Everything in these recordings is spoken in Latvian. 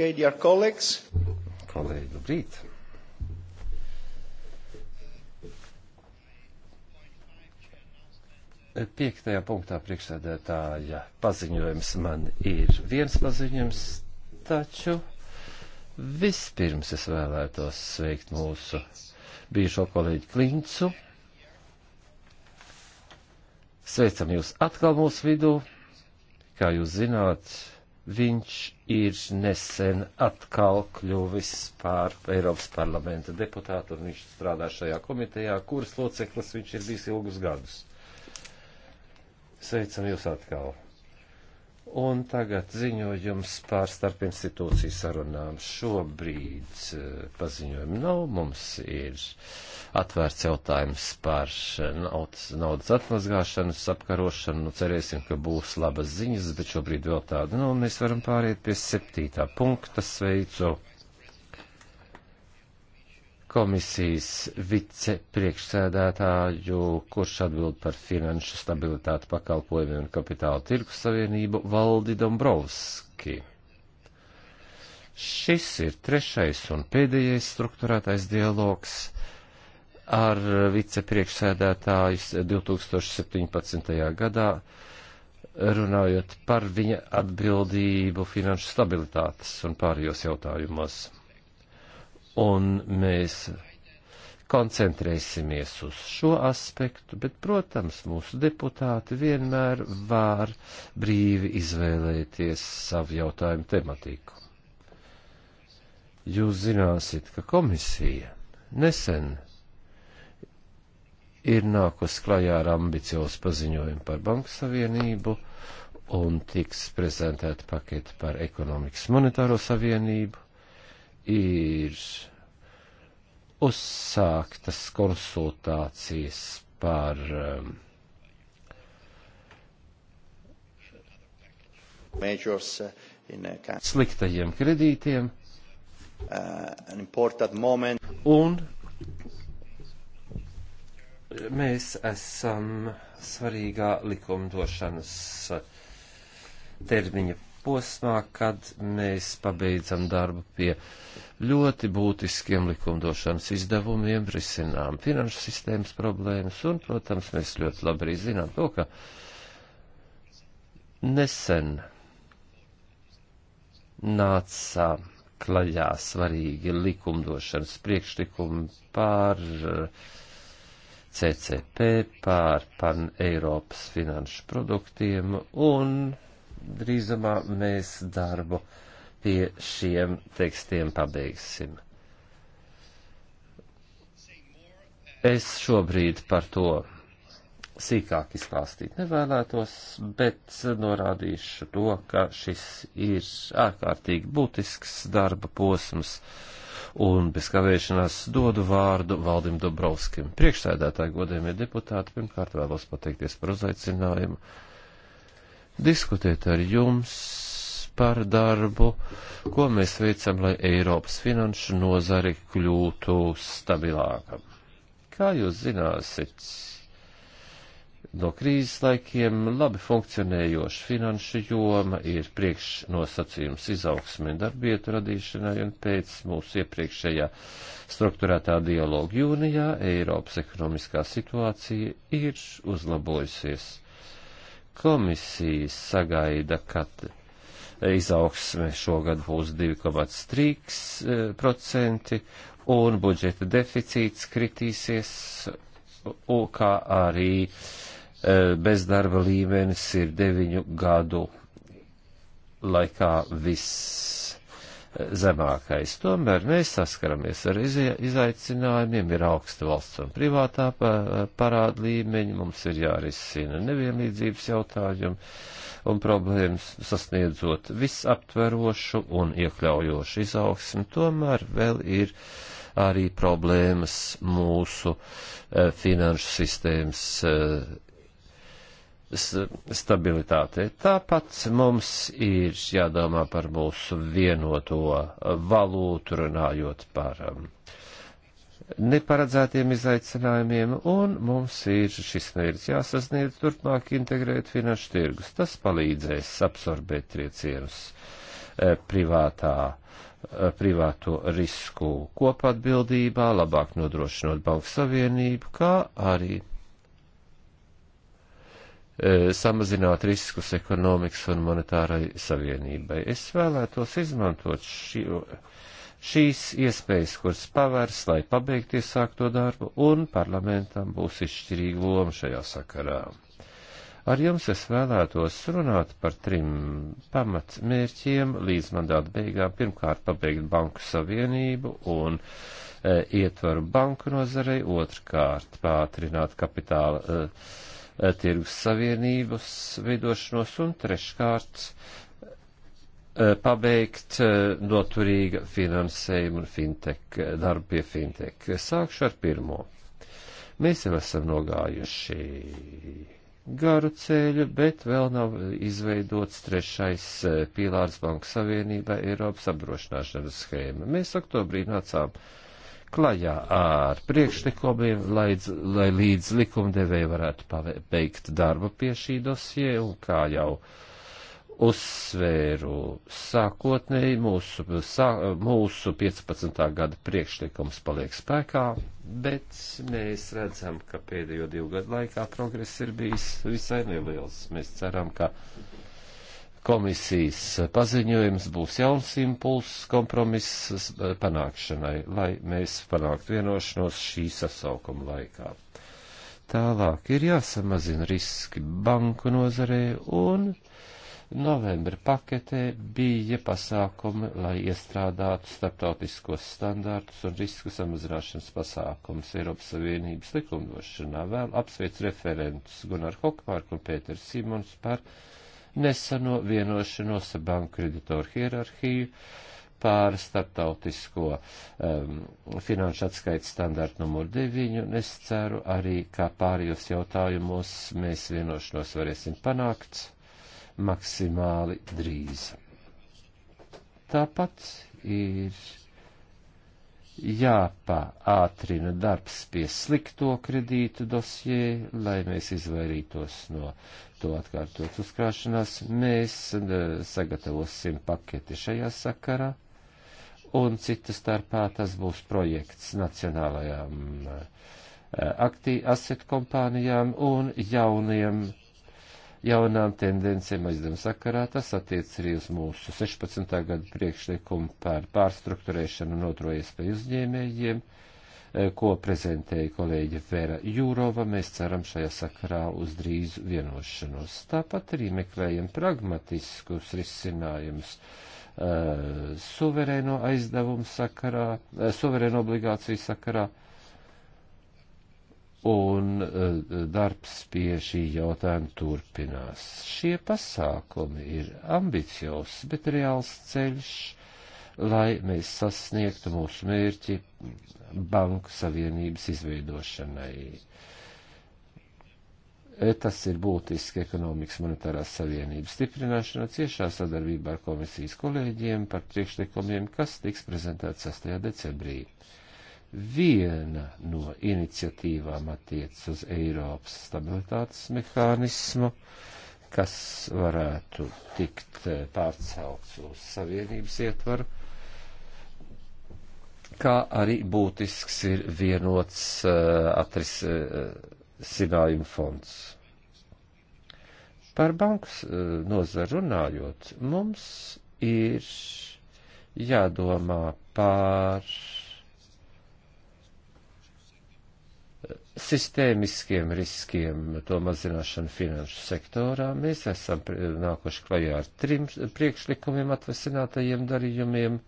Okay, dear colleagues. Kolēģi, labrīt. Piektajā punktā priekšsēdētāja paziņojums man ir viens paziņojums, taču vispirms es vēlētos sveikt mūsu bijušo kolēģi Klincu. Sveicam jūs atkal mūsu vidū. Kā jūs zināt, Viņš ir nesen atkal kļuvis par Eiropas parlamenta deputātu, un viņš strādā šajā komitejā, kuras loceklis viņš ir bijis ilgus gadus. Sveicam jūs atkal! Un tagad ziņojums pār starp institūciju sarunām. Šobrīd eh, paziņojumu nav. Mums ir atvērts jautājums par eh, naudas, naudas atmazgāšanas apkarošanu. Nu, cerēsim, ka būs labas ziņas, bet šobrīd vēl tāda. Nu, mēs varam pāriet pie septītā punkta. Sveicu komisijas vicepriekšsēdētāju, kurš atbild par finanšu stabilitāti pakalpojumiem un kapitāla tirku savienību, Valdi Dombrovski. Šis ir trešais un pēdējais struktūrētais dialogs ar vicepriekšsēdētājus 2017. gadā, runājot par viņa atbildību finanšu stabilitātes un pārējos jautājumos un mēs koncentrēsimies uz šo aspektu, bet, protams, mūsu deputāti vienmēr var brīvi izvēlēties savu jautājumu tematiku. Jūs zināsit, ka komisija nesen ir nākus klajā ar ambiciozu paziņojumu par Banku Savienību un tiks prezentēta paketa par ekonomikas monetāro savienību ir uzsāktas konsultācijas par um, uh, uh, sliktajiem kredītiem. Uh, Un mēs esam svarīgā likumdošanas termiņa posmā, kad mēs pabeidzam darbu pie ļoti būtiskiem likumdošanas izdevumiem, risinām finanšu sistēmas problēmas, un, protams, mēs ļoti labi arī zinām to, ka nesen nāca klajā svarīgi likumdošanas priekšlikumi pār eh, CCP, pār pan Eiropas finanšu produktiem un drīzumā mēs darbu pie šiem tekstiem pabeigsim. Es šobrīd par to sīkāk izklāstīt nevēlētos, bet norādīšu to, ka šis ir ārkārtīgi būtisks darba posms, un bez kavēšanās dodu vārdu Valdim Dobrovskim. Priekšsēdētāji, godējumie deputāti, pirmkārt vēlos pateikties par uzaicinājumu diskutēt ar jums par darbu, ko mēs veicam, lai Eiropas finanšu nozari kļūtu stabilāka. Kā jūs zināsiet, no krīzes laikiem labi funkcionējoša finanšu joma ir priekšnosacījums izaugsmē darbietu radīšanai un pēc mūsu iepriekšējā struktūrētā dialoga jūnijā Eiropas ekonomiskā situācija ir uzlabojusies komisijas sagaida, ka izaugsme šogad būs 2,3% eh, un budžeta deficīts kritīsies, kā arī eh, bezdarba līmenis ir deviņu gadu laikā viss zemākais. Tomēr mēs saskaramies ar izaicinājumiem, ir augsta valsts un privātā parāda līmeņa, mums ir jārisina nevienlīdzības jautājumi un problēmas sasniedzot visaptverošu un iekļaujošu izaugsmu, tomēr vēl ir arī problēmas mūsu eh, finanšu sistēmas eh, stabilitātei. Tāpat mums ir jādomā par mūsu vienoto valūtu, runājot par um, neparedzētiem izaicinājumiem, un mums ir šis mērķis jāsasniedz turpmāk integrēt finanšu tirgus. Tas palīdzēs absorbēt triecienus e, privātā e, privāto risku kopatbildībā, labāk nodrošinot banku savienību, kā arī E, samazināt riskus ekonomikas un monetārai savienībai. Es vēlētos izmantot šī, šīs iespējas, kuras pavērs, lai pabeigtu iesākto darbu, un parlamentam būs izšķirīga loma šajā sakarā. Ar jums es vēlētos runāt par trim pamatmērķiem līdz mandāta beigām. Pirmkārt, pabeigt banku savienību un e, ietvaru banku nozarei, otrkārt, pātrināt kapitāla. E, Eh, tirgus savienības veidošanos un treškārt eh, pabeigt eh, noturīga finansējuma un fintech, darbu pie fintech. Sākšu ar pirmo. Mēs jau esam nogājuši garu ceļu, bet vēl nav izveidots trešais pīlārs Banku Savienībā Eiropas apdrošināšanas schēma. Mēs oktobrī nācām uh, klajā ar priekšlikumiem, lai, lai līdz likumdevēji varētu pabeigt darbu pie šī dosie, un kā jau uzsvēru sākotnēji, mūsu, sā, mūsu 15. gada priekšlikums paliek spēkā, bet mēs redzam, ka pēdējo divu gadu laikā progress ir bijis visai neliels. Mēs ceram, ka komisijas paziņojums būs jauns impulss kompromiss panākšanai, lai mēs panāktu vienošanos šī sasaukuma laikā. Tālāk ir jāsamazina riski banku nozarē un novembra paketē bija pasākumi, lai iestrādātu starptautiskos standārtus un risku samazināšanas pasākums Eiropas Savienības likumdošanā. Vēl apsveic referentus Gunār Hokmārku un Pēters Simons par neseno vienošanos ar banku kreditoru hierarhiju pār startautisko um, finanšu atskaites standārtu numur 9, un es ceru arī, ka pārējos jautājumos mēs vienošanos varēsim panākt maksimāli drīz. Tāpat ir jāpaātrina darbs pie slikto kredītu dosjē, lai mēs izvairītos no to atkārtotas uzkrāšanās. Mēs eh, sagatavosim paketi šajā sakarā, un cita starpā tas būs projekts nacionālajām eh, aktīvu aset kompānijām un jauniem jaunām tendencēm aizdevuma sakarā. Tas attiec arī uz mūsu 16. gada priekšlikumu par pārstruktūrēšanu un otro iespēju uzņēmējiem, eh, ko prezentēja kolēģe Vera Jūrova. Mēs ceram šajā sakarā uz drīzu vienošanos. Tāpat arī meklējam pragmatiskus risinājumus. Uh, suverēno aizdevumu sakarā, uh, suverēno obligāciju sakarā, uh, un eh, darbs pie šī jautājuma turpinās. Šie pasākumi ir ambiciozs, bet reāls ceļš, lai mēs sasniegtu mūsu mērķi banku savienības izveidošanai. Eh, tas ir būtiski ekonomikas monetārās savienības stiprināšanā ciešā sadarbībā ar komisijas kolēģiem par priekšlikumiem, kas tiks prezentēts 6. decembrī. Viena no iniciatīvām attiec uz Eiropas stabilitātes mehānismu, kas varētu tikt eh, pārcelts uz savienības ietvaru kā arī būtisks ir vienots uh, eh, atrisinājuma eh, uh, fonds. Par bankas uh, nozaru runājot, mums ir jādomā par uh, sistēmiskiem riskiem to mazināšanu finanšu sektorā. Mēs esam nākuši klajā ar trim priekšlikumiem atvesinātajiem darījumiem,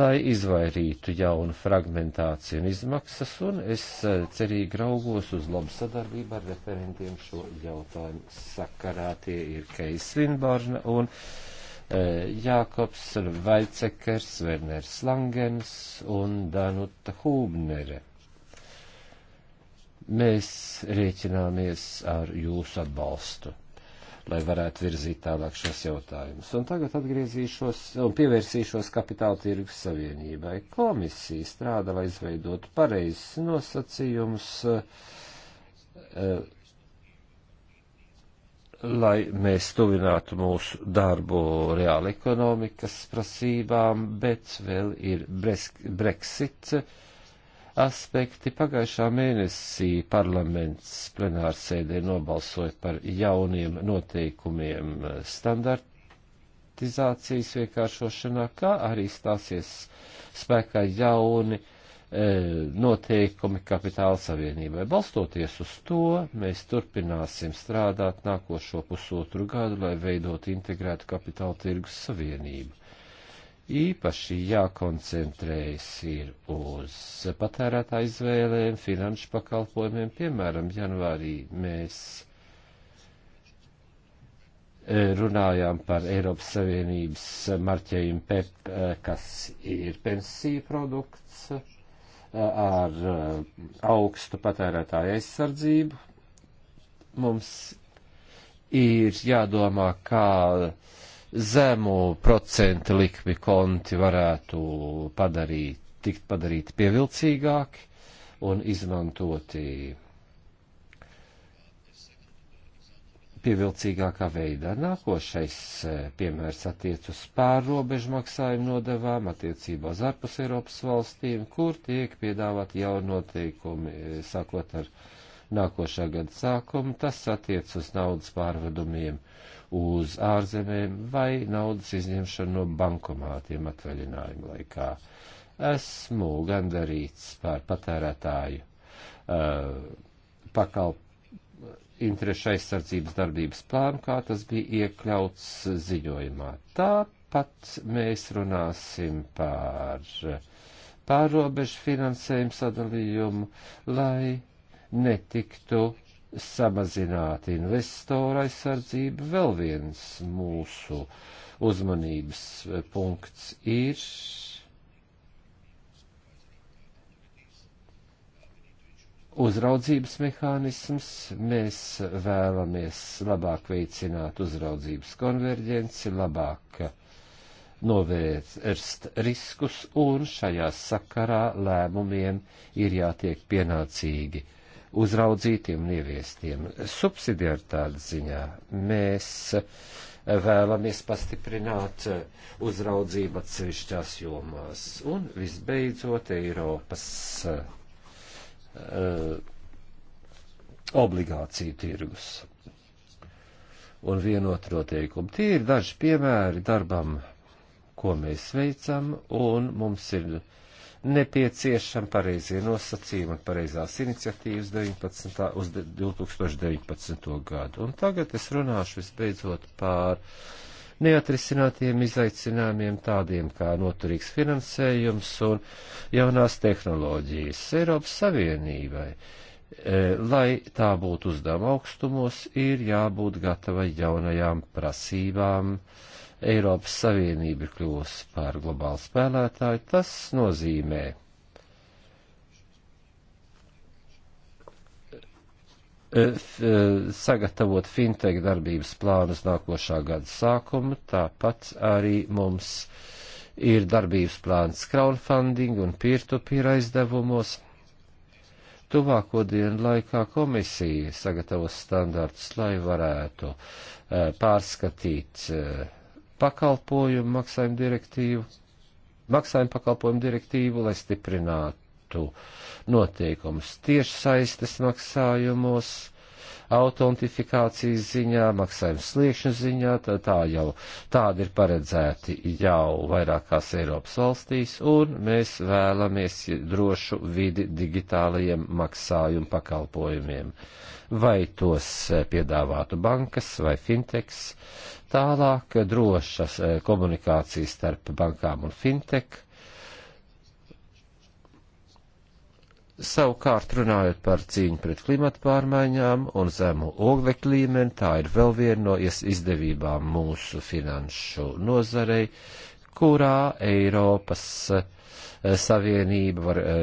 lai izvairītu jaunu fragmentāciju un izmaksas, un es eh, cerīgi raugos uz labu sadarbību ar referentiem šo jautājumu sakarā. Tie ir Keis Svinbārna un eh, Jākops Vaicekers, Werners Langens un Danuta Hūbnere. Mēs rēķināmies ar jūsu atbalstu, lai varētu virzīt tālāk šos jautājumus. Un tagad atgriezīšos un pievērsīšos kapitāla tirgus savienībai. Komisija strādā, lai izveidotu pareizes nosacījumus. Uh, lai mēs tuvinātu mūsu darbu reāli ekonomikas prasībām, bet vēl ir Brexit, aspekti. Pagājušā mēnesī parlaments plenārsēdē nobalsoja par jauniem noteikumiem standartizācijas vienkāršošanā, kā arī stāsies spēkā jauni e, noteikumi kapitāla savienībai. Balstoties uz to, mēs turpināsim strādāt nākošo pusotru gadu, lai veidot integrētu kapitāla tirgus savienību īpaši jākoncentrējas ir uz patērētā izvēlēm, finanšu pakalpojumiem. Piemēram, janvārī mēs e, runājām par Eiropas Savienības marķējumu PEP, e, kas ir pensiju produkts e, ar augstu patērētāju aizsardzību. Mums ir jādomā, kā uh, zemu procentu likmi konti varētu padarīt, tikt padarīti pievilcīgāki un izmantoti pievilcīgākā veidā. Nākošais eh, piemērs attiec uz pārrobežu maksājumu nodevām attiecībā uz ārpus Eiropas valstīm, kur tiek piedāvāt jauni noteikumi, eh, sākot ar nākošā gada sākumu. Tas attiec uz naudas pārvedumiem uz ārzemēm vai naudas izņemšanu no bankomātiem atvaļinājuma laikā. Esmu gandarīts par patērētāju uh, pakalp interešu aizsardzības darbības plānu, kā tas bija iekļauts ziņojumā. Tāpat mēs runāsim par pārobežu finansējumu sadalījumu, lai netiktu samazināt investoru aizsardzību. Vēl viens mūsu uzmanības eh, punkts ir uzraudzības mehānisms, mēs vēlamies labāk veicināt uzraudzības konverģenci, labāk novērst riskus, un šajā sakarā lēmumiem ir jātiek pienācīgi uzraudzītiem un ieviestiem. Subsidiaritātes ziņā mēs vēlamies pastiprināt uzraudzību atsevišķās jomās. Un visbeidzot, Eiropas uh, eh, obligāciju tirgus un vienotro teikumu. Tie ir daži piemēri darbam, ko mēs veicam, un mums ir uh, nepieciešami pareizie nosacījumi un pareizās iniciatīvas 19, uz 2019. gadu. Un tagad es runāšu visbeidzot pār neatrisinātiem izaicinājumiem tādiem kā noturīgs finansējums un jaunās tehnoloģijas Eiropas Savienībai. E, lai tā būtu uzdevuma augstumos, ir jābūt gatavai jaunajām prasībām, uh, Eiropas Savienība ir kļuvusi par globālu spēlētāju, tas nozīmē, eh, eh, sagatavot fintech darbības plānus nākošā gada sākuma, tāpat arī mums ir darbības plāns crowdfunding un peer-to-peer aizdevumos. Tuvāko dienu laikā komisija sagatavos standartus, lai varētu eh, pārskatīt pakalpojumu maksājumu direktīvu, maksājumu pakalpojumu direktīvu, lai stiprinātu noteikumus tieši saistes maksājumos, autentifikācijas ziņā, maksājuma sliekšņu ziņā, tā, tā jau tādi ir paredzēti jau vairākās Eiropas valstīs, un mēs vēlamies drošu vidi digitālajiem maksājumu pakalpojumiem. Vai tos eh, piedāvātu bankas vai fintechs, Tālāk drošas eh, komunikācijas starp bankām un fintech. Savukārt runājot par cīņu pret klimatu pārmaiņām un zemu oglekļa līmeni, tā ir vēl viena no izdevībām mūsu finanšu nozarei, kurā Eiropas eh, Savienība var eh,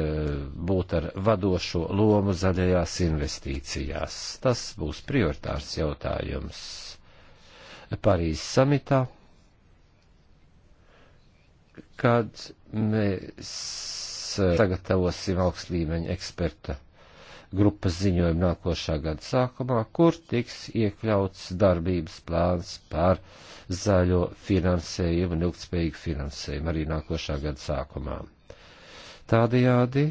būt ar vadošo lomu zaļajās investīcijās. Tas būs prioritārs jautājums Parīzes samitā, kad mēs eh, sagatavosim augstlīmeņa eksperta grupas ziņojumu nākošā gada sākumā, kur tiks iekļauts darbības plāns par zaļo finansējumu un ilgtspējīgu finansējumu arī nākošā gada sākumā. Tādējādi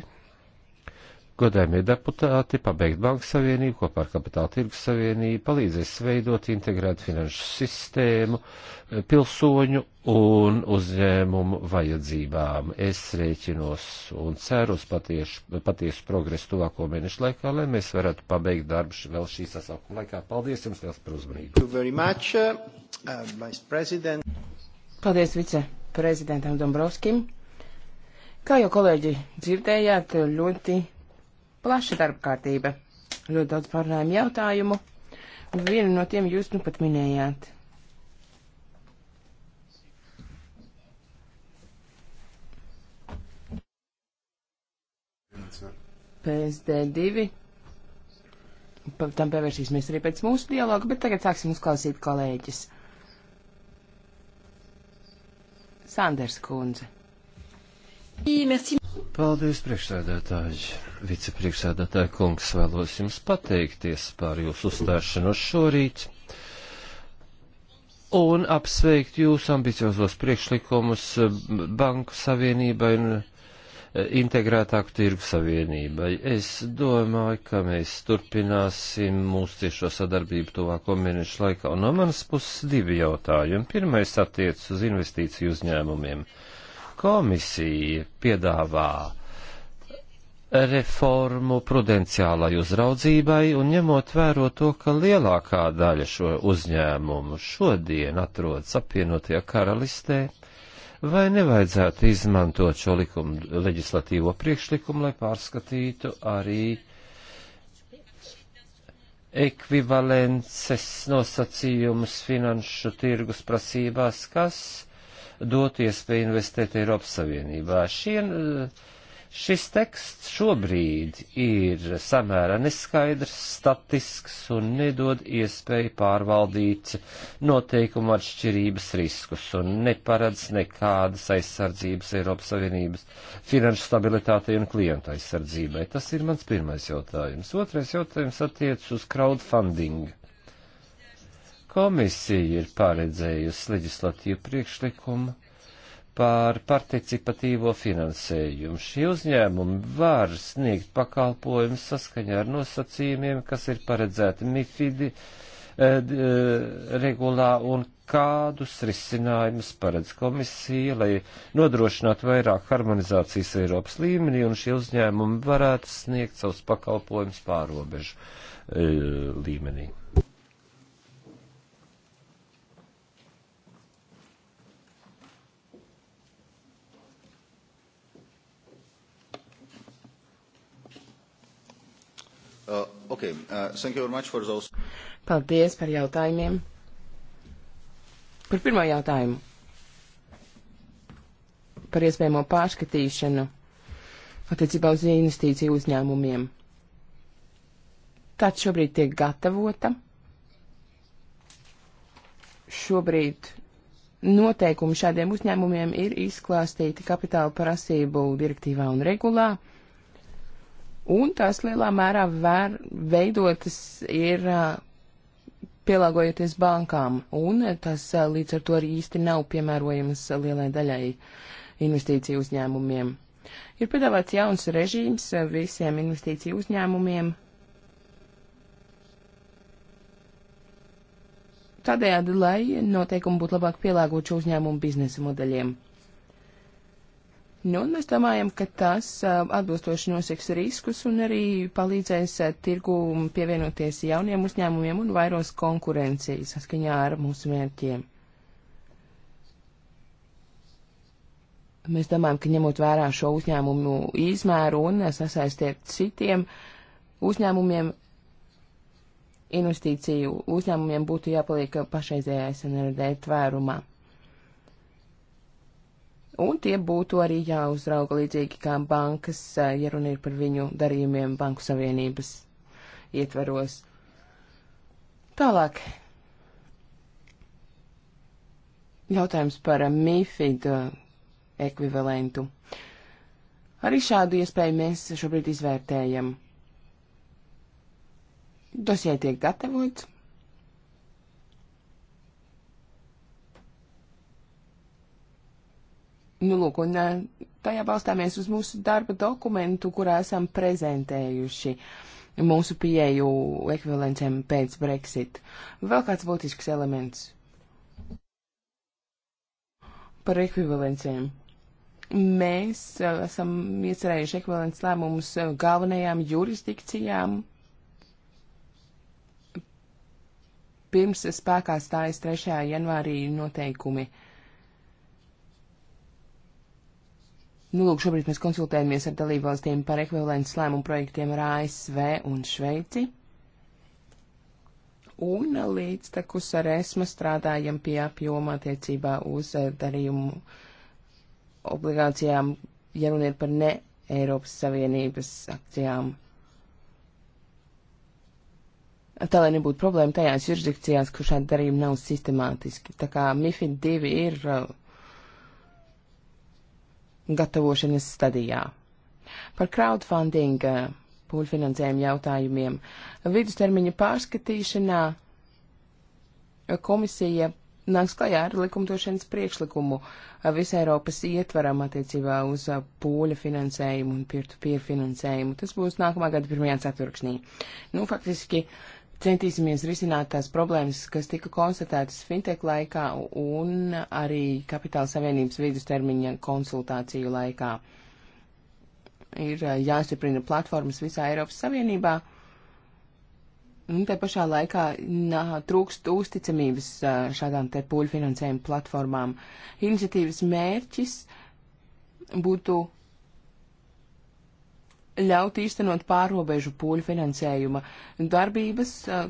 godējumie deputāti, pabeigt Banku Savienību kopā ar Kapitāla Tirgus Savienību, palīdzēs veidot integrētu finanšu sistēmu eh, pilsoņu un uzņēmumu vajadzībām. Es rēķinos un ceru uz patiešu, patiesu progresu tuvāko mēnešu laikā, lai mēs varētu pabeigt darbu vēl šī sasaukuma laikā. Paldies jums liels par uzmanību. Uh, uh, Paldies viceprezidentam Dombrovskim. Kā jau kolēģi dzirdējāt, ļoti plaša darba kārtība. Ļoti daudz pārnājumu jautājumu. Vienu no tiem jūs nu pat minējāt. PSD2. Tam pievērsīsimies arī pēc mūsu dialoga, bet tagad sāksim uzklausīt kolēģis. Sanders Kunze. Merci. Paldies, priekšsēdētāji. Vicepriekšsēdētāji kungs vēlos jums pateikties par jūsu uzstāšanos šorīt un apsveikt jūsu ambiciozos priekšlikumus Banku Savienībai un e, integrētāku tirgu savienībai. Es domāju, ka mēs turpināsim mūsu tiešo sadarbību tuvāko mēnešu laikā. Un no manas puses divi jautājumi. Pirmais attiec uz investīciju uzņēmumiem. Uh, komisija piedāvā reformu prudenciālai uzraudzībai un ņemot vēro to, ka lielākā daļa šo uzņēmumu šodien atrodas apvienotajā karalistē, vai nevajadzētu izmantot šo likumu leģislatīvo priekšlikumu, lai pārskatītu arī ekvivalences nosacījumus finanšu tirgus prasībās, kas dot iespēju investēt Eiropas Savienībā. Šien, eh, šis teksts šobrīd ir samērā neskaidrs, statisks un nedod iespēju pārvaldīt noteikumu atšķirības riskus un neparedz nekādas aizsardzības Eiropas Savienības finanšu stabilitātei un klientu aizsardzībai. Tas ir mans pirmais jautājums. Otrais jautājums attiec uz crowdfunding Komisija ir paredzējusi leģislatīvu priekšlikumu par participatīvo finansējumu. Šie uzņēmumi var sniegt pakalpojumus saskaņā ar nosacījumiem, kas ir paredzēti MIFIDI eh, eh, regulā un kādus risinājumus paredz komisija, lai nodrošinātu vairāk harmonizācijas Eiropas līmenī un šie uzņēmumi varētu sniegt savus pakalpojumus pārobežu eh, līmenī. Okay. Uh, thank you very much for those. Paldies par jautājumiem. Par pirmo jautājumu. Par iespējamo pārskatīšanu attiecībā uz investīciju uzņēmumiem. Tāds šobrīd tiek gatavota. Šobrīd noteikumi šādiem uzņēmumiem ir izklāstīti kapitāla prasību direktīvā un regulā un tās lielā mērā vēr, veidotas ir pielāgojoties bankām, un tas līdz ar to arī īsti nav piemērojams lielai daļai investīciju uzņēmumiem. Ir piedāvāts jauns režīms visiem investīciju uzņēmumiem. Tādējādi, lai noteikumi būtu labāk pielāgoči uzņēmumu biznesa modeļiem. Nu, un mēs domājam, ka tas atbilstoši noseks riskus un arī palīdzēs tirgu pievienoties jauniem uzņēmumiem un vairos konkurenciju saskaņā ar mūsu mērķiem. Mēs domājam, ka ņemot vērā šo uzņēmumu izmēru un sasaistiet citiem uzņēmumiem, investīciju uzņēmumiem būtu jāpaliek pašreizējais NRD tvērumā un tie būtu arī jāuzrauga līdzīgi kā bankas, eh, ja runa ir par viņu darījumiem Banku Savienības ietveros. Tālāk. Jautājums par MIFID eh, ekvivalentu. Arī šādu iespēju mēs šobrīd izvērtējam. Dosie tiek gatavots. Nu, lūk, un eh, tajā balstāmies uz mūsu darba dokumentu, kurā esam prezentējuši mūsu pieeju ekvivalencēm pēc Brexit. Vēl kāds būtisks elements par ekvivalencēm. Mēs eh, esam iecerējuši ekvivalents lēmumus eh, galvenajām jurisdikcijām pirms spēkā stājas 3. janvārī noteikumi. Uh, Nu, lūk, šobrīd mēs konsultējamies ar dalībvalstīm par ekvivalents lēmumu projektiem ar ASV un Šveici. Un līdz tekus ar ESMA strādājam pie apjoma attiecībā uz eh, darījumu obligācijām, ja runa ir par ne Eiropas Savienības akcijām. Tā lai nebūtu problēma tajās jurisdikcijās, kur šādi darījumi nav sistemātiski. Tā kā MIFID 2 ir uh, gatavošanas stadijā. Par crowdfunding eh, pūļfinansējumu jautājumiem vidustermiņa pārskatīšanā eh, komisija nāks klajā ar likumdošanas priekšlikumu eh, visai Eiropas ietvaram attiecībā uz pūļa finansējumu un pirtu piefinansējumu. Tas būs nākamā gada pirmajā ceturksnī. Nu, faktiski centīsimies risināt tās problēmas, kas tika konstatētas fintech laikā un arī kapitāla savienības vidustermiņa konsultāciju laikā. Ir jāstiprina platformas visā Eiropas Savienībā. Un te pašā laikā nā, trūkst uzticamības šādām te pūļu finansējuma platformām. Iniciatīvas mērķis būtu ļaut īstenot pārobežu pūļu finansējuma darbības,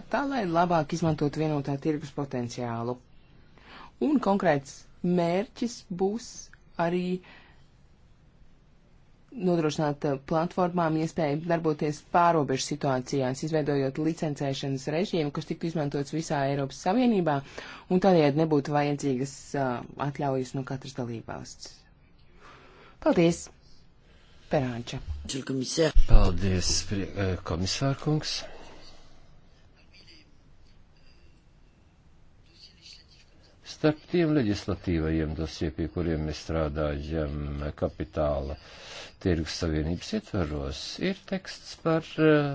tā lai labāk izmantot vienotā tirgus potenciālu. Un konkrēts mērķis būs arī nodrošināt platformām iespēju darboties pārobežu situācijās, izveidojot licencēšanas režīmu, kas tiktu izmantots visā Eiropas Savienībā, un tādējādi nebūtu vajadzīgas uh, atļaujas no katras dalībvalsts. Paldies! Perāņča. Paldies, eh, komisārkungs. Starp tiem leģislatīvajiem dosie, pie kuriem mēs strādājam eh, kapitāla tirgus savienības ietvaros, ir teksts par eh,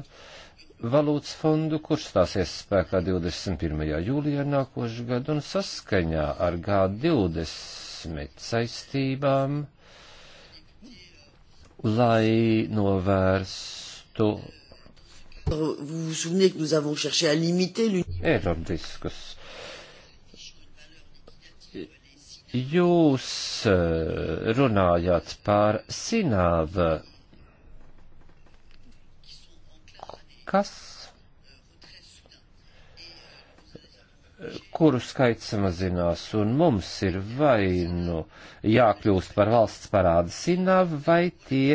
valūtas fondu, kurš stāsies spēkā 21. jūlijā nākošu gadu un saskaņā ar G20 saistībām lai novērstu Vous vous souvenez que nous avons cherché à limiter l'unioniskus. Jūs eh, runājāt par sināvu, kas kuru skaits samazinās, un mums ir vai nu jākļūst par valsts parāda sinavu, vai tie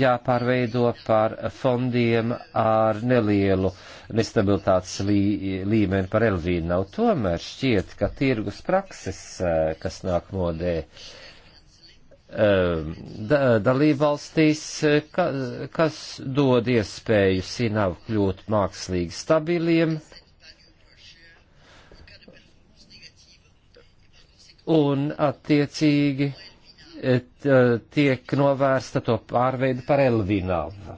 jāpārveido par fondiem ar nelielu nestabilitātes lī, līmeni par Elvīnu. Nav tomēr šķiet, ka tirgus prakses, eh, kas nāk modē, eh, da, dalībvalstīs, eh, ka, kas dod iespēju sinavu kļūt mākslīgi stabiliem, un attiecīgi et, eh, tiek novērsta to pārveidu par Elvināvu.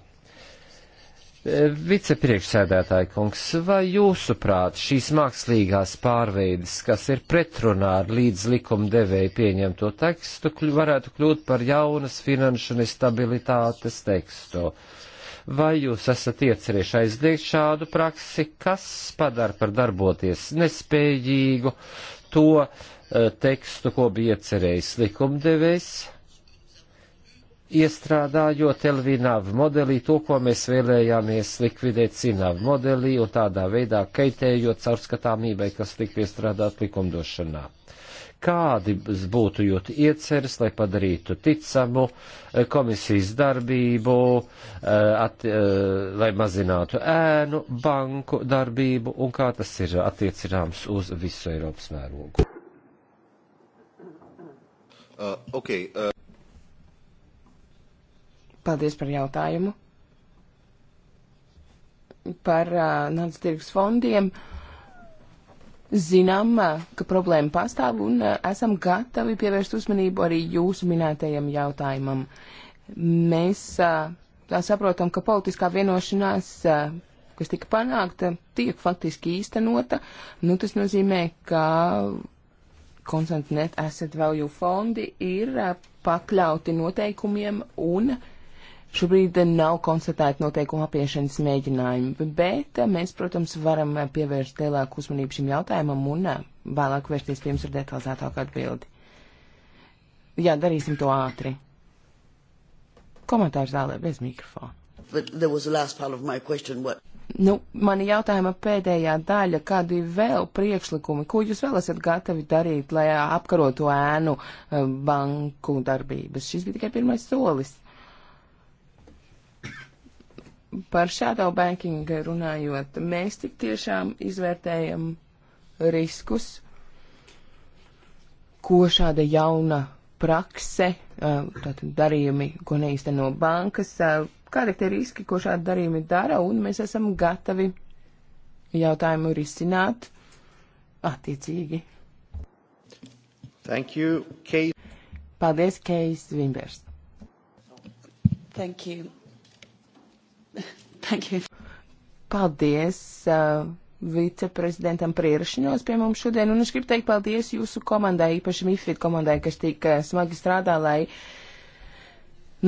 Eh, vicepriekšsēdētāji kungs, vai jūsuprāt šīs mākslīgās pārveides, kas ir pretrunā ar līdz likumdevēju pieņemto tekstu, varētu kļūt par jaunas finanšu nestabilitātes tekstu? Vai jūs esat iecerējuši aizliegt šādu praksi, kas padara par darboties nespējīgu to, uh, Eh, tekstu, ko bija iecerējis likumdevējs, iestrādājot Elvināvu modelī to, ko mēs vēlējāmies likvidēt Cināvu modelī un tādā veidā kaitējot caurskatāmībai, kas tika iestrādāt likumdošanā. Kādi būtu jūtu ieceres, lai padarītu ticamu eh, komisijas darbību, eh, at, lai mazinātu ēnu, banku darbību un kā tas ir attiecināms uz visu Eiropas mērogu? Uh, okay, uh... Paldies par jautājumu. Par uh, naudas tirgus fondiem. Zinām, uh, ka problēma pastāv un uh, esam gatavi pievērst uzmanību arī jūsu minētajam jautājumam. Mēs uh, saprotam, ka politiskā vienošanās, uh, kas tika panākta, tiek faktiski īstenota. Nu, tas nozīmē, ka Consent Net Asset Value fondi ir uh, pakļauti noteikumiem un šobrīd nav konstatēti noteikuma apiešanas mēģinājumi, bet uh, mēs, protams, varam uh, pievērst lielāku uzmanību šim jautājumam un vēlāk vērsties pie jums ar detalizētāku atbildi. Jā, darīsim to ātri. Komentārs zālē bez mikrofona. But there was the last part of my question. What? Nu, mani jautājuma pēdējā daļa, kādi vēl priekšlikumi, ko jūs vēl esat gatavi darīt, lai apkarotu ēnu eh, banku darbības? Šis bija tikai pirmais solis. Par shadow banking runājot, mēs tik tiešām izvērtējam riskus, ko šāda jauna prakse, tātad darījumi, ko neīsteno bankas, kādi ir tie riski, ko šādi darījumi dara, un mēs esam gatavi jautājumu risināt attiecīgi. Thank you, Kei. Paldies, Keis Vimbers. Thank you. Thank you. Paldies. Uh, viceprezidentam Prierašiņos pie mums šodien, un es gribu teikt paldies jūsu komandai, īpaši MIFID komandai, kas tik eh, smagi strādā, lai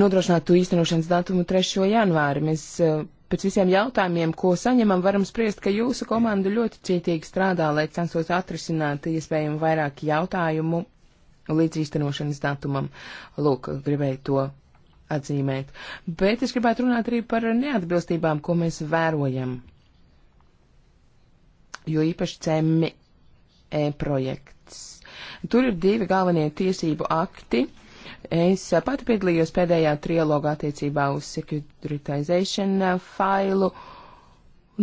nodrošinātu īstenošanas datumu 3. janvāri. Mēs eh, pēc visiem jautājumiem, ko saņemam, varam spriest, ka jūsu komanda ļoti cietīgi strādā, lai censtos atrisināt iespējami vairāk jautājumu līdz īstenošanas datumam. Lūk, gribēju to atzīmēt. Bet es gribētu runāt arī par neatbilstībām, ko mēs vērojam jo īpaši CEMI e projekts. Tur ir divi galvenie tiesību akti. Es pati piedalījos pēdējā trilogā attiecībā uz securitization failu.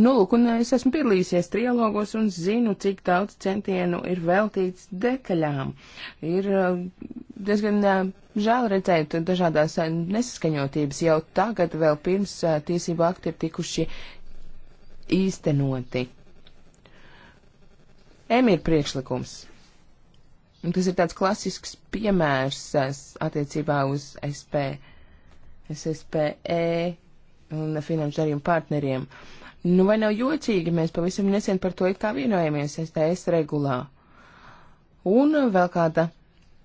Nu, lūk, un es esmu piedalījusies trilogos un zinu, cik daudz centienu ir veltīts detaļām. Ir e, diezgan e, žēl redzēt dažādās e, nesaskaņotības jau tagad, vēl pirms tiesību akti ir tikuši īstenoti. M ir priekšlikums. Un tas ir tāds klasisks piemērs attiecībā uz SP, SSPE un finanšu darījumu partneriem. Nu, vai nav jocīgi, mēs pavisam nesen par to it kā vienojamies STS regulā. Un vēl kāda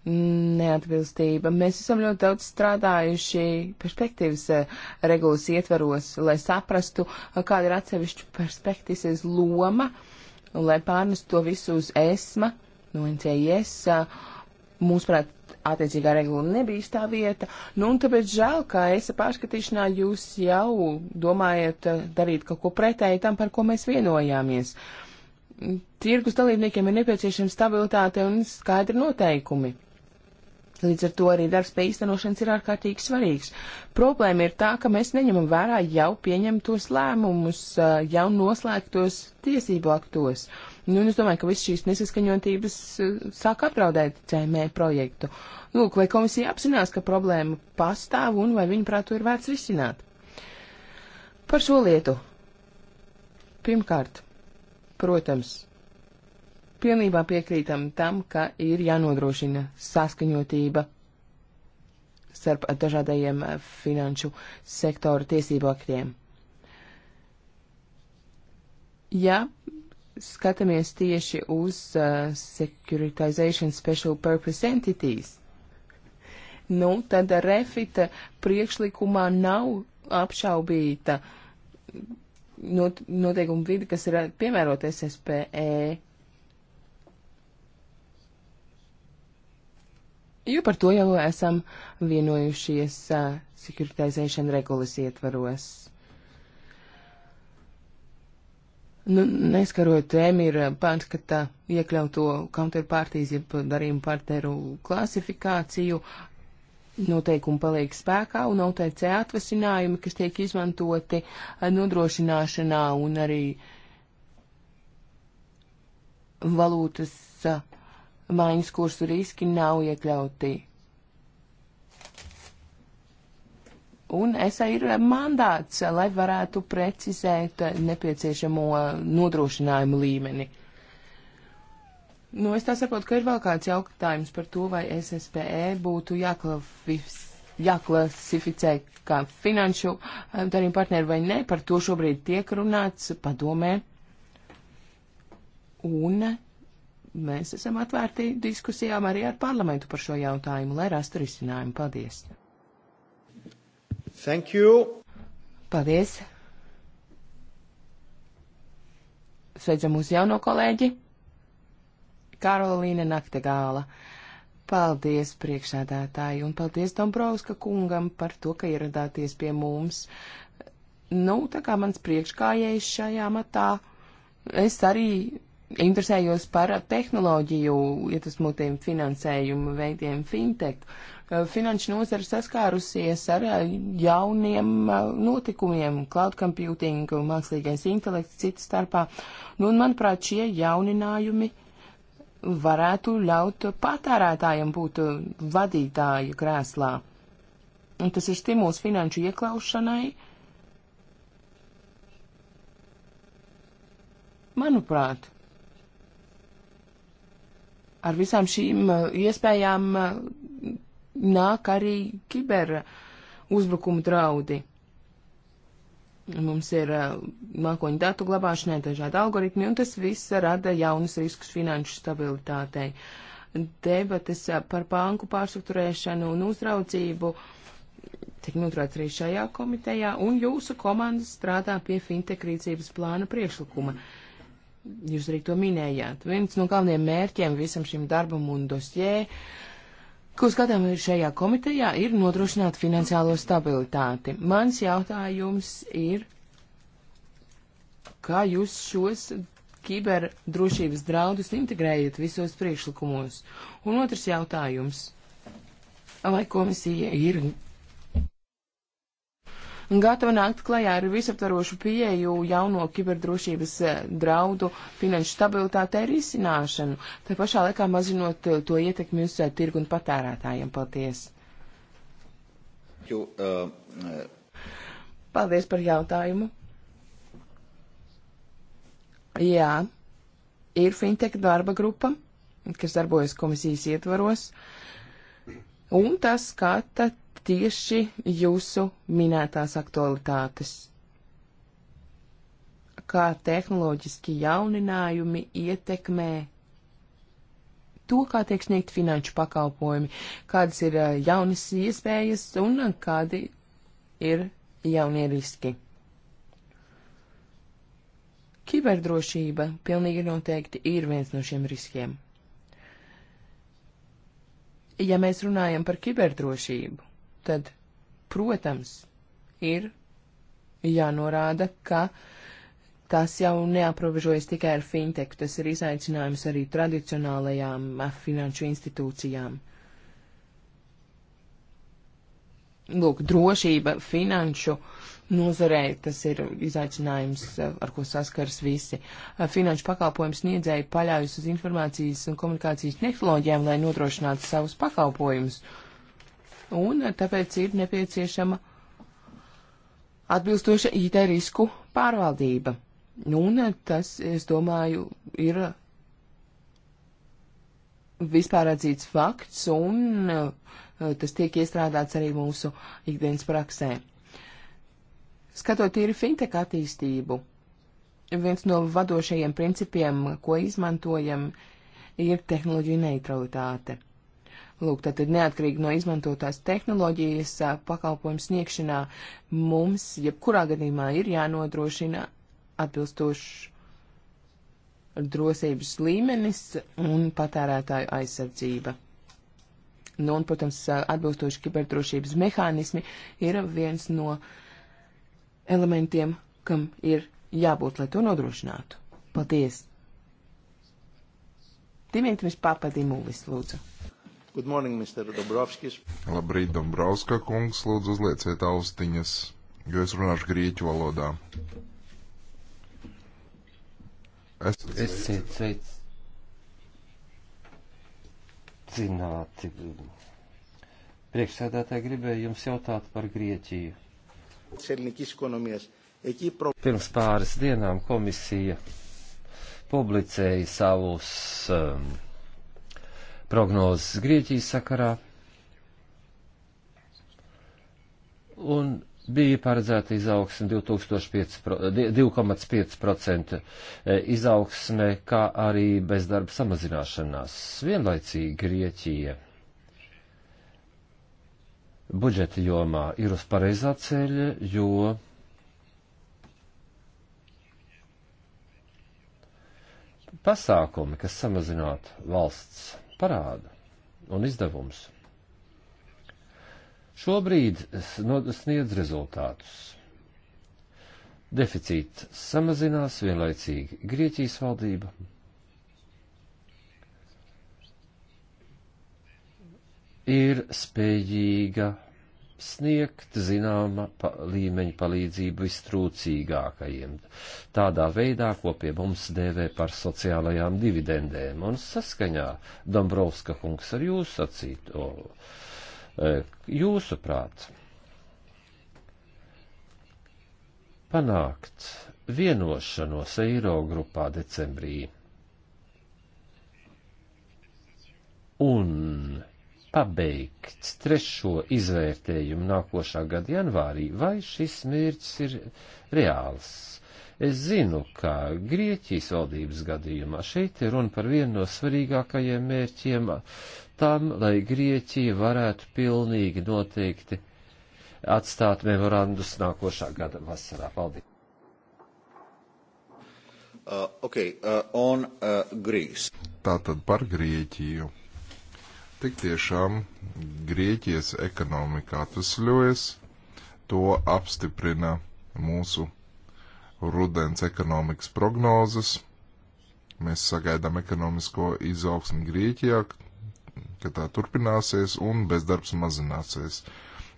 neatbilstība. Mēs esam ļoti daudz strādājuši perspektīvas eh, regulas ietvaros, lai saprastu, kāda ir atsevišķu perspektīvas loma. Uh, un nu, lai pārnes to visu uz ESMA, no nu, NCIS, mūsuprāt, attiecīgā regula nebija tā vieta, nu un tāpēc žēl, ka ESA pārskatīšanā jūs jau domājat darīt kaut ko pretēji tam, par ko mēs vienojāmies. Tirgus dalībniekiem ir nepieciešama stabilitāte un skaidri noteikumi. Līdz ar to arī darbs pie īstenošanas ir ārkārtīgi svarīgs. Problēma ir tā, ka mēs neņemam vērā jau pieņemtos lēmumus, jau noslēgtos tiesību aktos. Nu, es domāju, ka viss šīs nesaskaņotības sāk apdraudēt CME projektu. Lūk, vai komisija apzinās, ka problēma pastāv un vai viņa prātu ir vērts risināt? Par šo lietu. Pirmkārt, protams, pilnībā piekrītam tam, ka ir jānodrošina saskaņotība starp dažādajiem eh, finanšu sektoru tiesību aktiem. Ja skatāmies tieši uz uh, Securitization Special Purpose Entities, nu, tad refita priekšlikumā nav apšaubīta not, noteikuma vidi, kas ir eh, piemērota SSPE jo par to jau esam vienojušies uh, sekuritizēšana regulas ietvaros. Nu, neskarot emīra pārskata iekļauto counterpartijas, jeb darījumu partneru klasifikāciju, noteikumi paliek spēkā un OTC atvasinājumi, kas tiek izmantoti nodrošināšanā un arī valūtas uh, maiņas kursu riski nav iekļauti. Un ESA ir mandāts, lai varētu precizēt nepieciešamo nodrošinājumu līmeni. Nu, es tā saprotu, ka ir vēl kāds jautājums par to, vai SSPE būtu jāklasificē kā finanšu eh, darījumu partneri vai nē. Par to šobrīd tiek runāts padomē. Un mēs esam atvērti diskusijām arī ar parlamentu par šo jautājumu, lai rastu risinājumu. Paldies! Thank you! Paldies! Sveicam mūsu jauno kolēģi, Karolīna Naktegāla. Paldies priekšsēdētāji un paldies Dombrovska kungam par to, ka ieradāties pie mums. Nu, tā kā mans priekškājējs šajā matā, es arī interesējos par tehnoloģiju ietasmotiem finansējumu veidiem fintech. Finanšu nozara saskārusies ar jauniem notikumiem, cloud computing, mākslīgais intelekts citas starpā. Nu, un, manuprāt, šie jauninājumi varētu ļaut patērētājiem būt vadītāja krēslā. Un tas ir stimuls finanšu ieklaušanai. Manuprāt, ar visām šīm uh, iespējām uh, nāk arī kiber uzbrukumu draudi. Mums ir uh, mākoņu datu glabāšanai dažādi algoritmi, un tas viss rada jaunus riskus finanšu stabilitātei. Debates par banku pārstruktūrēšanu un uzraudzību tiek noturēts arī šajā komitejā, un jūsu komanda strādā pie fintech rīcības plāna priekšlikuma. Mm Jūs arī to minējāt. Viens no galvenajiem mērķiem visam šim darbam un dosjē, ko skatām šajā komitejā, ir nodrošināt finansiālo stabilitāti. Mans jautājums ir, kā jūs šos kiberdrošības draudus integrējat visos priekšlikumos? Un otrs jautājums, vai komisija ir un gatava nākt klajā ar visaptvarošu pieeju jauno kiberdrošības eh, draudu finanšu stabilitātei risināšanu, te pašā laikā mazinot eh, to ietekmi uz eh, tirgu un patērētājiem. Paldies! Jo, uh, uh, Paldies par jautājumu! Jā, ir fintech darba grupa, kas darbojas komisijas ietvaros, un tas skata tieši jūsu minētās aktualitātes. Kā tehnoloģiski jauninājumi ietekmē to, kā tiek sniegt finanšu pakalpojumi, kādas ir eh, jaunas iespējas un kādi ir jaunie riski. Kiberdrošība pilnīgi noteikti ir viens no šiem riskiem. Ja mēs runājam par kiberdrošību, tad, protams, ir jānorāda, ka tas jau neaprobežojas tikai ar fintech, tas ir izaicinājums arī tradicionālajām eh, finanšu institūcijām. lūk, drošība finanšu nozarei, tas ir izaicinājums, eh, ar ko saskars visi. Eh, finanšu pakalpojums sniedzēji paļaujas uz informācijas un komunikācijas tehnoloģijām, lai nodrošinātu savus pakalpojumus. Uh, un tāpēc ir nepieciešama atbilstoša IT risku pārvaldība. Un tas, es domāju, ir vispār atzīts fakts, un eh, tas tiek iestrādāts arī mūsu ikdienas praksē. Skatot tīri fintech attīstību, viens no vadošajiem principiem, ko izmantojam, ir tehnoloģija neutralitāte. Lūk, tātad neatkarīgi no izmantotās tehnoloģijas pakalpojumu sniegšanā mums, jebkurā gadījumā, ir jānodrošina atbilstošs drosības līmenis un patērētāju aizsardzība. Nu, un, protams, atbilstoši kiberdrošības mehānismi ir viens no elementiem, kam ir jābūt, lai to nodrošinātu. Paldies! Dimitris Papadimulis, lūdzu. Good morning, Mr. Dombrovskis. Labrīt, Dombrovska kungs, lūdzu uzlieciet austiņas, jo es runāšu grieķu valodā. Es Esiet sveicināti. Priekšsēdētāji gribēja jums jautāt par Grieķiju. Pirms pāris dienām komisija publicēja savus um, prognozes Grieķijas sakarā, un bija paredzēta izaugsme 2,5% e, izaugsme, kā arī bezdarba samazināšanās. Vienlaicīgi Grieķija budžeta jomā ir uz pareizā ceļa, jo pasākumi, kas samazinātu valsts parādu un izdevumus. Šobrīd sniedz rezultātus. Deficīts samazinās vienlaicīgi Grieķijas valdība. Ir spējīga sniegt zināma pa, līmeņa palīdzību vistrūcīgākajiem, tādā veidā, ko pie mums dēvē par sociālajām dividendēm. Un saskaņā, Dombrovska kungs, ar jūsu sacīto, e, jūsuprāt, panākt vienošanos eiro grupā decembrī un pabeigt trešo izvērtējumu nākošā gada janvārī, vai šis mērķis ir reāls. Es zinu, ka Grieķijas valdības gadījumā šeit ir runa par vienu no svarīgākajiem mērķiem tam, lai Grieķija varētu pilnīgi noteikti atstāt memorandus nākošā gada vasarā. Paldies! Uh, okay, uh, on, uh, Greece. Tātad par Grieķiju Tik tiešām Grieķijas ekonomika atvesļojas, to apstiprina mūsu rudens ekonomikas prognozes. Mēs sagaidām ekonomisko izaugsmu Grieķijā, ka tā turpināsies un bezdarbs mazināsies.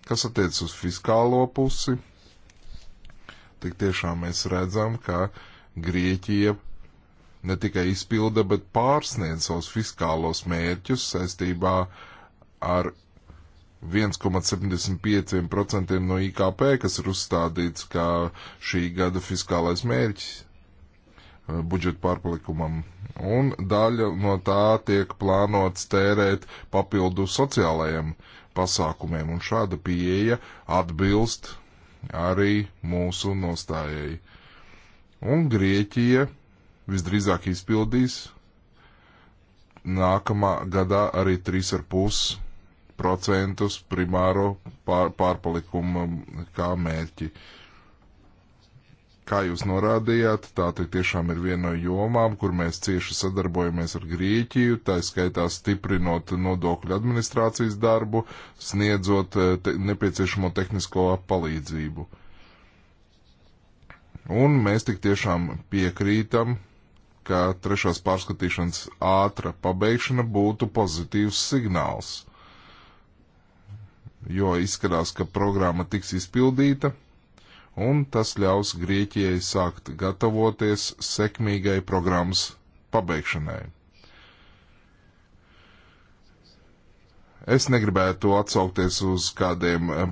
Kas attiec uz fiskālo pusi, tik tiešām mēs redzam, ka Grieķija ne tikai izpilda, bet pārsniedz savus fiskālos mērķus saistībā ar 1,75% no IKP, kas ir uzstādīts kā šī gada fiskālais mērķis eh, budžeta pārpalikumam. Un daļa no tā tiek plānots tērēt papildu sociālajiem pasākumiem, un šāda pieeja atbilst arī mūsu nostājai. Un Grieķija visdrīzāk izpildīs nākamā gadā arī 3,5% primāro pār, pārpalikumu um, kā mērķi. Kā jūs norādījāt, tā tiešām ir viena no jomām, kur mēs cieši sadarbojamies ar Grieķiju, tā skaitā stiprinot nodokļu administrācijas darbu, sniedzot eh, te, nepieciešamo tehnisko palīdzību. Un mēs tik tiešām piekrītam ka trešās pārskatīšanas ātra pabeigšana būtu pozitīvs signāls, jo izskatās, ka programma tiks izpildīta, un tas ļaus Grieķijai sākt gatavoties sekmīgai programmas pabeigšanai. Es negribētu atsaukties uz kādiem eh,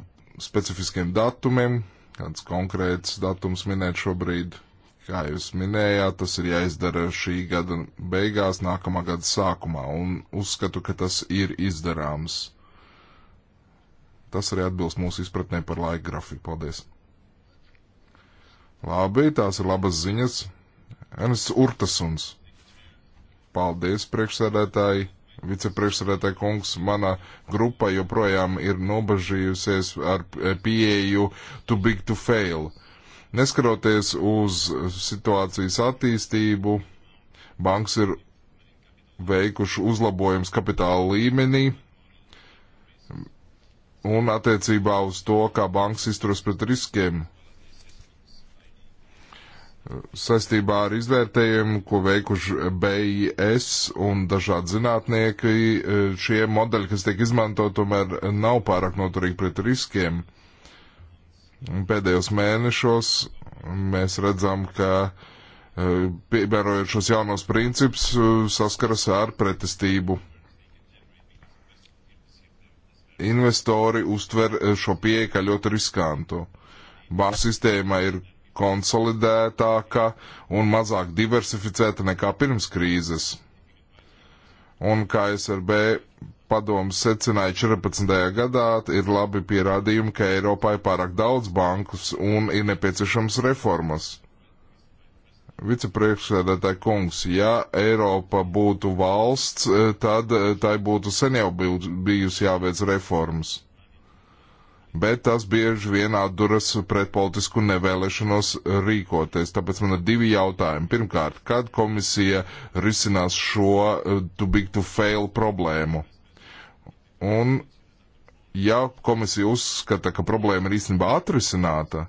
specifiskiem datumiem, kāds konkrēts datums minēt šobrīd, Kā jūs minējāt, tas ir jāizdara šī gada beigās, nākamā gada sākumā, un uzskatu, ka tas ir izdarāms. Tas arī atbilst mūsu izpratnē par laika grafiku. Paldies! Labi, tās ir labas ziņas. Ernsts Urtasuns. Paldies, priekšsēdētāji, vicepriekšsēdētāji kungs. Mana grupa joprojām ir nobažījusies ar pieeju too big to fail. Uh, Neskaroties uz situācijas attīstību, banks ir veikuši uzlabojums kapitāla līmenī un attiecībā uz to, kā banks izturas pret riskiem. Saistībā ar izvērtējumu, ko veikuši BIS un dažādi zinātnieki, šie modeļi, kas tiek izmantot, tomēr nav pārāk noturīgi pret riskiem. Uh, Pēdējos mēnešos mēs redzam, ka e, piemērojot šos jaunos principus, e, saskaras ar pretestību. Investori uztver e, šo pieeju kā ļoti riskantu. Bāzes sistēma ir konsolidētāka un mazāk diversificēta nekā pirms krīzes un kā SRB padomu secināja 14. gadā, ir labi pierādījumi, ka Eiropā ir pārāk daudz bankus un ir nepieciešams reformas. Vicepriekšsēdētāji kungs, ja Eiropa būtu valsts, tad eh, tai būtu sen jau bijusi jāveic reformas bet tas bieži vien atduras pret politisku nevēlešanos rīkoties. Tāpēc man ir divi jautājumi. Pirmkārt, kad komisija risinās šo eh, too big to fail problēmu? Un ja komisija uzskata, ka problēma ir īstenībā atrisināta,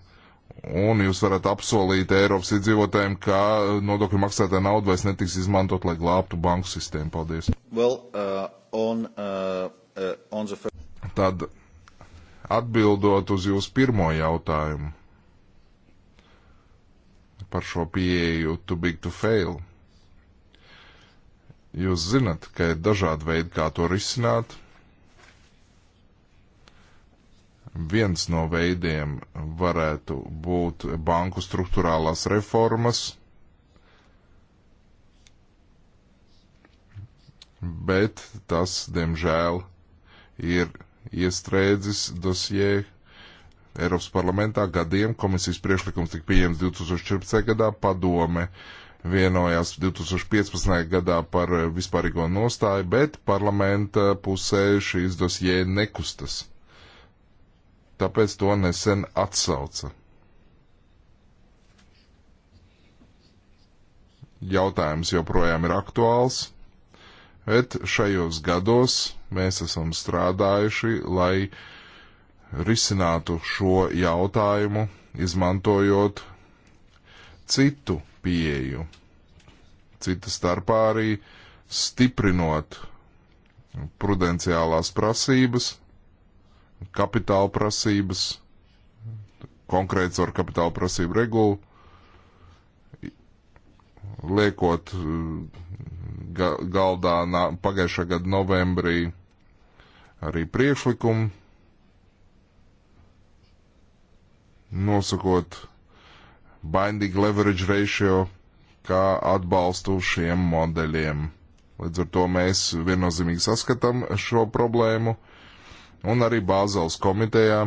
un jūs varat apsolīt Eiropas iedzīvotājiem, ka nodokļu maksātāja nauda vairs netiks izmantot, lai glābtu banku sistēmu. Paldies. Well, uh, on, uh, uh, on the... Tad Atbildot uz jūsu pirmo jautājumu par šo pieeju too big to fail. Jūs zinat, ka ir dažādi veidi, kā to risināt. Viens no veidiem varētu būt banku struktūrālās reformas, bet tas, diemžēl, ir iestrēdzis dosjē Eiropas parlamentā gadiem. Komisijas priekšlikums tika pieņemts 2014. gadā, padome vienojās 2015. gadā par vispārīgo nostāju, bet parlamenta pusē šīs dosjē nekustas. Tāpēc to nesen atsauca. Jautājums joprojām ir aktuāls, bet šajos gados Mēs esam strādājuši, lai risinātu šo jautājumu, izmantojot citu pieeju. Cita starpā arī stiprinot prudenciālās prasības, kapitāla prasības, konkrēts ar kapitāla prasību regulu, liekot mm, galdā pagājušā gada novembrī arī priekšlikumu, nosakot binding leverage ratio kā atbalstu šiem modeļiem. Līdz ar to mēs viennozīmīgi saskatām šo problēmu un arī Bāzels komitejā.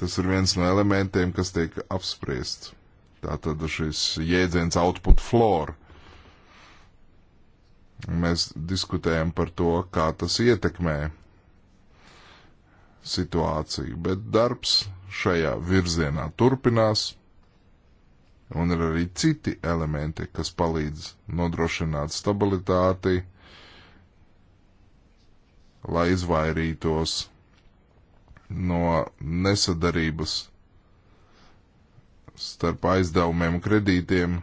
Tas ir viens no elementiem, kas tiek apspriests. Tātad šis jēdziens output floor. Uh, Mēs diskutējam par to, kā tas ietekmē situāciju, bet darbs šajā virzienā turpinās, un ir arī citi elementi, kas palīdz nodrošināt stabilitāti, lai izvairītos no nesadarības starp aizdevumiem un kredītiem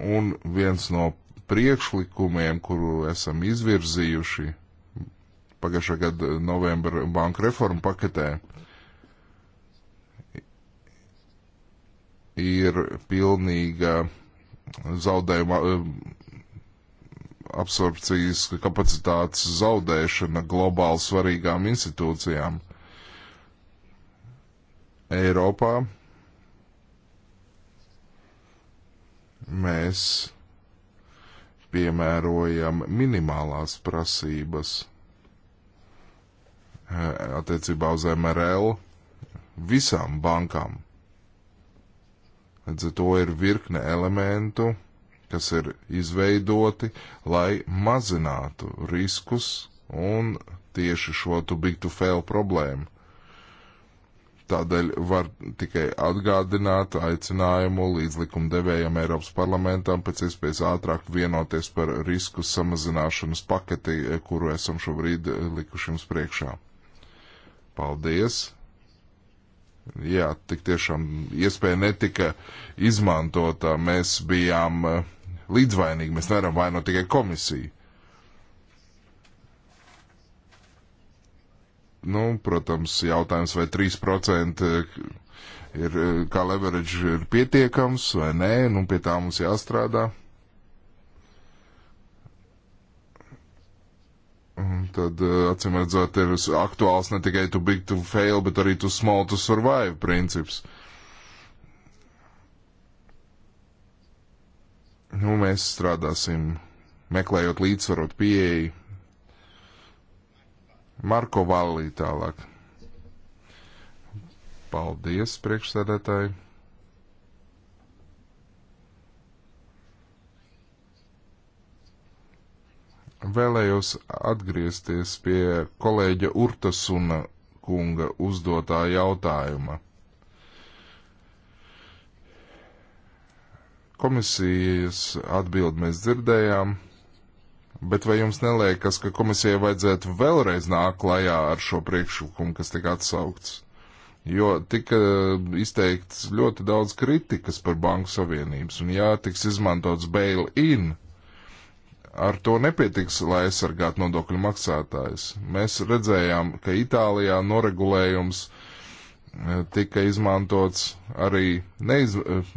Un viens no priekšlikumiem, kuru esam izvirzījuši pagājušā gada novembra banka reforma paketē, ir pilnīga zaudējuma absorpcijas kapacitātes zaudēšana globāli svarīgām institūcijām. Eiropā mēs piemērojam minimālās prasības eh, attiecībā uz MRL visām bankām. Līdz ar to ir virkne elementu, kas ir izveidoti, lai mazinātu riskus un tieši šo too big to fail problēmu. Tādēļ var tikai atgādināt aicinājumu līdz likumdevējiem Eiropas parlamentam pēc iespējas ātrāk vienoties par risku samazināšanas paketi, eh, kuru esam šobrīd eh, likuši jums priekšā. Paldies! Jā, tik tiešām iespēja netika izmantota. Mēs bijām eh, līdzvainīgi, mēs nevaram vainot tikai komisiju. nu, protams, jautājums, vai 3% ir, kā leverage ir pietiekams vai nē, nu, pie tā mums jāstrādā. Un tad, acīm redzot, ir aktuāls ne tikai to big to fail, bet arī to small to survive princips. Nu, mēs strādāsim, meklējot līdzsvarot pieeju. Marko Vallī tālāk. Paldies, priekšsēdētāji. Vēlējos atgriezties pie kolēģa Urtasuna kunga uzdotā jautājuma. Komisijas atbild mēs dzirdējām bet vai jums neliekas, ka komisijai vajadzētu vēlreiz nākt klajā ar šo priekšlikumu, kas tika atsaukts? Jo tika eh, izteikts ļoti daudz kritikas par Banku Savienības, un jā, tiks izmantots bail-in. Ar to nepietiks, lai aizsargātu nodokļu maksātājus. Mēs redzējām, ka Itālijā noregulējums uh, tika izmantots arī neiz,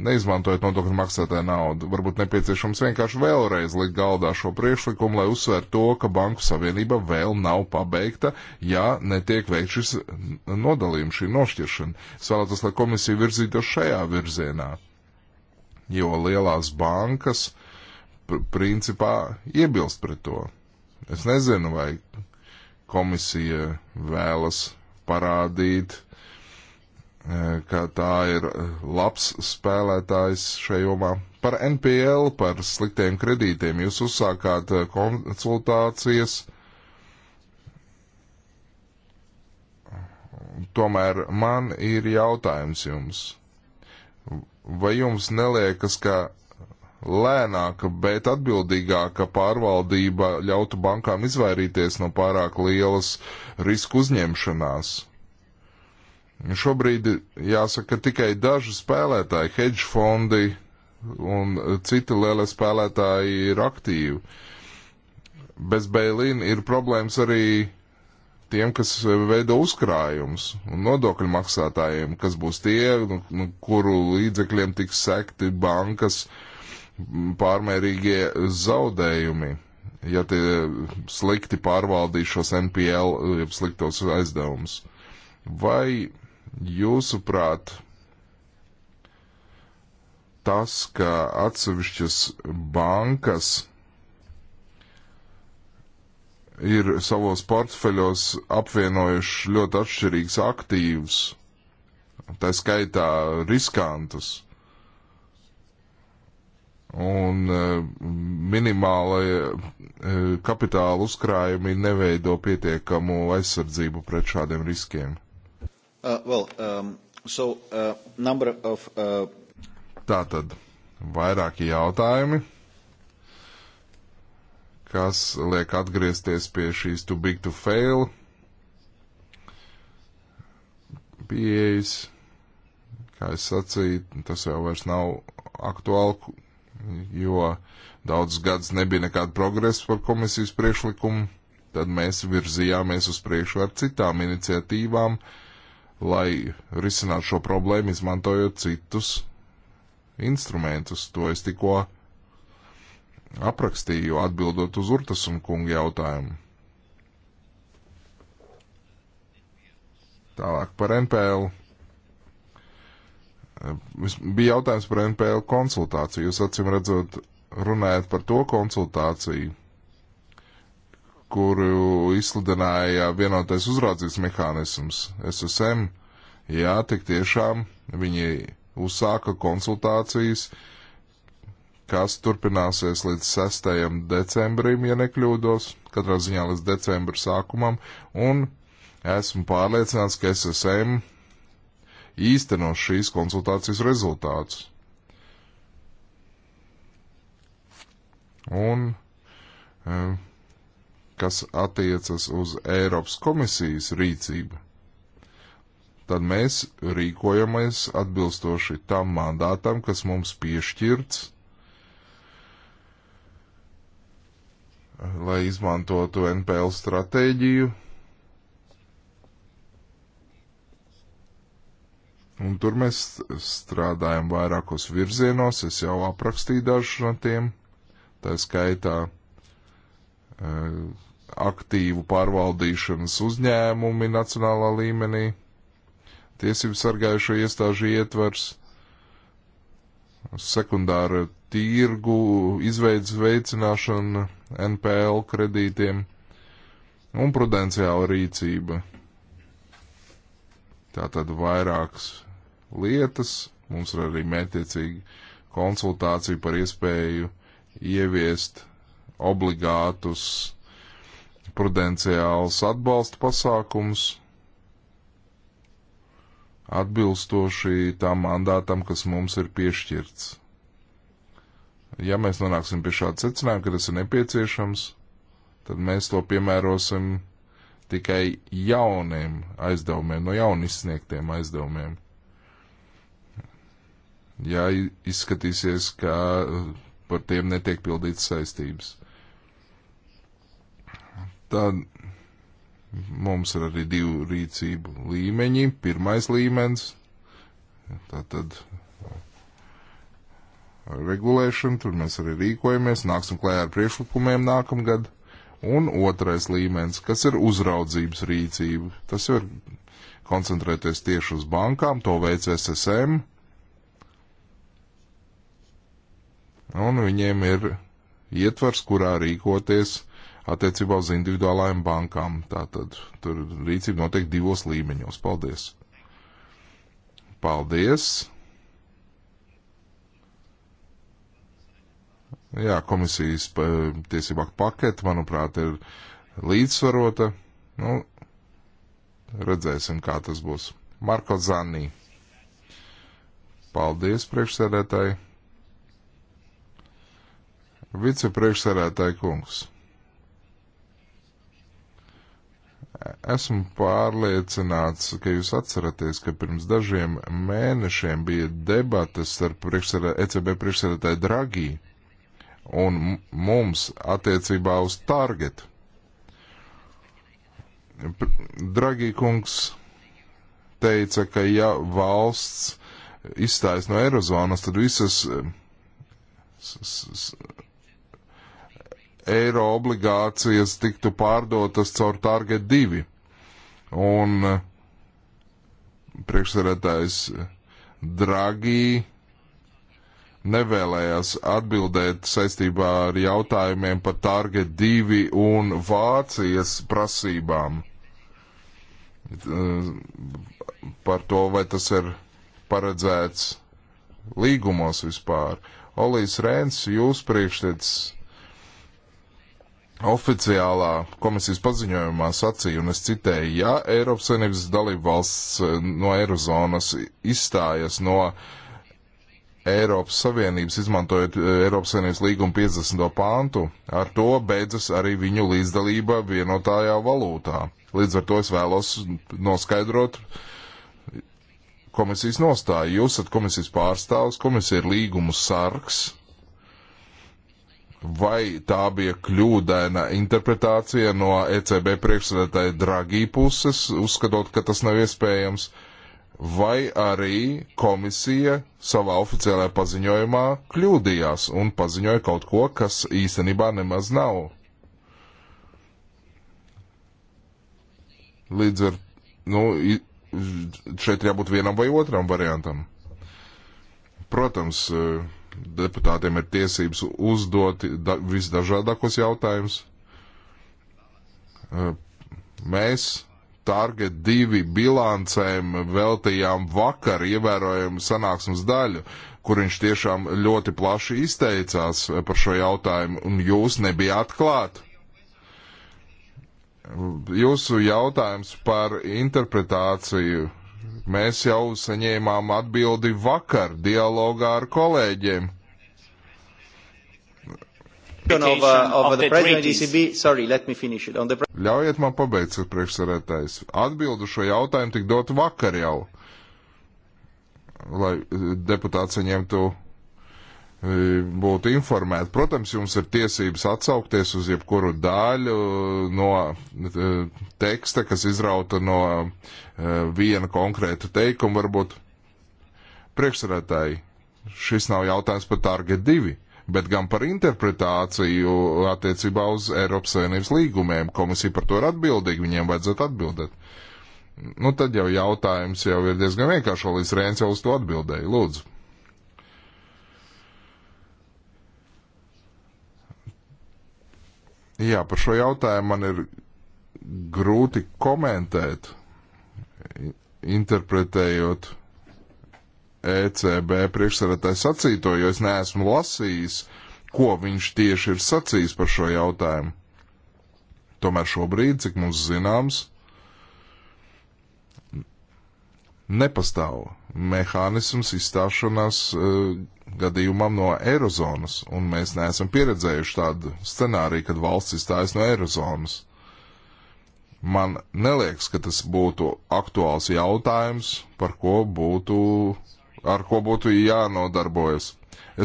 neizmantojot nodokļu maksātāju naudu. Varbūt nepieciešams vienkārši vēlreiz likt galdā šo priekšlikumu, lai uzsver to, ka Banku Savienība vēl nav pabeigta, ja netiek veikt šis nodalījums, šī nošķiršana. Es vēlētos, lai komisija virzītos šajā virzienā, jo lielās bankas pr principā iebilst pret to. Es nezinu, vai komisija vēlas parādīt Eh, ka tā ir eh, labs spēlētājs šajā jomā. Par NPL, par sliktiem kredītiem jūs uzsākāt eh, konsultācijas. Tomēr man ir jautājums jums. Vai jums neliekas, ka lēnāka, bet atbildīgāka pārvaldība ļautu bankām izvairīties no pārāk lielas risku uzņemšanās? Nu, šobrīd jāsaka tikai daži spēlētāji, hedge fondi un citi lielie spēlētāji ir aktīvi. Bez Bēlīna ir problēmas arī tiem, kas veido uzkrājumus un nodokļu maksātājiem, kas būs tie, nu, nu kuru līdzekļiem tiks sekti bankas pārmērīgie zaudējumi, ja tie slikti pārvaldīs šos NPL, jeb sliktos aizdevumus. Vai jūsuprāt, tas, ka atsevišķas bankas ir savos portfeļos apvienojuši ļoti atšķirīgs aktīvs, tā skaitā riskantus, un e, minimālai e, kapitāla uzkrājumi neveido pietiekamu aizsardzību pret šādiem riskiem. Uh, well, um, so, uh, number of... Uh... Tātad, vairāki jautājumi, kas liek atgriezties pie šīs too big to fail pieejas. Kā es sacīju, tas jau vairs nav aktuāli, jo daudz gadus nebija nekāda progresa par komisijas priekšlikumu. Tad mēs virzījāmies uz priekšu ar citām iniciatīvām, uh, lai risinātu šo problēmu, izmantojot citus instrumentus. To es tikko aprakstīju, atbildot uz Urtas un kunga jautājumu. Tālāk par NPL. Bija jautājums par NPL konsultāciju. Jūs acīm redzot, runājat par to konsultāciju, kuru izsludināja vienotais uzraudzības mehānisms SSM, jā, tik tiešām viņi uzsāka konsultācijas, kas turpināsies līdz 6. decembrim, ja nekļūdos, katrā ziņā līdz decembra sākumam, un esmu pārliecināts, ka SSM īstenos šīs konsultācijas rezultātus. Un um, kas attiecas uz Eiropas komisijas rīcību, tad mēs rīkojamies atbilstoši tam mandātam, kas mums piešķirts, lai izmantotu NPL stratēģiju. Un tur mēs strādājam vairākos virzienos, es jau aprakstīju dažus no tiem, tā skaitā uh, aktīvu pārvaldīšanas uzņēmumi nacionālā līmenī, tiesību sargājušo iestāžu ietvers, sekundāra tirgu izveids veicināšana NPL kredītiem un prudenciāla rīcība. Tātad vairākas lietas, mums ir arī mētiecīgi konsultācija par iespēju ieviest obligātus makroprudenciāls atbalsta pasākums atbilstoši tam mandātam, kas mums ir piešķirts. Ja mēs nonāksim pie šāda secinājuma, ka tas ir nepieciešams, tad mēs to piemērosim tikai jauniem aizdevumiem, no jaunu izsniegtiem aizdevumiem. Ja izskatīsies, ka par tiem netiek pildīts saistības. Tad mums ir arī divi rīcību līmeņi. Pirmais līmenis, tātad uh, regulēšana, tur mēs arī rīkojamies, nāksim klējā ar priekšlikumiem nākamgad. Un otrais līmenis, kas ir uzraudzības rīcība. Tas jau ir koncentrēties tieši uz bankām, to veic SSM. Un viņiem ir ietvars, kurā rīkoties uh, attiecībā uz individuālajām bankām. Tātad tur rīcība notiek divos līmeņos. Paldies! Paldies! Jā, komisijas tiesībā pakete, manuprāt, ir līdzsvarota. Nu, redzēsim, kā tas būs. Marko Zanī. Paldies priekšsēdētāji. Vicepriekšsēdētāji kungs. Esmu pārliecināts, ka jūs atceraties, ka pirms dažiem mēnešiem bija debates ar priekšsarā, ECB priekšsēdētāju Dragī un mums attiecībā uz targetu. Dragī kungs teica, ka ja valsts izstājas no Eirozonas, tad visas eiro obligācijas tiktu pārdotas caur Target 2. Un eh, priekšsarētājs Dragī nevēlējās atbildēt saistībā ar jautājumiem par Target 2 un Vācijas prasībām. Eh, par to, vai tas ir paredzēts līgumos vispār. Olīs Rēns, jūs priekšteicis oficiālā komisijas paziņojumā sacīja, un es citēju, ja Eiropas Savienības dalība valsts eh, no Eirozonas izstājas no Eiropas Savienības, izmantojot eh, Eiropas Savienības līguma 50. pāntu, ar to beidzas arī viņu līdzdalība vienotājā valūtā. Līdz ar to es vēlos noskaidrot, komisijas nostāja. Jūs esat komisijas pārstāvs, komisija ir līgumu sargs, vai tā bija kļūdaina interpretācija no ECB priekšsēdētāja Dragī puses, uzskatot, ka tas nav iespējams, vai arī komisija savā oficiālajā paziņojumā kļūdījās un paziņoja kaut ko, kas īstenībā nemaz nav. Līdz ar, nu, šeit jābūt vienam vai otram variantam. Protams, uh, deputātiem ir tiesības uzdot da, visdažādākos jautājumus. Eh, mēs Target 2 bilancēm veltījām vakar ievērojumu sanāksmes daļu, kur viņš tiešām ļoti plaši izteicās par šo jautājumu, un jūs nebijāt klāt. Eh, jūsu jautājums par interpretāciju Mēs jau saņēmām atbildi vakar dialogā ar kolēģiem. Uh, e Ļaujiet man pabeigt, priekšsarētājs. Atbildu šo jautājumu tik dot vakar jau, lai eh, deputāts saņemtu būtu informēti. Protams, jums ir tiesības atsaukties uz jebkuru daļu no e, teksta, kas izrauta no e, viena konkrēta teikuma, varbūt priekšsarētāji. Šis nav jautājums par target 2, bet gan par interpretāciju attiecībā uz Eiropas Savienības līgumiem. Komisija par to ir atbildīga, viņiem vajadzētu atbildēt. Nu, tad jau jautājums jau ir diezgan vienkāršs, Līdz Rēns jau uz to atbildēja. Lūdzu. Jā, par šo jautājumu man ir grūti komentēt, interpretējot ECB priekšsarētāju sacīto, jo es neesmu lasījis, ko viņš tieši ir sacījis par šo jautājumu. Tomēr šobrīd, cik mums zināms, nepastāv mehānisms izstāšanās uh, gadījumam no Eirozonas, un mēs neesam pieredzējuši tādu scenāriju, kad valsts izstājas no Eirozonas. Man neliekas, ka tas būtu aktuāls jautājums, par ko būtu, ar ko būtu jānodarbojas.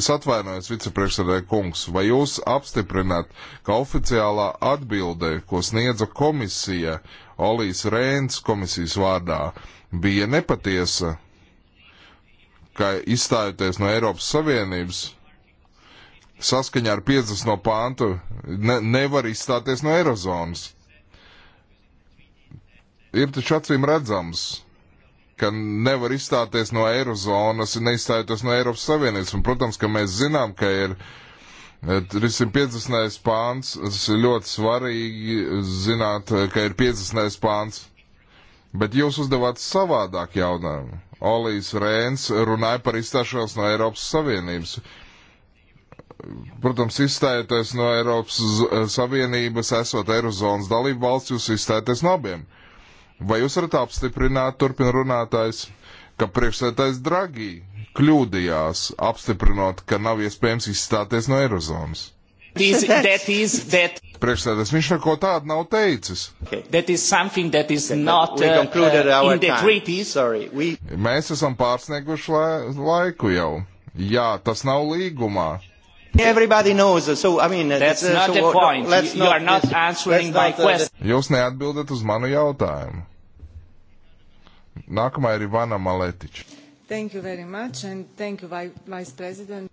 Es atvainojos, vicepriekšsēdētāj kungs, vai jūs apstiprināt, ka oficiālā atbilde, ko sniedza komisija Olijas Rēns komisijas vārdā, bija nepatiesa ka izstājoties no Eiropas Savienības, saskaņā ar 50 no pāntu, ne, nevar izstāties no Eirozonas. Ir taču acīm redzams, ka nevar izstāties no Eirozonas, neizstājoties no Eiropas Savienības. Un, protams, ka mēs zinām, ka ir 350. Eh, pāns, tas ir ļoti svarīgi zināt, eh, ka ir 50. pāns. Bet jūs uzdevāt savādāk jautājumu Olijas Rēns runāja par izstāšanos no Eiropas Savienības. Protams, izstājoties no Eiropas eh, Savienības, esot Eirozonas dalību valsts, jūs izstājaties no abiem. Vai jūs varat apstiprināt, turpina runātājs, ka priekšsētājs Dragī kļūdījās apstiprinot, ka nav iespējams izstāties no Eirozonas? That is, that is, that... Priekšsēdētājs, viņš neko tādu nav teicis. Okay. Not, uh, uh we... Mēs esam pārsnieguši la laiku jau. Jā, tas nav līgumā. Everybody knows, so I mean, uh, that's, that's uh, not so, the point. No, let's you not, are not answering my question. Jūs neatbildat uz manu jautājumu. Nākamā ir Ivana Maletič. Thank you very much and thank you, Vice President.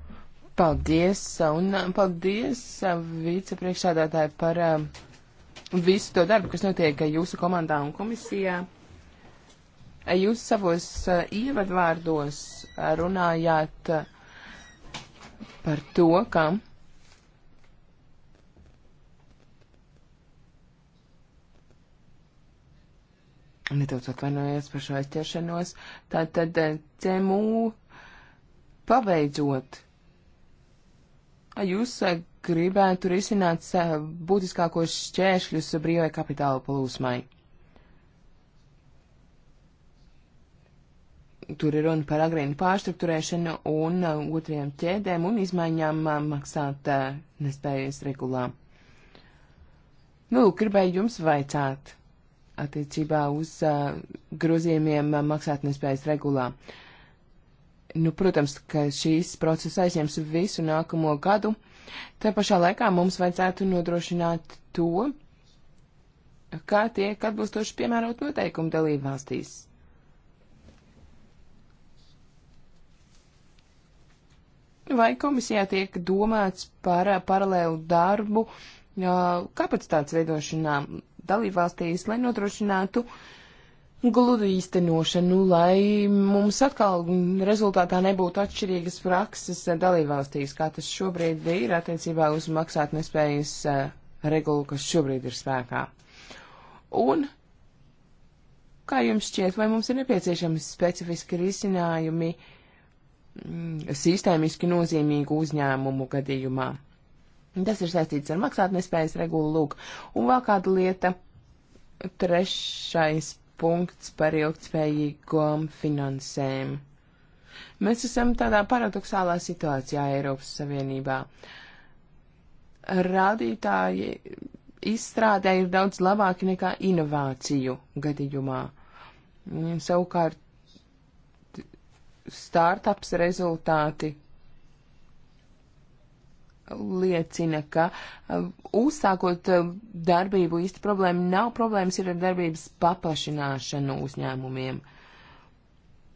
Paldies, un uh, paldies uh, vicepriekšādātāji par uh, visu to darbu, kas notiek jūsu komandā un komisijā. Jūs savos ievadvārdos runājāt par to, ka nedaudz atvainojos par šo aizķeršanos, tātad CMU pabeidzot Jūs eh, gribētu risināt eh, būtiskākos šķēršļus brīvai kapitāla plūsmai. Tur ir runa par agrīnu pārstruktūrēšanu un eh, otriem ķēdēm un izmaiņām maksāt nespējas regulā. Nu, gribēju jums vaicāt attiecībā uz grozījumiem maksāt nespējas regulā. Uh, nu, protams, ka šīs procesa aizņems visu nākamo gadu. Te pašā laikā mums vajadzētu nodrošināt to, kā tiek atbilstoši piemērot noteikumu dalību valstīs. Vai komisijā tiek domāts par paralēlu darbu kapacitātes veidošanā dalībvalstīs, lai nodrošinātu uh, gludu īstenošanu, lai mums atkal rezultātā nebūtu atšķirīgas prakses dalībvalstīs, kā tas šobrīd ir attiecībā uz maksātnespējas eh, regulu, kas šobrīd ir spēkā. Un kā jums šķiet, vai mums ir nepieciešami specifiski risinājumi mm, sistēmiski nozīmīgu uzņēmumu gadījumā? Tas ir saistīts ar maksātnespējas regulu, lūk. Un vēl kāda lieta, trešais punkts par ilgtspējīgām finansēm. Mēs esam tādā paradoxālā situācijā Eiropas Savienībā. Rādītāji izstrādē ir daudz labāki nekā inovāciju gadījumā. Savukārt startups rezultāti liecina, ka eh, uzsākot eh, darbību īsti problēma nav, problēmas ir ar darbības paplašināšanu uzņēmumiem.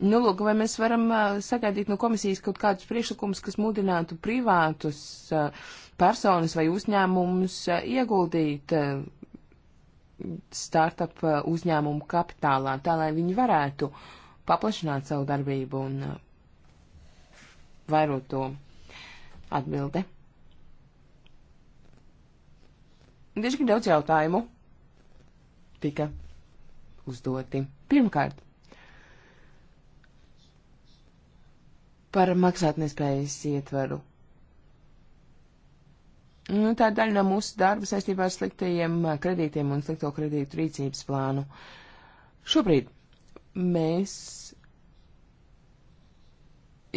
Nu, lūk, vai mēs varam eh, sagaidīt no komisijas kaut kādus priekšlikumus, kas mudinātu privātus personas vai uzņēmumus ieguldīt startup uzņēmumu kapitālā, tā lai viņi varētu paplašināt savu darbību un vairot to atbildi. Diezgan daudz jautājumu tika uzdoti. Pirmkārt, par maksātnespējas ietvaru. Nu, tā ir daļa no mūsu darba saistībā ar sliktajiem kredītiem un slikto kredītu rīcības plānu. Šobrīd mēs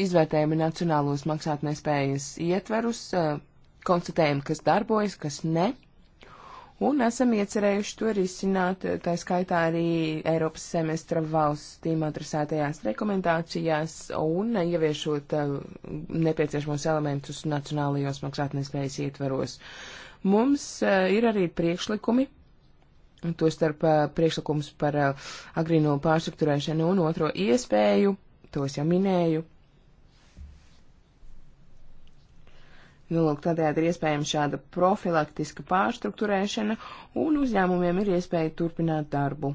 izvērtējam nacionālos maksātnespējas ietverus, eh, konstatējam, kas darbojas, kas ne un esam iecerējuši to risināt, tā skaitā arī Eiropas semestra valstīm atrasētajās rekomendācijās un ieviešot eh, nepieciešamos elementus nacionālajos maksātnespējas ietvaros. Mums eh, ir arī priekšlikumi, to starp eh, priekšlikums par agrīno pārstruktūrēšanu un otro iespēju, tos jau minēju. Nu, lūk, tādējādi ir iespējama šāda profilaktiska pārstruktūrēšana, un uzņēmumiem ir iespēja turpināt darbu.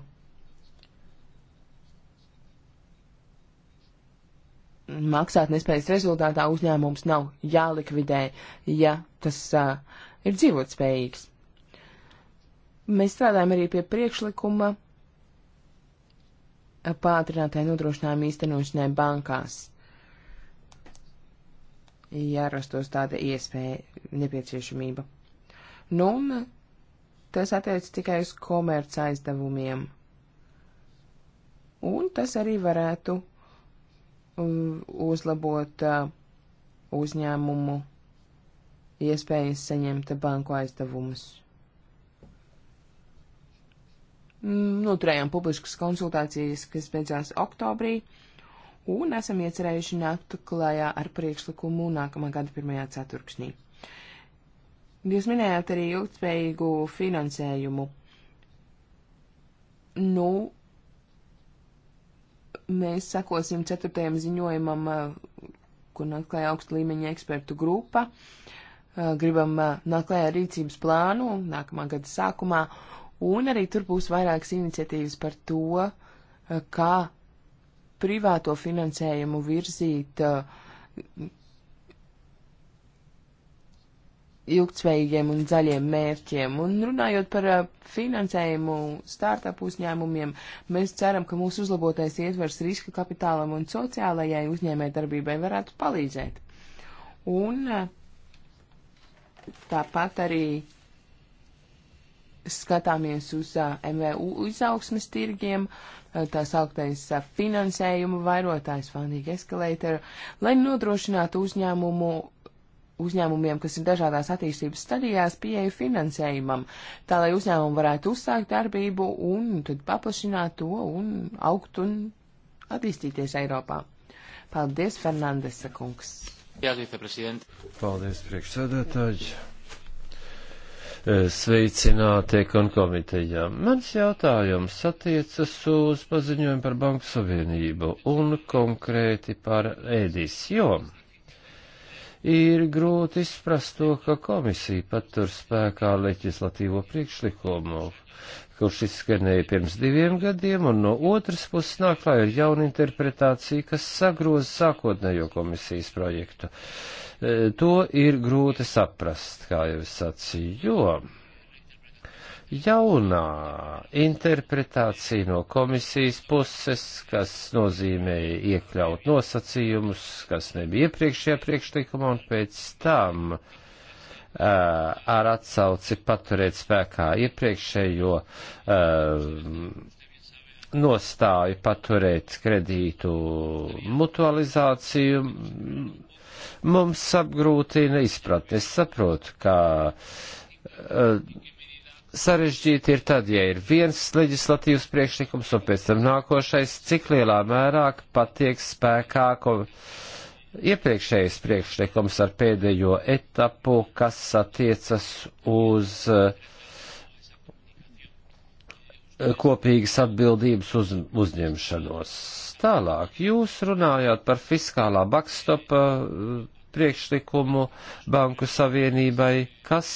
Maksātnespējas rezultātā uzņēmums nav jālikvidē, ja tas uh, ir dzīvotspējīgs. Mēs strādājam arī pie priekšlikuma pātrinātai nodrošinājuma īstenošanai bankās ja rastos tāda iespēja, nepieciešamība. Nu, un tas attiec tikai uz komerc aizdevumiem. Un tas arī varētu um, uzlabot uh, uzņēmumu iespējas saņemt banku aizdevumus. Mm, Noturējām nu, publiskas konsultācijas, kas beidzās oktobrī. Uh, un esam iecerējuši nākt klajā ar priekšlikumu nākamā gada 1. ceturkšnī. Jūs minējāt arī ilgspējīgu finansējumu. Nu, mēs sekosim ceturtajam ziņojumam, kur nāk klajā augsta līmeņa ekspertu grupa. Gribam eh, nāk klajā rīcības plānu nākamā gada sākumā, un arī tur būs vairākas iniciatīvas par to, eh, kā privāto finansējumu virzīt uh, ilgtspējīgiem un zaļiem mērķiem. Un runājot par uh, finansējumu startup uzņēmumiem, mēs ceram, ka mūsu uzlabotais ietvers riska kapitālam un sociālajai uzņēmē darbībai varētu palīdzēt. Un uh, tāpat arī skatāmies uz MVU izaugsmes tirgiem, tā sauktais finansējuma vairotājs Funding Escalator, lai nodrošinātu uzņēmumu uzņēmumiem, kas ir dažādās attīstības stadijās, pieeja finansējumam, tā lai uzņēmumi varētu uzsākt darbību un tad paplašināt to un augt un attīstīties Eiropā. Paldies, Fernandesa kungs! Jā, viceprezident. Paldies, priekšsēdētāji sveicināti konkomitejā. Mans jautājums attiecas uz paziņojumu par Banku Savienību un konkrēti par ēdīs, jo ir grūti izprast to, ka komisija patur spēkā leģislatīvo priekšlikumu kurš izskanēja pirms diviem gadiem, un no otras puses nāk klāja ar jaunu interpretāciju, kas sagroza sākotnējo komisijas projektu. E, to ir grūti saprast, kā jau es sacīju, jo jaunā interpretācija no komisijas puses, kas nozīmēja iekļaut nosacījumus, kas nebija iepriekšējā priekšlikumā, un pēc tam uh, Uh, ar atsauci paturēt spēkā iepriekšējo uh, nostāju paturēt kredītu mutualizāciju mums apgrūtina izpratni. Es saprotu, ka uh, sarežģīti ir tad, ja ir viens leģislatīvs priekšlikums un pēc tam nākošais, cik lielā mērā patiek spēkā. Ko, uh, iepriekšējais priekšlikums ar pēdējo etapu, kas attiecas uz eh, kopīgas atbildības uz, uzņemšanos. Tālāk, jūs runājāt par fiskālā backstopa eh, priekšlikumu Banku Savienībai, kas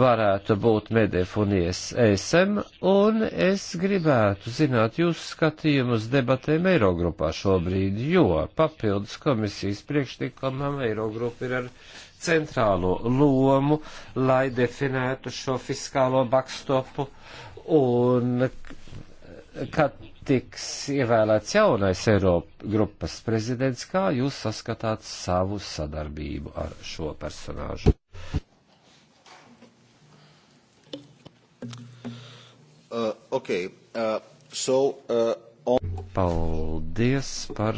varētu būt MEDEF un ESM, un es gribētu zināt jūsu skatījumus debatēm Eirogrupā šobrīd, jo papildus komisijas priekšlikumam Eirogrupa ir ar centrālo lomu, lai definētu šo fiskālo bakstopu, un kad tiks ievēlēts jaunais Eirogrupas prezidents, kā jūs saskatāt savu sadarbību ar šo personāžu? Uh, okay. uh, so, uh, on... Paldies par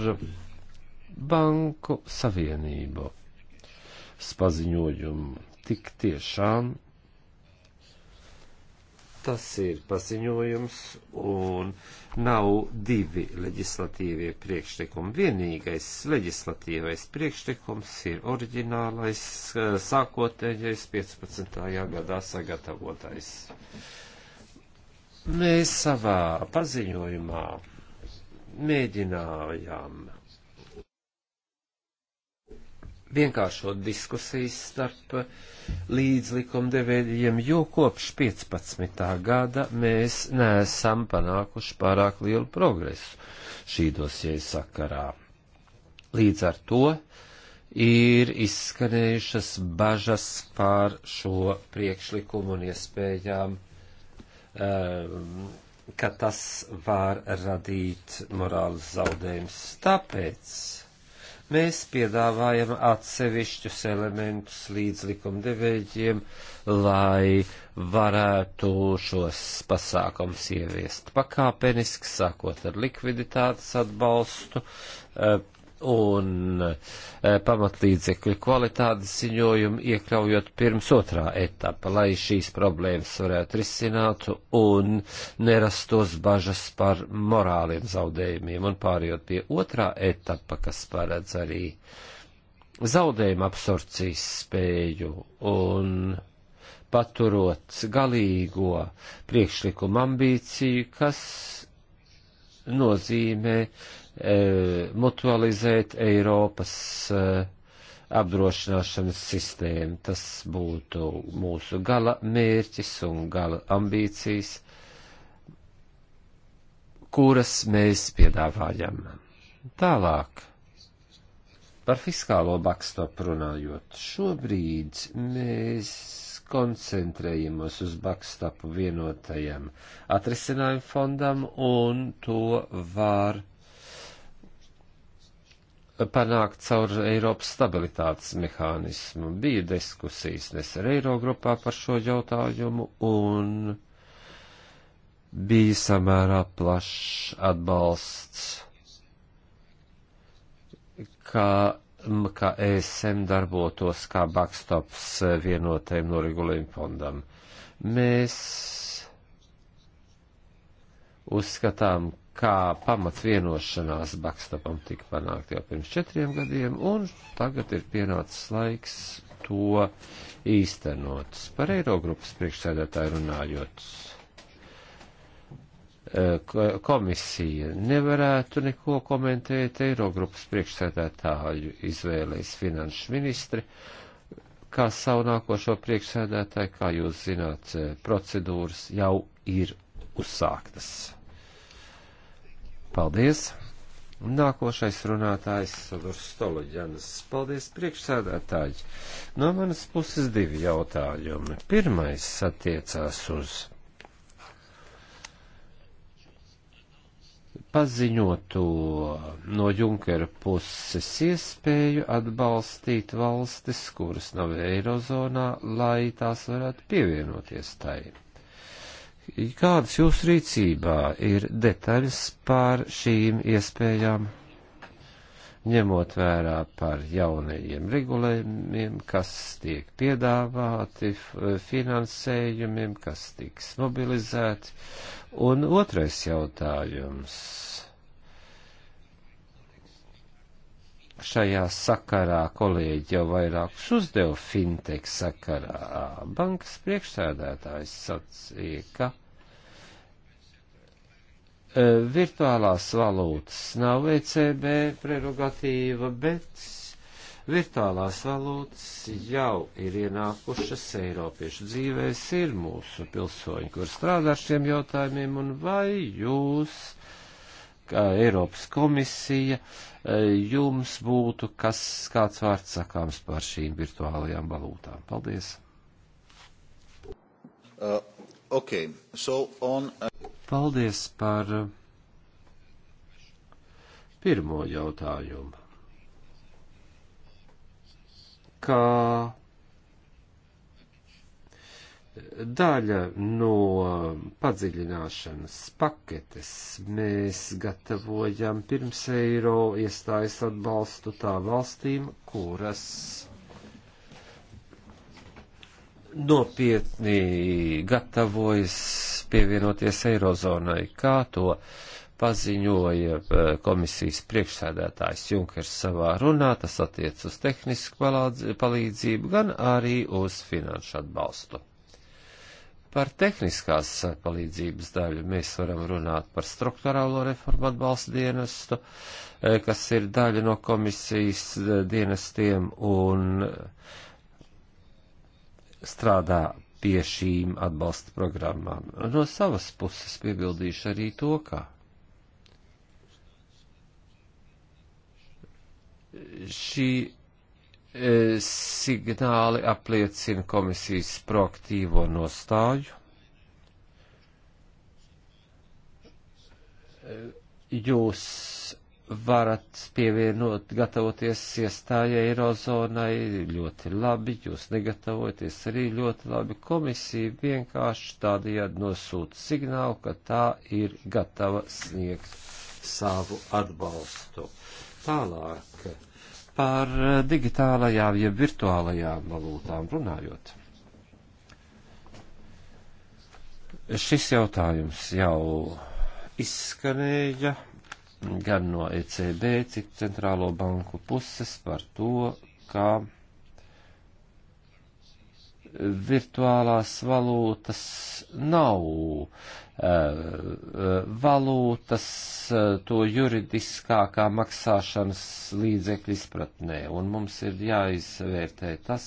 Banku Savienību. Spaziņojumu tik tiešām. Tas ir paziņojums un nav divi leģislatīvie priekšlikumi. Vienīgais leģislatīvais priekšlikums ir oriģinālais, uh, sākotnējais 15. gadā sagatavotais. Uh, Mēs savā paziņojumā mēģinājām vienkāršot diskusijas starp līdzlikumdevējiem, jo kopš 15. gada mēs neesam panākuši pārāk lielu progresu šī dosieja sakarā. Līdz ar to ir izskanējušas bažas pār šo priekšlikumu un iespējām. Ja Um, ka tas var radīt morāles zaudējums. Tāpēc mēs piedāvājam atsevišķus elementus līdz likumdevējiem, lai varētu šos pasākums ieviest pakāpeniski, sākot ar likviditātes atbalstu, uh, un e, pamatlīdzekļu kvalitātes ziņojumu iekļaujot pirms otrā etapa, lai šīs problēmas varētu risināt un nerastos bažas par morāliem zaudējumiem un pārējot pie otrā etapa, kas paredz arī zaudējumu absorpcijas spēju un paturot galīgo priekšlikumu ambīciju, kas nozīmē Eh, mutualizēt Eiropas eh, apdrošināšanas sistēmu. Tas būtu mūsu gala mērķis un gala ambīcijas, kuras mēs piedāvājam. Tālāk. Par fiskālo bakstopu runājot, šobrīd mēs koncentrējamies uz bakstopu vienotajam atrisinājumu fondam, un to var uh, panākt caur Eiropas stabilitātes mehānismu. Bija diskusijas nesen Eirogrupā par šo jautājumu un bija samērā plašs atbalsts, kā, kā ESM darbotos kā backstops vienotajam noregulējumu fondam. Mēs uzskatām, kā pamats vienošanās Bakstapam tika panākt jau pirms četriem gadiem, un tagad ir pienācis laiks to īstenot. Par Eirogrupas priekšsēdētāju runājot, e, komisija nevarētu neko komentēt Eirogrupas priekšsēdētāju izvēlēs finanšu ministri, kā savu nākošo priekšsēdētāju, kā jūs zināt, e, procedūras jau ir uzsāktas. Paldies! Nākošais runātājs Sadurs Stoloģanas. Paldies priekšsēdētāji. No manas puses divi jautājumi. Pirmais attiecās uz paziņoto no Junkera puses iespēju atbalstīt valstis, kuras nav Eirozonā, lai tās varētu pievienoties tai. Kādas jūsu rīcībā ir detaļas par šīm iespējām, ņemot vērā par jaunajiem regulējumiem, kas tiek piedāvāti, finansējumiem, kas tiks mobilizēti? Un otrais jautājums šajā sakarā kolēģi jau vairākus uzdeva fintech sakarā. Bankas priekšsēdētājs sacīja, ka e, virtuālās valūtas nav ECB prerogatīva, bet virtuālās valūtas jau ir ienākušas Eiropiešu dzīvēs, ir mūsu pilsoņi, kur strādā ar šiem jautājumiem, un vai jūs uh, ka Eiropas komisija e, jums būtu kas, kāds vārds sakāms par šīm virtuālajām valūtām. Paldies! Uh, okay. so on, uh... Paldies par uh, pirmo jautājumu. Kā daļa no padziļināšanas paketes mēs gatavojam pirms eiro iestājas atbalstu tā valstīm, kuras nopietni gatavojas pievienoties eirozonai, kā to paziņoja eh, komisijas priekšsēdētājs Junkers savā runā, tas attiec uz tehnisku palīdzību, gan arī uz finanšu atbalstu. Par tehniskās palīdzības daļu mēs varam runāt par struktūrālo reformu atbalstu dienestu, e, kas ir daļa no komisijas e, dienestiem un strādā pie šīm atbalsta programmām. No savas puses piebildīšu arī to, ka šī E, signāli apliecina komisijas proaktīvo nostāju, e, jūs varat pievienot, gatavoties iestājai Eirozonai ļoti labi, jūs negatavoties arī ļoti labi. Komisija vienkārši tādējādi nosūta signālu, ka tā ir gatava sniegt savu atbalstu. Tālāk par eh, digitālajām, jeb virtuālajām valūtām runājot. Šis jautājums jau izskanēja gan no ECB, cik centrālo banku puses par to, kā virtuālās valūtas nav Eh, eh, valūtas, eh, to juridiskākā maksāšanas līdzekļu izpratnē, un mums ir jāizvērtē tas,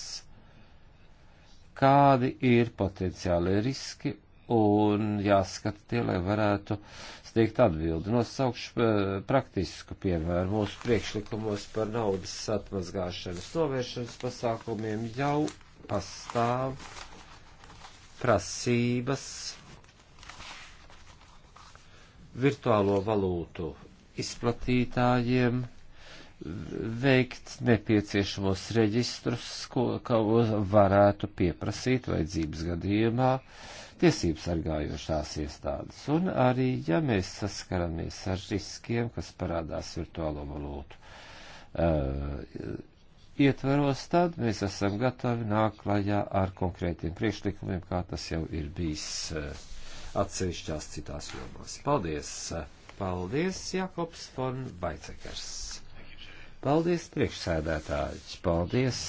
kādi ir potenciāli riski, un jāskata tie, lai varētu sniegt atbildi. Nosaukšu praktisku piemēru mūsu priekšlikumos par naudas atmazgāšanas novēršanas pasākumiem jau pastāv prasības virtuālo valūtu izplatītājiem veikt nepieciešamos reģistrus, ko, ko varētu pieprasīt vajadzības gadījumā tiesības sargājošās iestādes. Un arī, ja mēs saskaramies ar riskiem, kas parādās virtuālo valūtu uh, eh, ietveros, tad mēs esam gatavi nākt klajā ar konkrētiem priekšlikumiem, kā tas jau ir bijis. Uh, atsevišķās citās jomās. Paldies! Paldies, Jakobs von Baicekers! Paldies priekšsēdētāji, paldies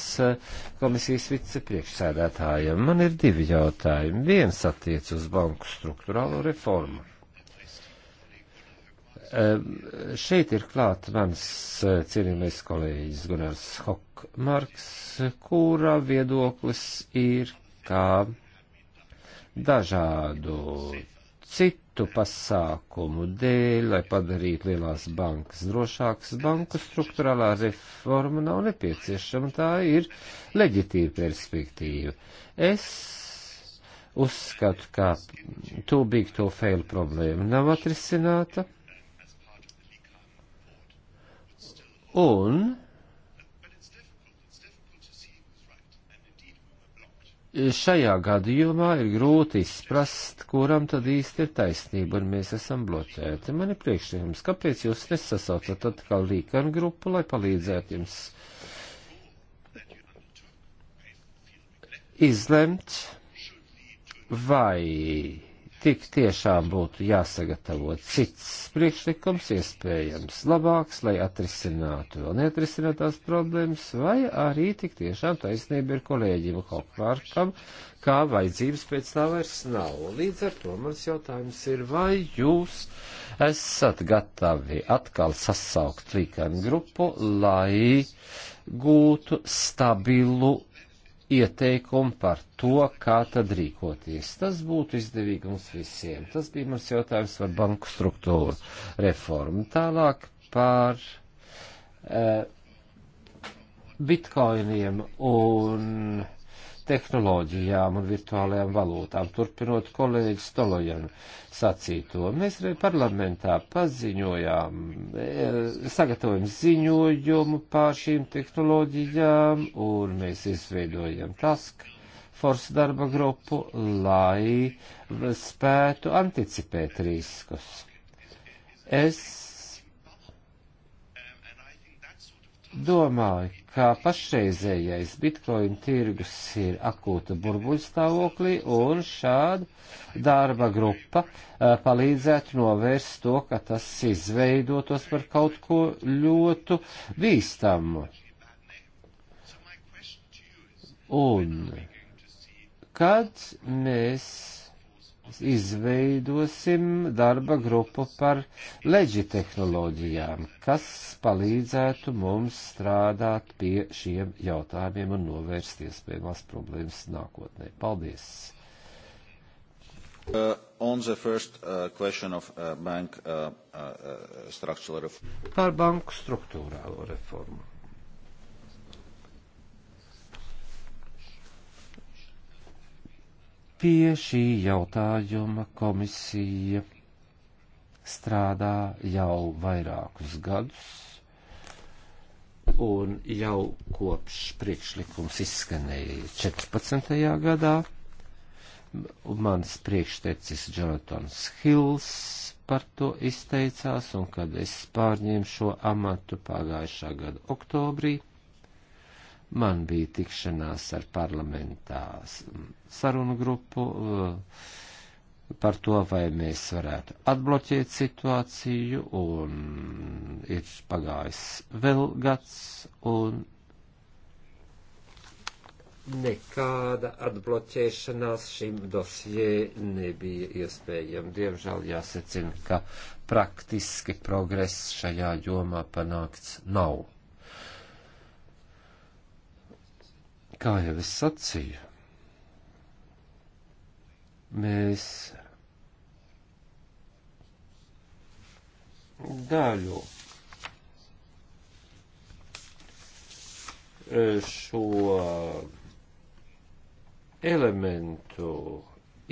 komisijas vicepriekšsēdētājiem. Man ir divi jautājumi. Viens attiec uz banku struktūrālo reformu. Šeit ir klāt mans eh, cienījamais kolēģis Gunārs Hokmarks, kura viedoklis ir, kā dažādu citu pasākumu dēļ, lai padarītu lielās bankas drošākas, banku struktūrālā reforma nav nepieciešama, tā ir leģitīva perspektīva. Es uzskatu, ka too big to fail problēma nav atrisināta. Un šajā gadījumā ir grūti izprast, kuram tad īsti ir taisnība, un mēs esam bloķēti. Man ir priekšlikums, kāpēc jūs nesasaucat atkal līkanu grupu, lai palīdzētu jums izlemt, vai tik tiešām būtu jāsagatavo cits priekšlikums, iespējams labāks, lai atrisinātu vēl neatrisinātās problēmas, vai arī tik tiešām taisnība ir kolēģim Hopvārkam, kā vajadzības pēc tā vairs nav. Līdz ar to mans jautājums ir, vai jūs esat gatavi atkal sasaukt līkanu grupu, lai gūtu stabilu ieteikumu par to, kā tad rīkoties. Tas būtu izdevīgi mums visiem. Tas bija mums jautājums par banku struktūru reformu. Tālāk par uh, eh, bitkoiniem un uh, tehnoloģijām un virtuālajām valūtām. Turpinot kolēģi Stolojanu sacīto, mēs arī parlamentā paziņojām, e, sagatavojam ziņojumu pār šīm tehnoloģijām un mēs izveidojam tasku. Force darba grupu, lai spētu anticipēt riskus. Es domāju, ka pašreizējais bitcoin tirgus ir akūta burbuļu stāvoklī un šāda darba grupa eh, palīdzētu novērst to, ka tas izveidotos par kaut ko ļoti bīstamu. Un kad mēs izveidosim darba grupu par leģi tehnoloģijām, kas palīdzētu mums strādāt pie šiem jautājumiem un novērst iespējamās problēmas nākotnē. Paldies! Uh, on the first uh, question of uh, bank uh, uh, uh structural reform. Par banku struktūrālo reformu. Pie šī jautājuma komisija strādā jau vairākus gadus, un jau kopš priekšlikums izskanēja 14. gadā. Mans priekštecis Jonatans Hills par to izteicās, un kad es pārņēmu šo amatu pagājušā gada oktobrī, Man bija tikšanās ar parlamentā sarunu grupu uh, par to, vai mēs varētu atbloķēt situāciju, un ir pagājis vēl gads, un nekāda atbloķēšanās šim dosjē nebija iespējama. Diemžēl jāsacina, ka praktiski progress šajā jomā panākts nav. Kā jau es sacīju, mēs daļu šo elementu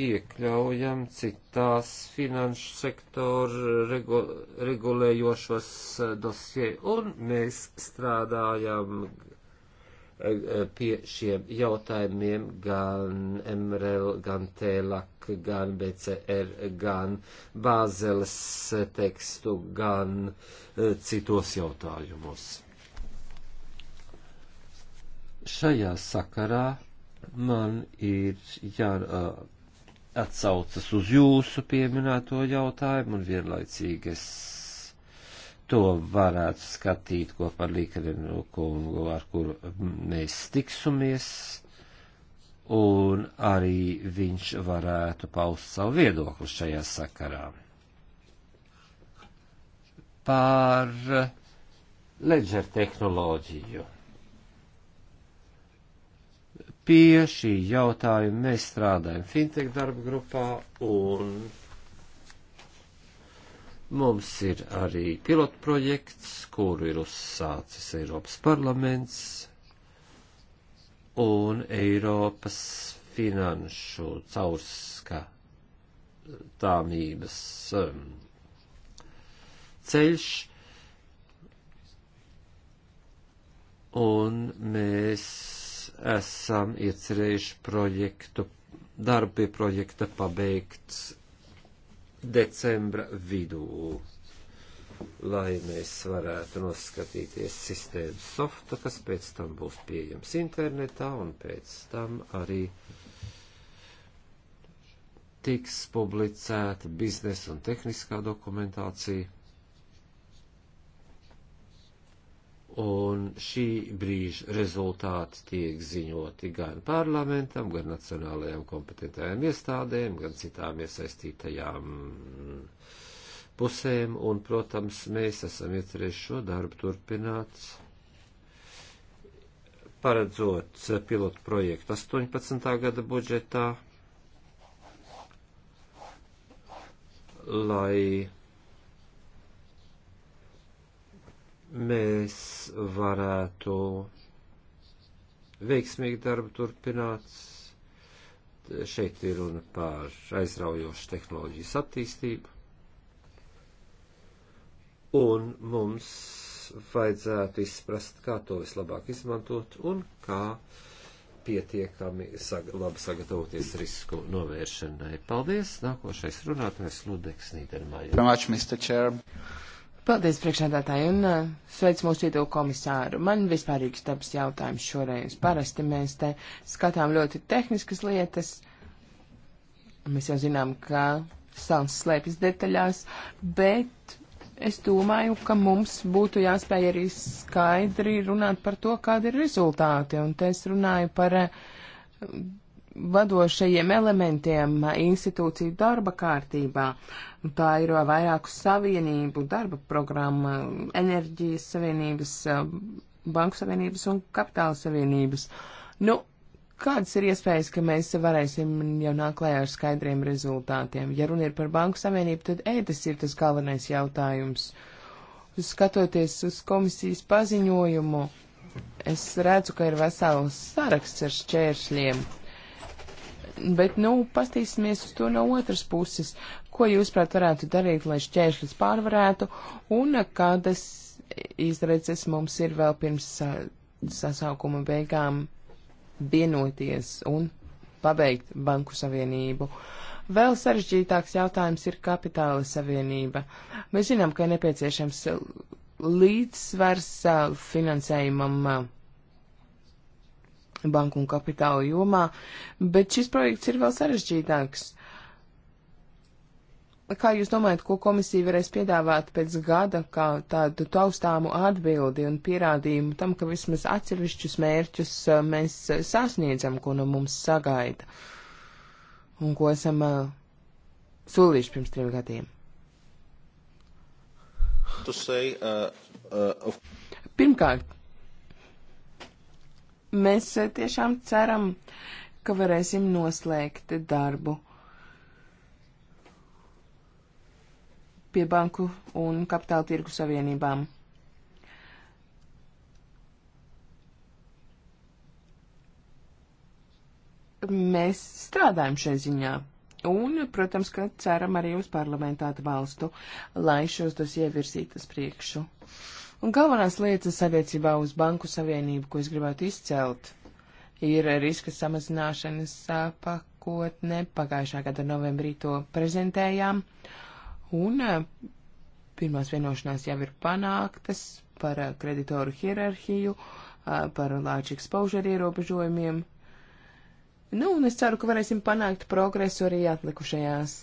iekļaujam citās finanšu sektoru regu, regulējošos dosie, un mēs strādājam pie šiem jautājumiem gan MRL, gan TELAK, gan BCR, gan Bāzeles tekstu, gan eh, citos jautājumos. Šajā sakarā man ir jāatsaucas eh, uz jūsu pieminēto jautājumu un vienlaicīgi es to varētu skatīt kopā ar Līkarinu kungu, ar kuru mēs tiksimies, un arī viņš varētu paust savu viedokli šajā sakarā. Par ledžer tehnoloģiju. Pie šī jautājuma mēs strādājam fintech darba grupā un Mums ir arī pilotprojekts, kuru ir uzsācis Eiropas parlaments un Eiropas finanšu caurskatāmības um, ceļš. Un mēs esam iecerējuši projektu, darbu pie projekta pabeigts decembra vidū, lai mēs varētu noskatīties sistēmu softa, kas pēc tam būs pieejams internetā un pēc tam arī tiks publicēta biznesa un tehniskā dokumentācija. un šī brīža rezultāti tiek ziņoti gan parlamentam, gan nacionālajām kompetentajām iestādēm, gan citām iesaistītajām pusēm, un, protams, mēs esam iecerējuši šo darbu turpināt, paredzot pilotu projektu 18. gada budžetā, lai mēs varētu veiksmīgi darbu turpināt. Šeit ir runa par aizraujošu tehnoloģijas attīstību. Un mums vajadzētu izprast, kā to vislabāk izmantot un kā pietiekami sag labi sagatavoties risku novēršanai. Paldies! Nākošais runātājs Ludeks Nīdermājs. Paldies, priekšsēdētāji, un uh, sveic mūsu ietu komisāru. Man vispārīgs tāds jautājums šoreiz. Parasti mēs te skatām ļoti tehniskas lietas. Mēs jau zinām, ka sans slēpjas detaļās, bet es domāju, ka mums būtu jāspēj arī skaidri runāt par to, kādi ir rezultāti. Un te es runāju par uh, vadošajiem elementiem uh, institūciju darba kārtībā. Uh, Tā ir vairāku savienību, darba programma, enerģijas savienības, banku savienības un kapitāla savienības. Nu, kādas ir iespējas, ka mēs varēsim jau nākt klajā ar skaidriem rezultātiem? Ja runa ir par banku savienību, tad ētis ir tas galvenais jautājums. Skatoties uz komisijas paziņojumu, es redzu, ka ir vesels saraksts ar šķēršļiem bet, nu, pastīsimies uz to no otras puses. Ko jūs, prāt, varētu darīt, lai šķēršļus pārvarētu, un kādas izredzes mums ir vēl pirms uh, sasaukuma beigām vienoties un pabeigt banku savienību? Vēl sarežģītāks jautājums ir kapitāla savienība. Mēs zinām, ka ir nepieciešams līdzsvars uh, finansējumam uh, banku un kapitāla jomā, bet šis projekts ir vēl sarežģītāks kā jūs domājat, ko komisija varēs piedāvāt pēc gada, kā tādu taustāmu atbildi un pierādījumu tam, ka vismaz atsevišķus mērķus uh, mēs sasniedzam, ko no mums sagaida un ko esam uh, solījuši pirms trim gadiem? Say, uh, uh, of... Pirmkārt, mēs uh, tiešām ceram, ka varēsim noslēgt darbu pie banku un kapitāla tirgu savienībām. Mēs strādājam šai ziņā. Un, protams, ka ceram arī uz parlamentu atbalstu, lai šos tas ievirzītas priekšu. Un galvenās lietas attiecībā uz Banku Savienību, ko es gribētu izcelt, ir riska samazināšanas pakotne. Pagājušā gada novembrī to prezentējām. Uh, Un eh, pirmās vienošanās jau ir panāktas par eh, kreditoru hierarhiju, eh, par lāčīgu spaužu ierobežojumiem. Nu, un es ceru, ka varēsim panākt progresu arī atlikušajās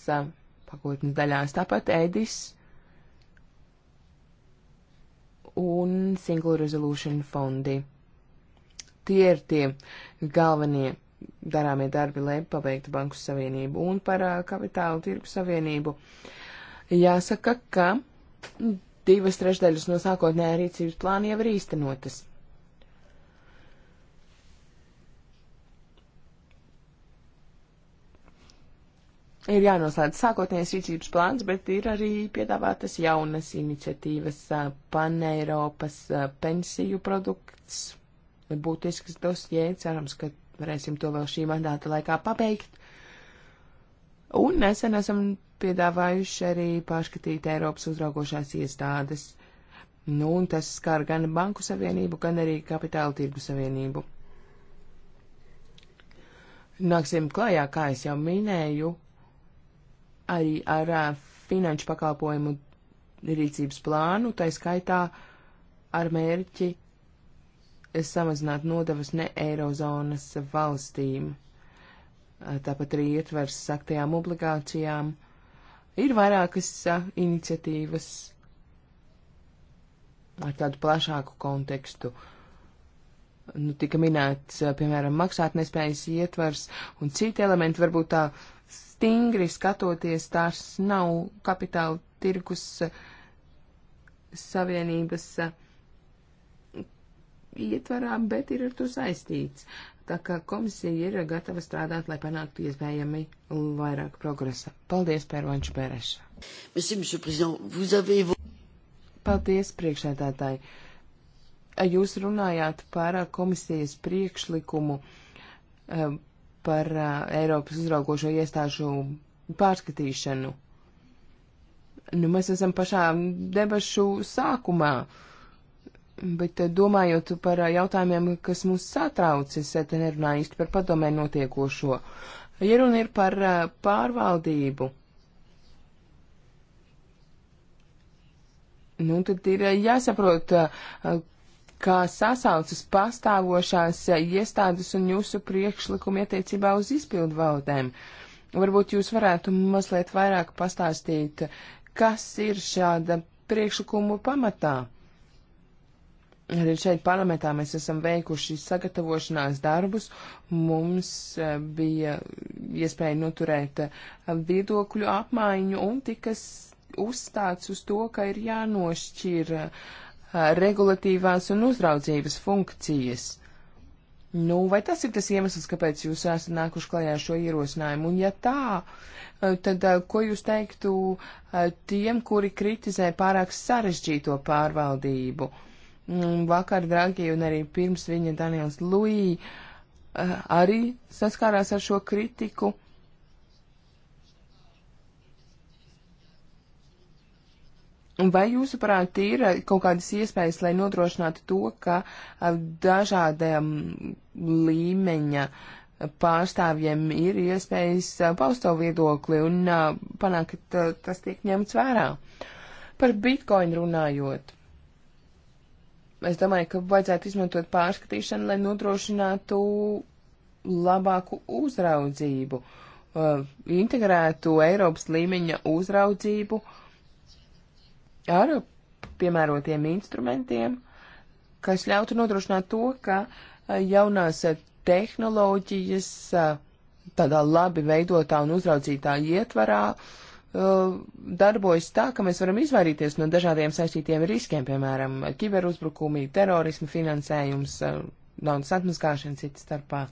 pakotnes daļās. Tāpat Edis un Single Resolution fondi. Tie ir tie galvenie darāmie darbi, lai pabeigtu Banku Savienību un par kapitālu tirgu savienību. Uh, Jāsaka, ka divas trešdaļas no sākotnējā rīcības plāna jau ir īstenotas. Ir jānoslēdz sākotnējais rīcības plāns, bet ir arī piedāvātas jaunas iniciatīvas paneiropas pensiju produkts. Būtisks dosie, cerams, ka varēsim to vēl šī mandāta laikā pabeigt. Un nesen esam piedāvājuši arī pārskatīt Eiropas uzraugošās iestādes. Nu, un tas skar gan Banku Savienību, gan arī Kapitāla Tirgu Savienību. Nāksim klajā, kā es jau minēju, arī ar finanšu pakalpojumu rīcības plānu, tai skaitā ar mērķi samazināt nodevas ne Eirozonas valstīm. Tāpat arī ietvers saktajām obligācijām Ir vairākas uh, iniciatīvas ar tādu plašāku kontekstu. Nu, tika minēts, uh, piemēram, maksātnespējas ietvars un citi elementi, varbūt tā stingri skatoties, tās nav kapitāla tirgus uh, savienības uh, ietvarā, bet ir ar to saistīts. Uh, Tā kā komisija ir gatava strādāt, lai panāktu iespējami vairāk progresa. Paldies, Pērvanču Pēreša. Paldies, priekšētātāji. Jūs runājāt par komisijas priekšlikumu par Eiropas uzraugošo iestāžu pārskatīšanu. Nu, mēs esam pašā debašu sākumā. Uh, Bet eh, domājot par eh, jautājumiem, kas mūs satrauc, es eh, te nerunāju īsti par padomē notiekošo. Ja runa ir par pārvaldību, nu tad ir jāsaprot, kā sasaucas pastāvošās iestādes un jūsu priekšlikumi attiecībā uz izpildu valdēm. Varbūt jūs varētu mazliet vairāk pastāstīt, kas ir šāda priekšlikuma pamatā. Arī šeit parlamentā mēs esam veikuši sagatavošanās darbus. Mums eh, bija iespēja noturēt eh, viedokļu apmaiņu un tika uzstāts uz to, ka ir jānošķir eh, regulatīvās un uzraudzības funkcijas. Nu, vai tas ir tas iemesls, kāpēc jūs esat nākuši klajā ar šo ierosinājumu? Un ja tā, tad ko jūs teiktu tiem, kuri kritizē pārāk sarežģīto pārvaldību? Uh, Vakar Dragi un arī pirms viņa Daniels Luī eh, arī saskārās ar šo kritiku. Un vai jūsuprāt, ir eh, kaut kādas iespējas, lai nodrošinātu to, ka eh, dažādiem līmeņa pārstāvjiem ir iespējas paust savu viedokli un panākt, ka tas tiek ņemts vērā? Par bitkoinu runājot. Es domāju, ka vajadzētu izmantot pārskatīšanu, lai nodrošinātu labāku uzraudzību, uh, integrētu Eiropas līmeņa uzraudzību ar piemērotiem instrumentiem, kas ļautu nodrošināt to, ka uh, jaunās tehnoloģijas uh, tādā labi veidotā un uzraudzītā ietvarā uh, Uh, darbojas tā, ka mēs varam izvairīties no dažādiem saistītiem riskiem, piemēram, kiberuzbrukumi, terorismu finansējums, uh, naudas atmaskāšana citas starpā.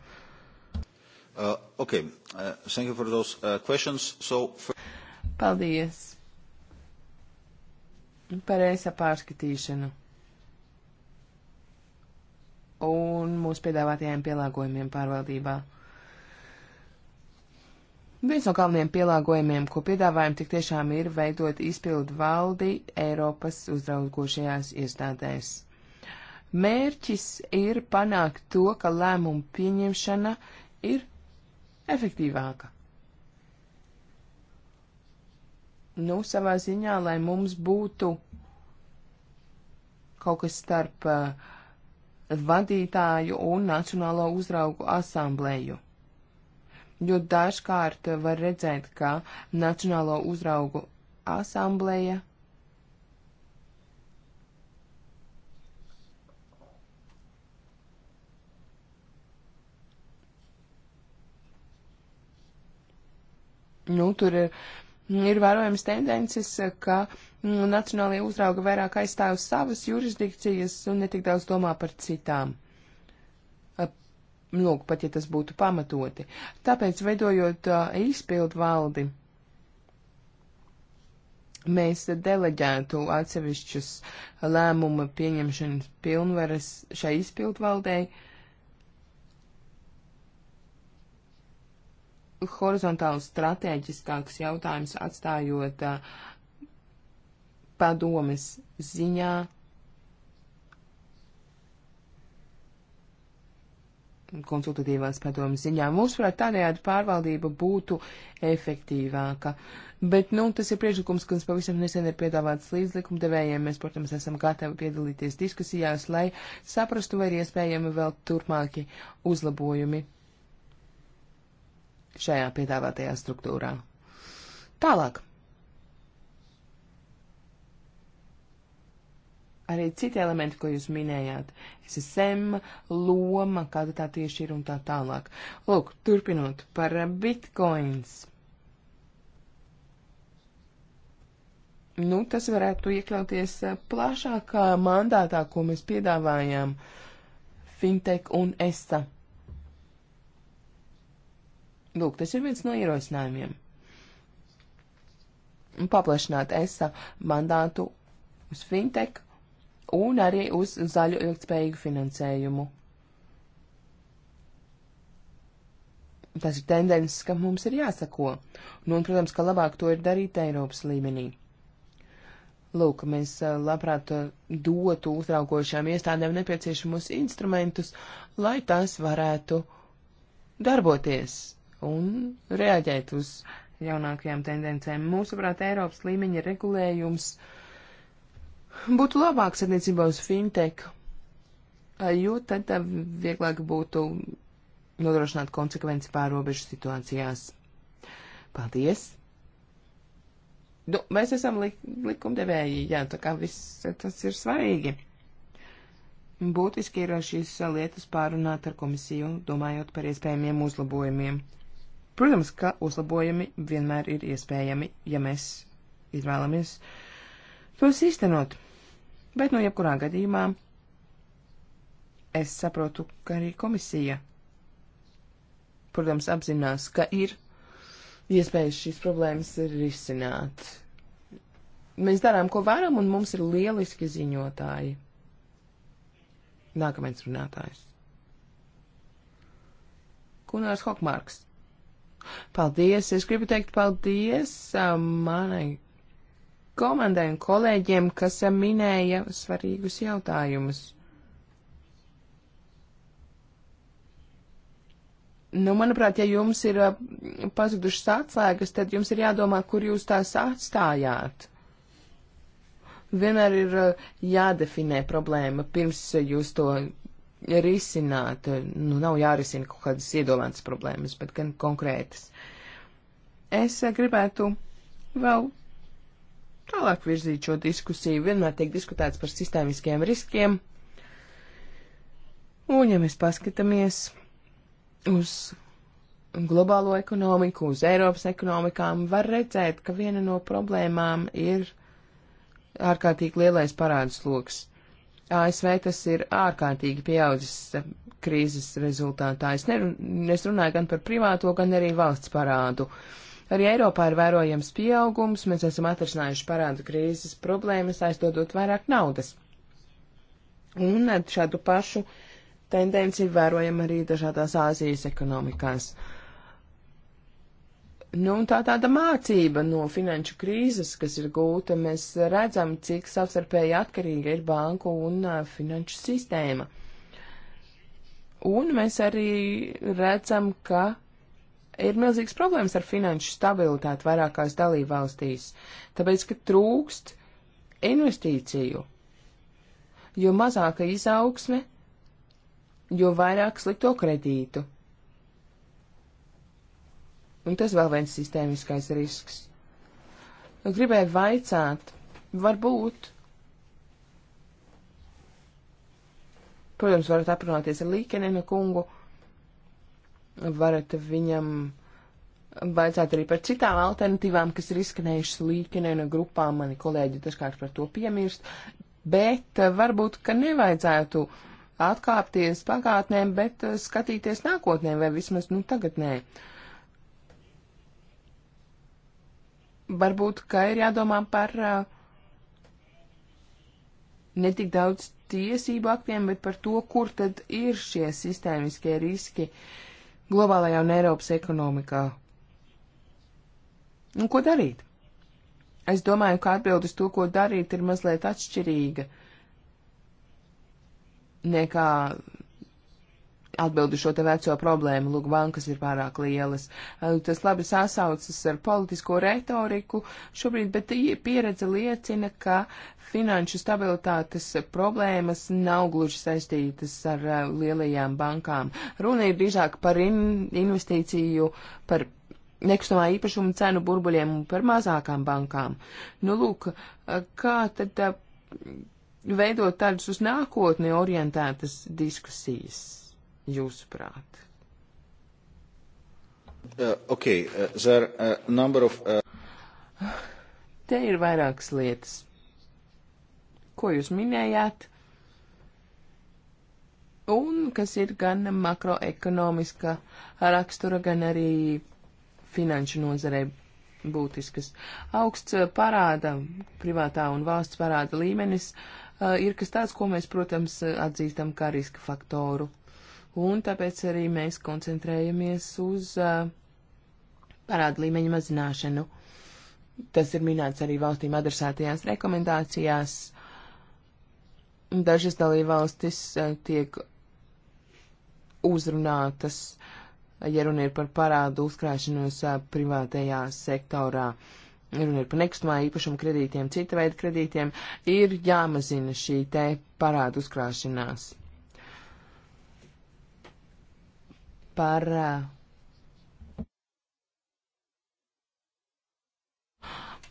Uh, okay. uh, thank you for those uh, questions. So, for... Paldies par ESA pārskatīšanu un mūsu piedāvātajiem pielāgojumiem pārvaldībā. Viens no galvenajiem pielāgojumiem, ko piedāvājam, tik tiešām ir veidot izpildu valdi Eiropas uzraugošajās iestādēs. Mērķis ir panākt to, ka lēmumu pieņemšana ir efektīvāka. Nu, savā ziņā, lai mums būtu kaut kas starp uh, vadītāju un Nacionālo uzraugu asamblēju jo dažkārt var redzēt, ka Nacionālo uzraugu asambleja Nu, tur ir, nu, ir vērojamas tendences, ka nu, nacionālajie uzrauga vairāk aizstāv savas jurisdikcijas un netik daudz domā par citām lūk, pat ja tas būtu pamatoti. Tāpēc, veidojot uh, izpildu valdi, mēs deleģētu atsevišķus lēmuma pieņemšanas pilnvaras šai izpildu valdei. Horizontāli strateģiskāks jautājums atstājot uh, padomes ziņā konsultatīvās padomas ziņā. Mūsuprāt, tādējādi pārvaldība būtu efektīvāka. Bet, nu, tas ir priekšlikums, kas pavisam nesen ir piedāvāts līdzlikumdevējiem. Mēs, protams, esam gatavi piedalīties diskusijās, lai saprastu, vai ir iespējami vēl turpmāki uzlabojumi šajā piedāvātajā struktūrā. Tālāk. arī citi elementi, ko jūs minējāt. SSM, loma, kāda tā tieši ir un tā tālāk. Lūk, turpinot par bitcoins. Nu, tas varētu iekļauties eh, plašākā mandātā, ko mēs piedāvājām Fintech un ESA. Lūk, tas ir viens no ierosinājumiem. Paplašināt ESA mandātu uz Fintech un arī uz zaļu ilgtspējīgu finansējumu. Tas ir tendences, kam mums ir jāsako, nu, un, protams, ka labāk to ir darīt Eiropas līmenī. Lūk, mēs labprāt dotu uzraugošām iestādēm nepieciešamos instrumentus, lai tās varētu darboties un reaģēt uz jaunākajām tendencēm. Mūsuprāt, Eiropas līmeņa regulējums uh, būtu labāks attiecībā uz fintech, eh, jo tad tā vieglāk būtu nodrošināt konsekvenci pārobežu situācijās. Paldies! Nu, mēs esam li likumdevēji, jā, tā kā viss eh, tas ir svarīgi. Būtiski ir eh, šīs lietas pārunāt ar komisiju, domājot par iespējamiem uzlabojumiem. Protams, ka uzlabojumi vienmēr ir iespējami, ja mēs izvēlamies uh, tos īstenot. Bet, nu, jebkurā gadījumā es saprotu, ka arī komisija, protams, apzinās, ka ir iespējas šīs problēmas risināt. Mēs darām, ko varam, un mums ir lieliski ziņotāji. Nākamais runātājs. Kunārs Hokmārks. Paldies! Es gribu teikt paldies uh, manai komandai un kolēģiem, kas minēja svarīgus jautājumus. Nu, manuprāt, ja jums ir uh, pazudušas atslēgas, tad jums ir jādomā, kur jūs tās atstājāt. Vienmēr ir uh, jādefinē problēma, pirms jūs to risināt. Nu, nav jārisina kaut kādas iedomātas problēmas, bet gan konkrētas. Es uh, gribētu vēl tālāk virzīt šo diskusiju. Vienmēr tiek diskutēts par sistēmiskiem riskiem. Un, ja mēs paskatāmies uz globālo ekonomiku, uz Eiropas ekonomikām, var redzēt, ka viena no problēmām ir ārkārtīgi lielais parāds sloks. ASV tas ir ārkārtīgi pieaudzis krīzes rezultātā. Es, nerun, es runāju gan par privāto, gan arī valsts parādu. Uh, Arī Eiropā ir vērojams pieaugums, mēs esam atrisinājuši parādu krīzes problēmas, aizdodot vairāk naudas. Un šādu pašu tendenci vērojam arī dažādās Āzijas ekonomikās. Nu, tā tāda mācība no finanšu krīzes, kas ir gūta, mēs redzam, cik savstarpēji atkarīga ir banku un uh, finanšu sistēma. Un mēs arī redzam, ka ir milzīgs problēmas ar finanšu stabilitāti vairākās dalībvalstīs, tāpēc, ka trūkst investīciju. Jo mazāka izaugsme, jo vairāk slikto kredītu. Un tas vēl viens sistēmiskais risks. Gribēju vaicāt, varbūt. Protams, varat aprunāties ar Līkenina kungu varat viņam vajadzētu arī par citām alternatīvām, kas ir izskanējušas līķinēna grupā, mani kolēģi dažkārt par to piemirst, bet eh, varbūt, ka nevajadzētu atkāpties pagātnēm, bet eh, skatīties nākotnē vai vismaz nu tagadnē. Varbūt, ka ir jādomā par eh, netik daudz tiesību aktiem, bet par to, kur tad ir šie sistēmiskie riski. Uh, globālajā un Eiropas ekonomikā. Un ko darīt? Es domāju, ka atbild uz to, ko darīt, ir mazliet atšķirīga nekā atbildu šo te veco problēmu, lūk, bankas ir pārāk lielas. Tas labi sasaucas ar politisko retoriku šobrīd, bet pieredze liecina, ka finanšu stabilitātes problēmas nav gluži saistītas ar lielajām bankām. Runa ir drīzāk par in investīciju, par nekustamā īpašuma cenu burbuļiem un par mazākām bankām. Nu, lūk, kā tad veidot tādas uz nākotni orientētas diskusijas? jūsuprāt? Uh, okay, uh, there are a number of. Uh... Te ir vairākas lietas. Ko jūs minējāt? Un kas ir gan makroekonomiska rakstura, gan arī finanšu nozarei būtiskas. Augsts parāda, privātā un valsts parāda līmenis uh, ir kas tāds, ko mēs, protams, atzīstam kā riska faktoru un tāpēc arī mēs koncentrējamies uz uh, parādu līmeņu mazināšanu. Tas ir minēts arī valstīm adresētajās rekomendācijās. Dažas dalībvalstis uh, tiek uzrunātas, ja runa ir par parādu uzkrāšanos uh, privātajā sektorā runa ir par nekustamā īpašuma kredītiem, cita veida kredītiem, ir jāmazina šī te parādu uzkrāšanās. par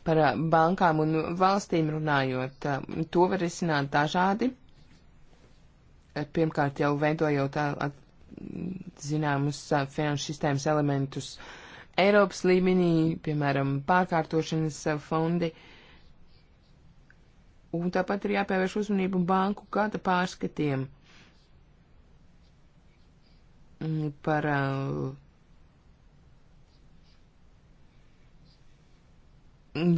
par bankām un valstīm runājot, to var risināt dažādi. Pirmkārt, jau veidojot zināmus finanšu sistēmas elementus Eiropas līmenī, piemēram, pārkārtošanas fondi. Un tāpat ir jāpievērš uzmanību banku gada pārskatiem par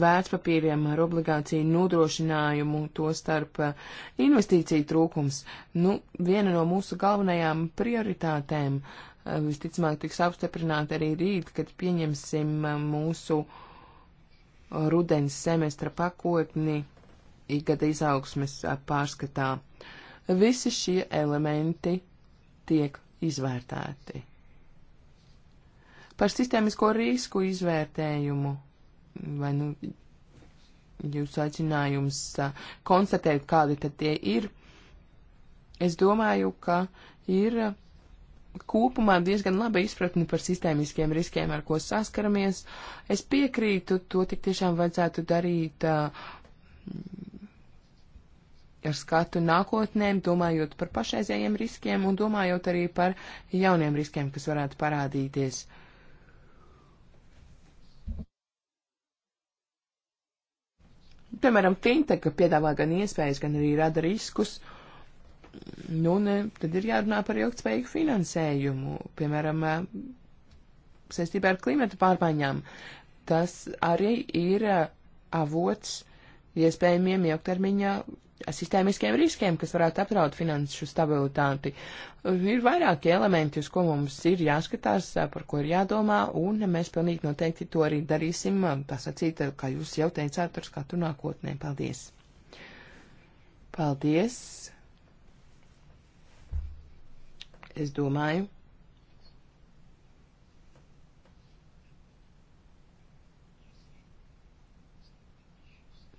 vērtspapīriem ar obligāciju nodrošinājumu, to starp investīciju trūkums. Nu, viena no mūsu galvenajām prioritātēm visticamāk tiks apstiprināta arī rīt, kad pieņemsim mūsu rudens semestra pakotni ikgada izaugsmes pārskatā. Visi šie elementi tiek izvērtēti. Par sistēmisko risku izvērtējumu vai nu, jūsu aicinājums konstatēt, kādi tad tie ir, es domāju, ka ir kopumā diezgan laba izpratne par sistēmiskiem riskiem, ar ko saskaramies. Es piekrītu, to tik tiešām vajadzētu darīt ar skatu nākotnēm, domājot par pašreizējiem riskiem un domājot arī par jauniem riskiem, kas varētu parādīties. Piemēram, fintech piedāvā gan iespējas, gan arī rada riskus. Nu, un eh, tad ir jārunā par ilgtspējīgu finansējumu, piemēram, eh, saistībā ar klimatu pārmaiņām. Tas arī ir eh, avots iespējamiem ilgtermiņa sistēmiskiem riskiem, kas varētu apdraud finanšu stabilitāti. Ir vairāki elementi, uz ko mums ir jāskatās, par ko ir jādomā, un mēs pilnīgi noteikti to arī darīsim, tā sacīt, kā jūs jau teicāt, ar skatu nākotnē. Paldies! Paldies! Es domāju.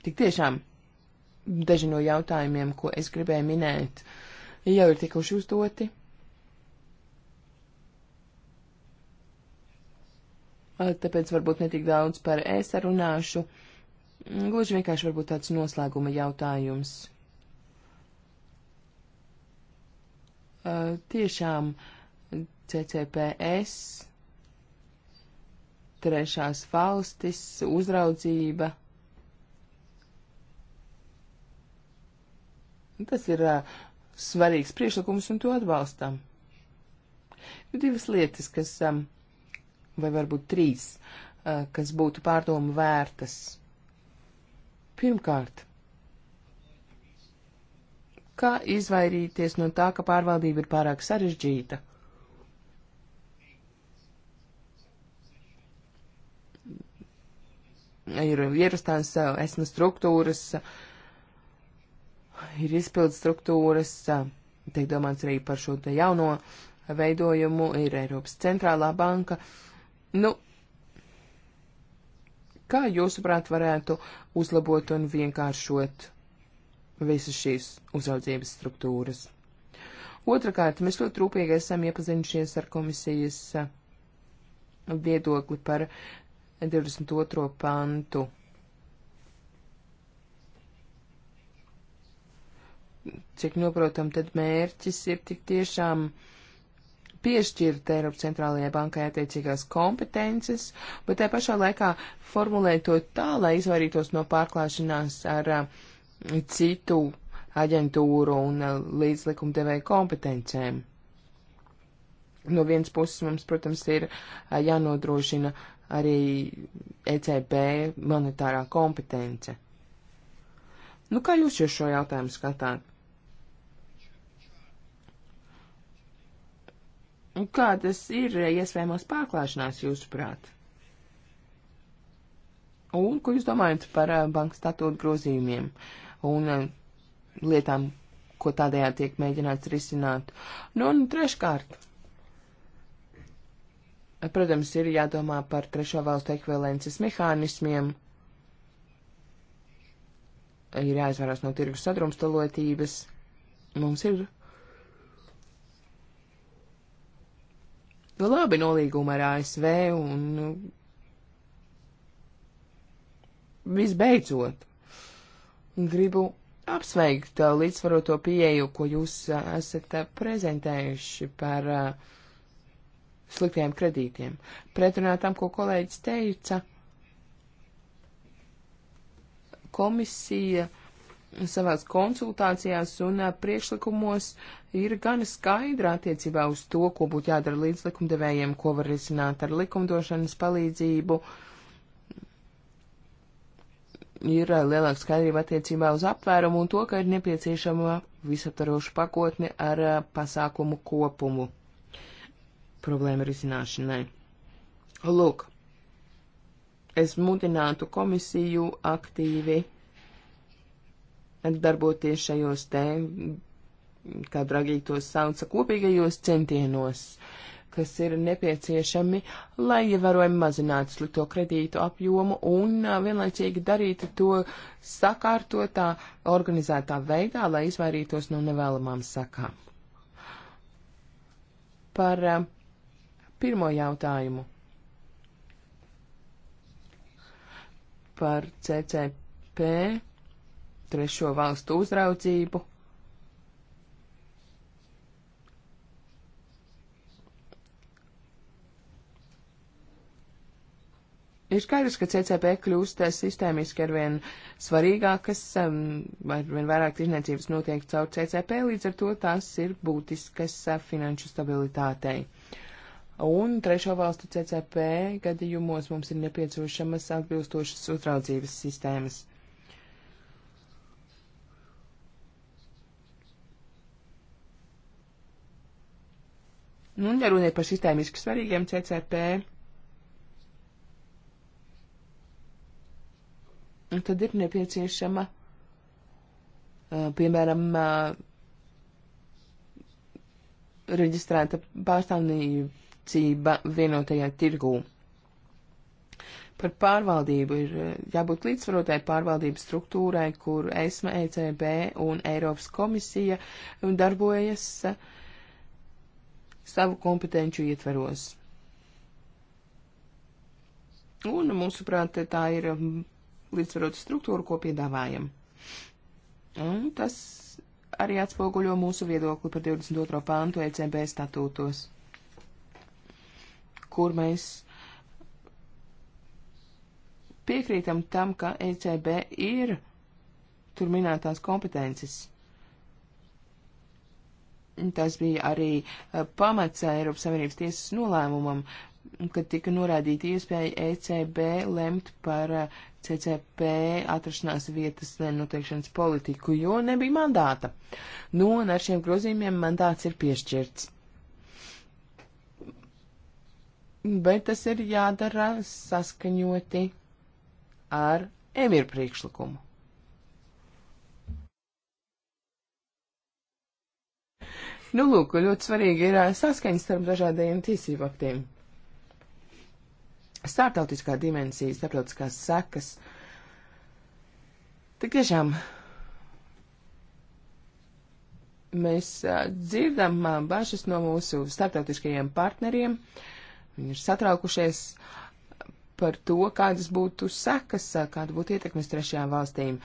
Tik tiešām daži no jautājumiem, ko es gribēju minēt, jau ir tikuši uzdoti. Tāpēc varbūt netik daudz par es runāšu. Gluži vienkārši varbūt tāds noslēguma jautājums. Tiešām CCPS, trešās valstis, uzraudzība Tas ir uh, svarīgs priekšlikums un to atbalstam. Ir divas lietas, kas, um, vai varbūt trīs, uh, kas būtu pārdomu vērtas. Pirmkārt, kā izvairīties no tā, ka pārvaldība ir pārāk sarežģīta? ir ierastās esmu struktūras, uh, ir izpildu struktūras, tiek domāts arī par šo te jauno veidojumu, ir Eiropas centrālā banka. Nu, kā jūsuprāt varētu uzlabot un vienkāršot visas šīs uzraudzības struktūras? Otrakārt, mēs ļoti rūpīgi esam iepazinušies ar komisijas viedokli par 22. pantu cik noprotam, tad mērķis ir tik tiešām piešķirt Eiropas centrālajai bankai attiecīgās kompetences, bet tajā pašā laikā formulēt to tā, lai izvairītos no pārklāšanās ar a, citu aģentūru un līdzlikumdevēju kompetencēm. No vienas puses mums, protams, ir a, jānodrošina arī ECB monetārā kompetence. Nu, kā jūs jau šo jautājumu skatāt? Un kādas ir iespējamos pārklāšanās jūsuprāt? Un ko jūs domājat par eh, banka statūtu grozījumiem un eh, lietām, ko tādējā tiek mēģināts risināt? Nu, un treškārt, protams, ir jādomā par trešo valstu ekvivalences mehānismiem, ir jāizvarās no tirgus sadrumstalotības, mums ir Nu labi, nolīguma ar ASV un uh, visbeidzot. Gribu apsveikt uh, līdzsvaroto pieeju, ko jūs uh, esat prezentējuši par sliktiem kredītiem. Pretrunā tam, ko kolēģis teica, komisija uh, savās konsultācijās un priekšlikumos ir gana skaidra attiecībā uz to, ko būtu jādara līdz likumdevējiem, ko var risināt ar likumdošanas palīdzību. Ir lielāka skaidrība attiecībā uz aptvērumu un to, ka ir nepieciešama visaptaroša pakotne ar pasākumu kopumu problēmu risināšanai. Lūk, es mudinātu komisiju aktīvi darboties šajos te, kā dragīgi tos sauca, kopīgajos centienos, kas ir nepieciešami, lai ievērojami mazinātu slikto kredītu apjomu un vienlaicīgi darītu to sakārtotā, organizētā veidā, lai izvairītos no nevēlamām sakām. Par pirmo jautājumu. Par CCP trešo valstu uzraudzību. Ir skaidrs, ka CCP kļūst eh, sistēmiski arvien svarīgākas, um, arvien vairāk tirniecības notiek caur CCP, līdz ar to tās ir būtiskas eh, finanšu stabilitātei. Un trešo valstu CCP gadījumos mums ir nepieciešamas atbilstošas uzraudzības sistēmas. Nu, un, ja runa ir par sistēmiski svarīgiem CCP, nu, tad ir nepieciešama, piemēram, reģistrēta pārstāvniecība vienotajā tirgū. Par pārvaldību ir jābūt līdzsvarotai pārvaldības struktūrai, kur ESMA, ECB un Eiropas komisija darbojas uh, savu kompetenciju ietveros. Un, mūsuprāt, tā ir līdzsvarota struktūra, ko piedāvājam. Un tas arī atspoguļo mūsu viedokli par 22. pāntu ECB statūtos, kur mēs piekrītam tam, ka ECB ir tur minētās kompetences. Tas bija arī eh, pamats Eiropas Savienības tiesas nolēmumam, kad tika norādīta iespēja ECB lemt par eh, CCP atrašanās vietas noteikšanas politiku, jo nebija mandāta. Nu, un ar šiem grozījumiem mandāts ir piešķirts. Bet tas ir jādara saskaņoti ar emīru priekšlikumu. Nu, lūk, ļoti svarīgi ir saskaņas starp dažādajiem tiesību aktiem. Startautiskā dimensija, starptautiskās sekas. Tik tiešām mēs dzirdam bažas no mūsu starptautiskajiem partneriem. Viņi ir satraukušies par to, kādas būtu sekas, kāda būtu ietekmes trešajām valstīm.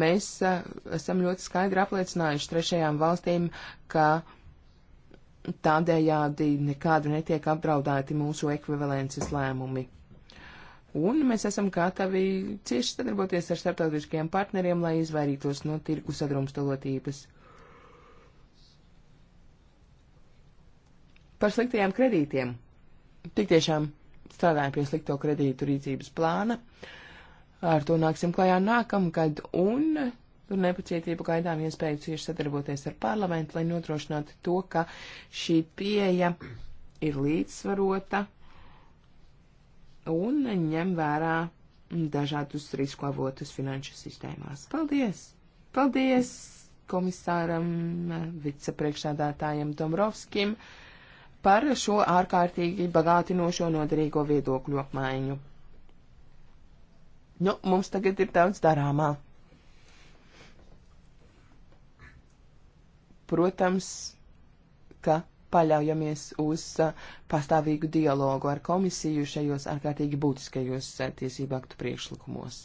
Mēs esam ļoti skaidri apliecinājuši trešajām valstīm, ka uh, Tādējādi nekādu netiek apdraudēti mūsu ekvivalences lēmumi. Un mēs esam gatavi cieši sadarboties ar starptautiskajiem partneriem, lai izvairītos no tirku sadrumstalotības. Par sliktajiem kredītiem. Tik tiešām strādājam pie slikto kredītu rīcības plāna. Ar to nāksim klajā nākamgad, un Ar nepacietību gaidām iespēju cieši sadarboties ar parlamentu, lai nodrošinātu to, ka šī pieeja ir līdzsvarota un ņem vērā dažādus risku avotus finanšu sistēmās. Paldies! Paldies komisāram, vicepriekšādātājiem Domrovskim par šo ārkārtīgi bagātinošo noderīgo viedokļu apmaiņu. Nu, mums tagad ir daudz darāmā. Protams, ka paļaujamies uz pastāvīgu dialogu ar komisiju šajos ārkārtīgi būtiskajos tiesību aktu priekšlikumos.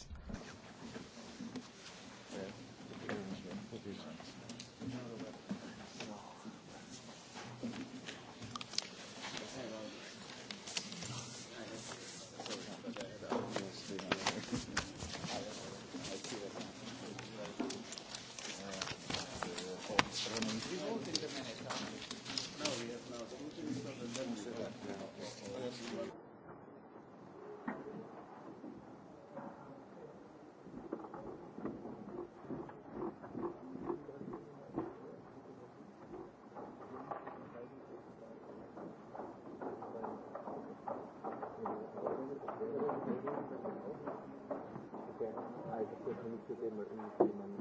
okay. Also gut, wenn ich zu dem jemanden aber okay, dann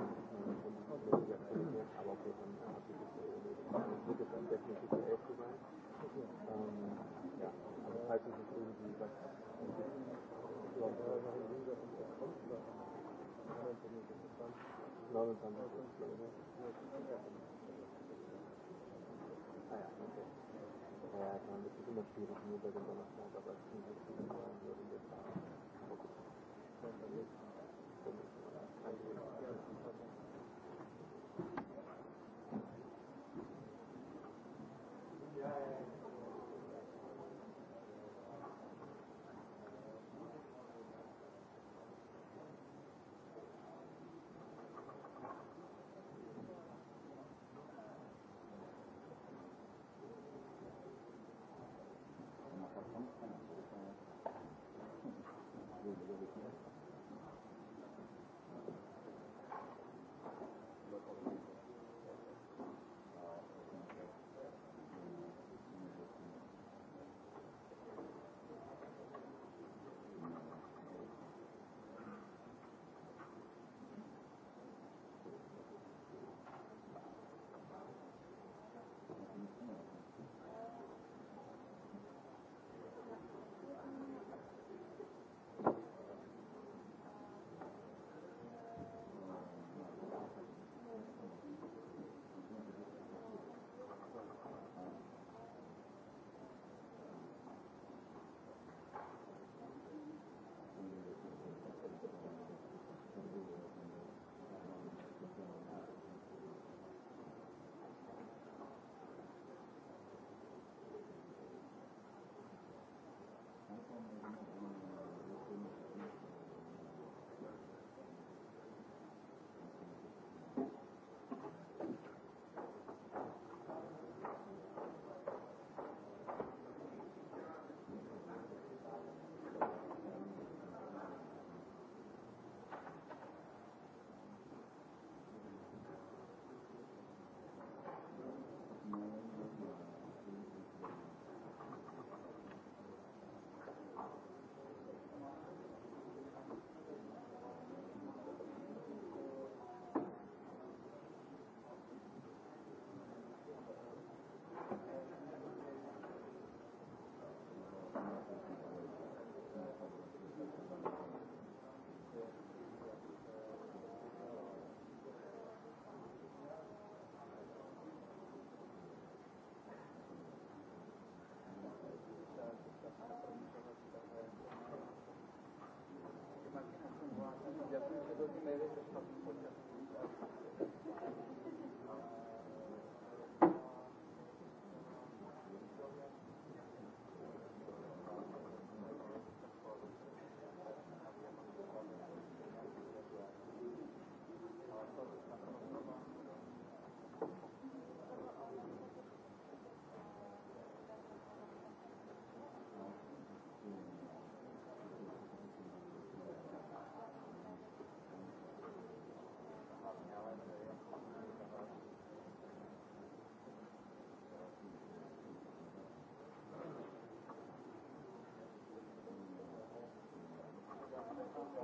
hat sich das wird es am besten bis zur 11 sein. Ähm, ja, also falls es irgendwie was Ah ja, okay. Ja, dann ist es immer schwierig, nur bei dem Donnerstag. Thank you.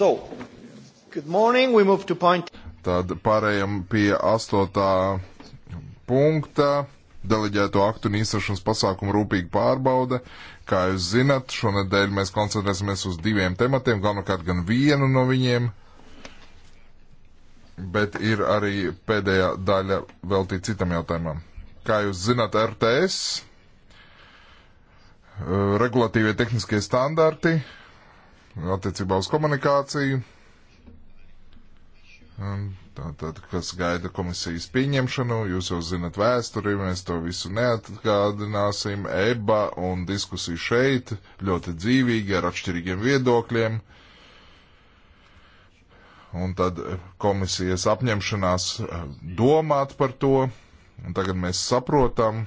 So, good morning, we move to point. Tad pārējām pie astotā punkta - deleģēto aktu un īstenošanas pasākumu rūpīga pārbauda. Kā jūs zinat, šonadēļ mēs koncentrēsimies uz diviem tematiem, galvenokārt gan vienu no viņiem, bet ir arī pēdējā daļa veltīta citam jautājumam. Kā jūs zinat, RTS, eh, regulatīvie tehniskie standarti, attiecībā uz komunikāciju. Tātad, kas gaida komisijas pieņemšanu, jūs jau zinat vēsturi, mēs to visu neatgādināsim. EBA un diskusija šeit ļoti dzīvīgi ar atšķirīgiem viedokļiem. Un tad komisijas apņemšanās eh, domāt par to. Un tagad mēs saprotam,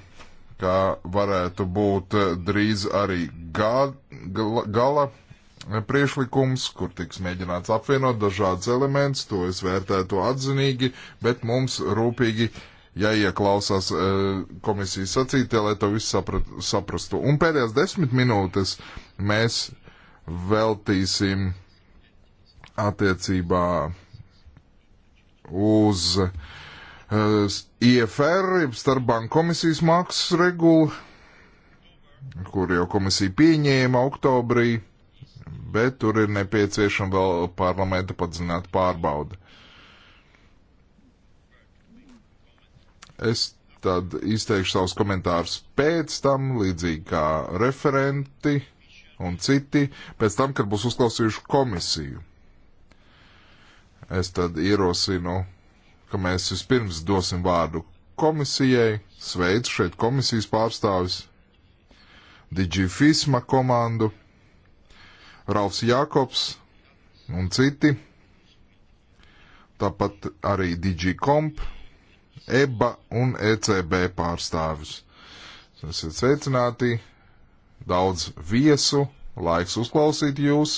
ka varētu būt eh, drīz arī ga, gala priešlikums, kur tiks mēģināts apvienot dažādas elements, to es vērtētu atzinīgi, bet mums rūpīgi jāieklausās e, komisijas sacītē, lai to visu saprat, saprastu. Un pēdējās desmit minūtes mēs veltīsim attiecībā uz e, IFR, starpbanku komisijas maksas regulu, kur jau komisija pieņēma oktobrī bet tur ir nepieciešama vēl parlamenta padziļināta pārbauda. Es tad izteikšu savus komentārus pēc tam, līdzīgi kā referenti un citi, pēc tam, kad būs uzklausījuši komisiju. Es tad ierosinu, ka mēs vispirms dosim vārdu komisijai, sveicu šeit komisijas pārstāvis, Digifisma komandu Ralfs Jākops un citi, tāpat arī DigiComp, EBA un ECB pārstāvis. Esiet sveicināti, daudz viesu, laiks uzklausīt jūs.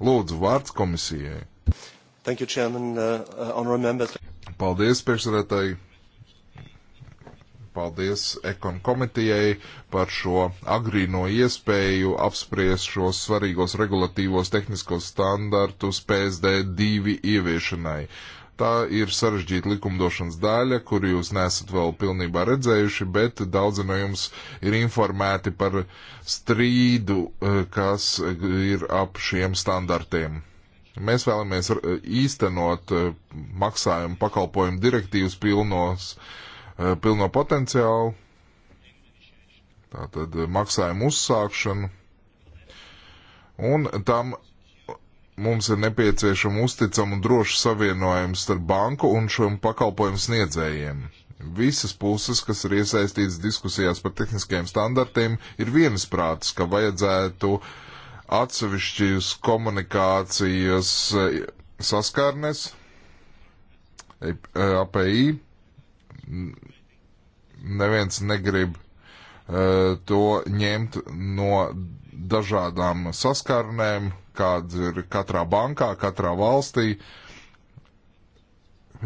Lūdzu, vārds komisijai. Thank you, Chairman, uh, uh Honourable Members. Paldies, priekšsēdētāji, Paldies Ekon komitejai par šo agrīno iespēju apspriest šos svarīgos regulatīvos tehniskos standartus PSD2 ieviešanai. Tā ir sarežģīta likumdošanas daļa, kuru jūs nesat vēl pilnībā redzējuši, bet daudzi no jums ir informēti par strīdu, eh, kas ir ap šiem standartiem. Mēs vēlamies eh, īstenot eh, maksājumu pakalpojumu direktīvas pilnos uh, Eh, pilno potenciālu, tātad eh, maksājumu uzsākšanu, un tam mums ir nepieciešama uzticama un droša savienojuma starp banku un šo pakalpojumu sniedzējiem. Visas puses, kas ir iesaistītas diskusijās par tehniskajiem standartiem, ir viensprātis, ka vajadzētu atsevišķus komunikācijas eh, saskarnes, API, neviens negrib uh, to ņemt no dažādām saskarnēm, kāda ir katrā bankā, katrā valstī,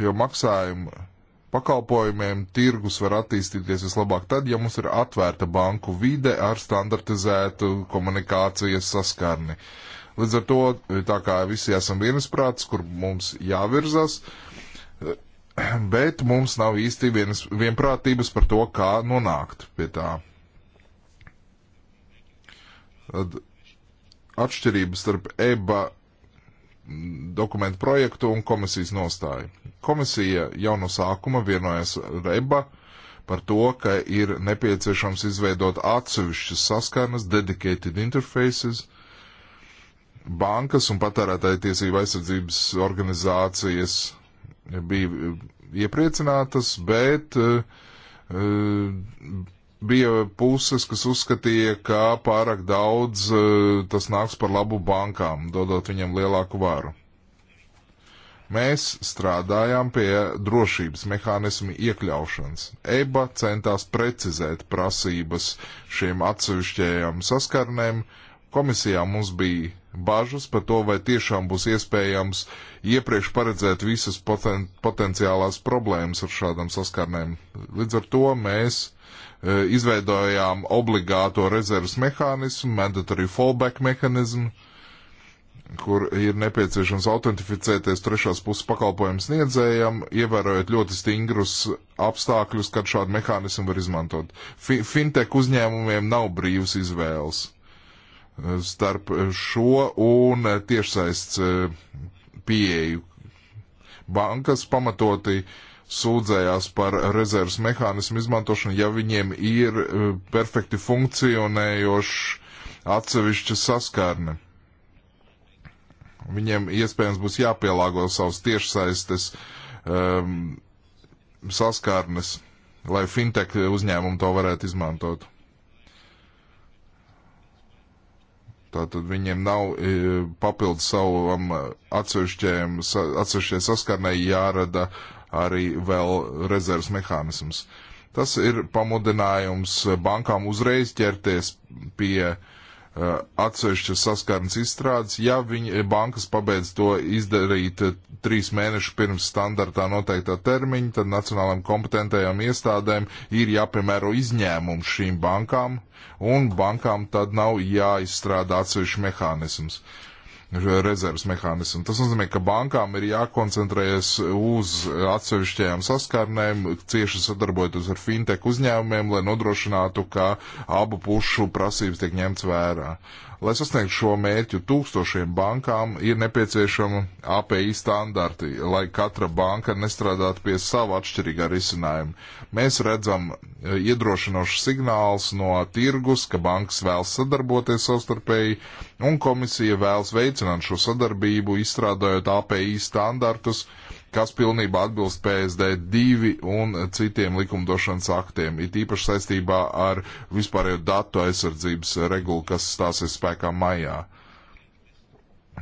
jo maksājumu pakalpojumiem tirgus var attīstīties vislabāk tad, ja mums ir atvērta banku vide ar standartizētu komunikācijas saskarni. Līdz ar to, tā kā visi esam vienisprāts, kur mums jāvirzas, bet mums nav īsti vienas, vienprātības par to, kā nonākt pie tā. Tad atšķirības starp EBA dokumentu projektu un komisijas nostāju. Komisija jau no sākuma vienojas ar EBA par to, ka ir nepieciešams izveidot atsevišķas saskanas, dedicated interfaces, bankas un patērētāja tiesība aizsardzības organizācijas bija iepriecinātas, bet eh, bija puses, kas uzskatīja, ka pārāk daudz eh, tas nāks par labu bankām, dodot viņam lielāku varu. Mēs strādājām pie drošības mehānismu iekļaušanas. EBA centās precizēt prasības šiem atsevišķajām saskarnēm. Komisijā mums bija bažas par to, vai tiešām būs iespējams iepriekš paredzēt visas poten potenciālās problēmas ar šādām saskarnēm. Līdz ar to mēs e, izveidojām obligāto rezerves mehānismu, mandatory fallback mehānismu, kur ir nepieciešams autentificēties trešās puses pakalpojumu sniedzējam, ievērojot ļoti stingrus apstākļus, kad šādu mehānismu var izmantot. Fi fintech uzņēmumiem nav brīvas izvēles starp šo un tiešsaists e, pieeju. Bankas pamatoti sūdzējās par rezerves mehānismu izmantošanu, ja viņiem ir e, perfekti funkcionējošs atsevišķa saskarne. Viņiem iespējams būs jāpielāgo savus tiešsaistes um, saskarnes, lai fintech uzņēmumu to varētu izmantot. Tātad viņiem nav e, papildu savam e, atsevišķai saskarnai jārada arī vēl rezerves mehānisms. Tas ir pamudinājums bankām uzreiz ķerties pie uh, Eh, atsevišķas saskarnes izstrādes, ja viņa eh, bankas pabeidz to izdarīt eh, trīs mēnešus pirms standartā noteiktā termiņa, tad nacionālām kompetentajām iestādēm ir jāpiemēro izņēmums šīm bankām, un bankām tad nav jāizstrādā atsevišķi mehānisms. Uh, rezerves mehānismu. Tas nozīmē, ka bankām ir jākoncentrējas uz atsevišķajām saskarnēm, cieši sadarbojoties ar fintech uzņēmumiem, lai nodrošinātu, ka abu pušu prasības tiek ņemts vērā. Lai sasniegtu šo mērķu, tūkstošiem bankām ir nepieciešama API standarti, lai katra banka nestrādātu pie sava atšķirīgā risinājuma. Mēs redzam e, iedrošinošus signālus no tirgus, ka bankas vēlas sadarboties savstarpēji, un komisija vēlas veicināt šo sadarbību, izstrādājot API standartus, kas pilnībā atbilst PSD 2 un citiem likumdošanas aktiem, it īpaši saistībā ar vispārējo datu aizsardzības regulu, kas stāsies spēkā maijā.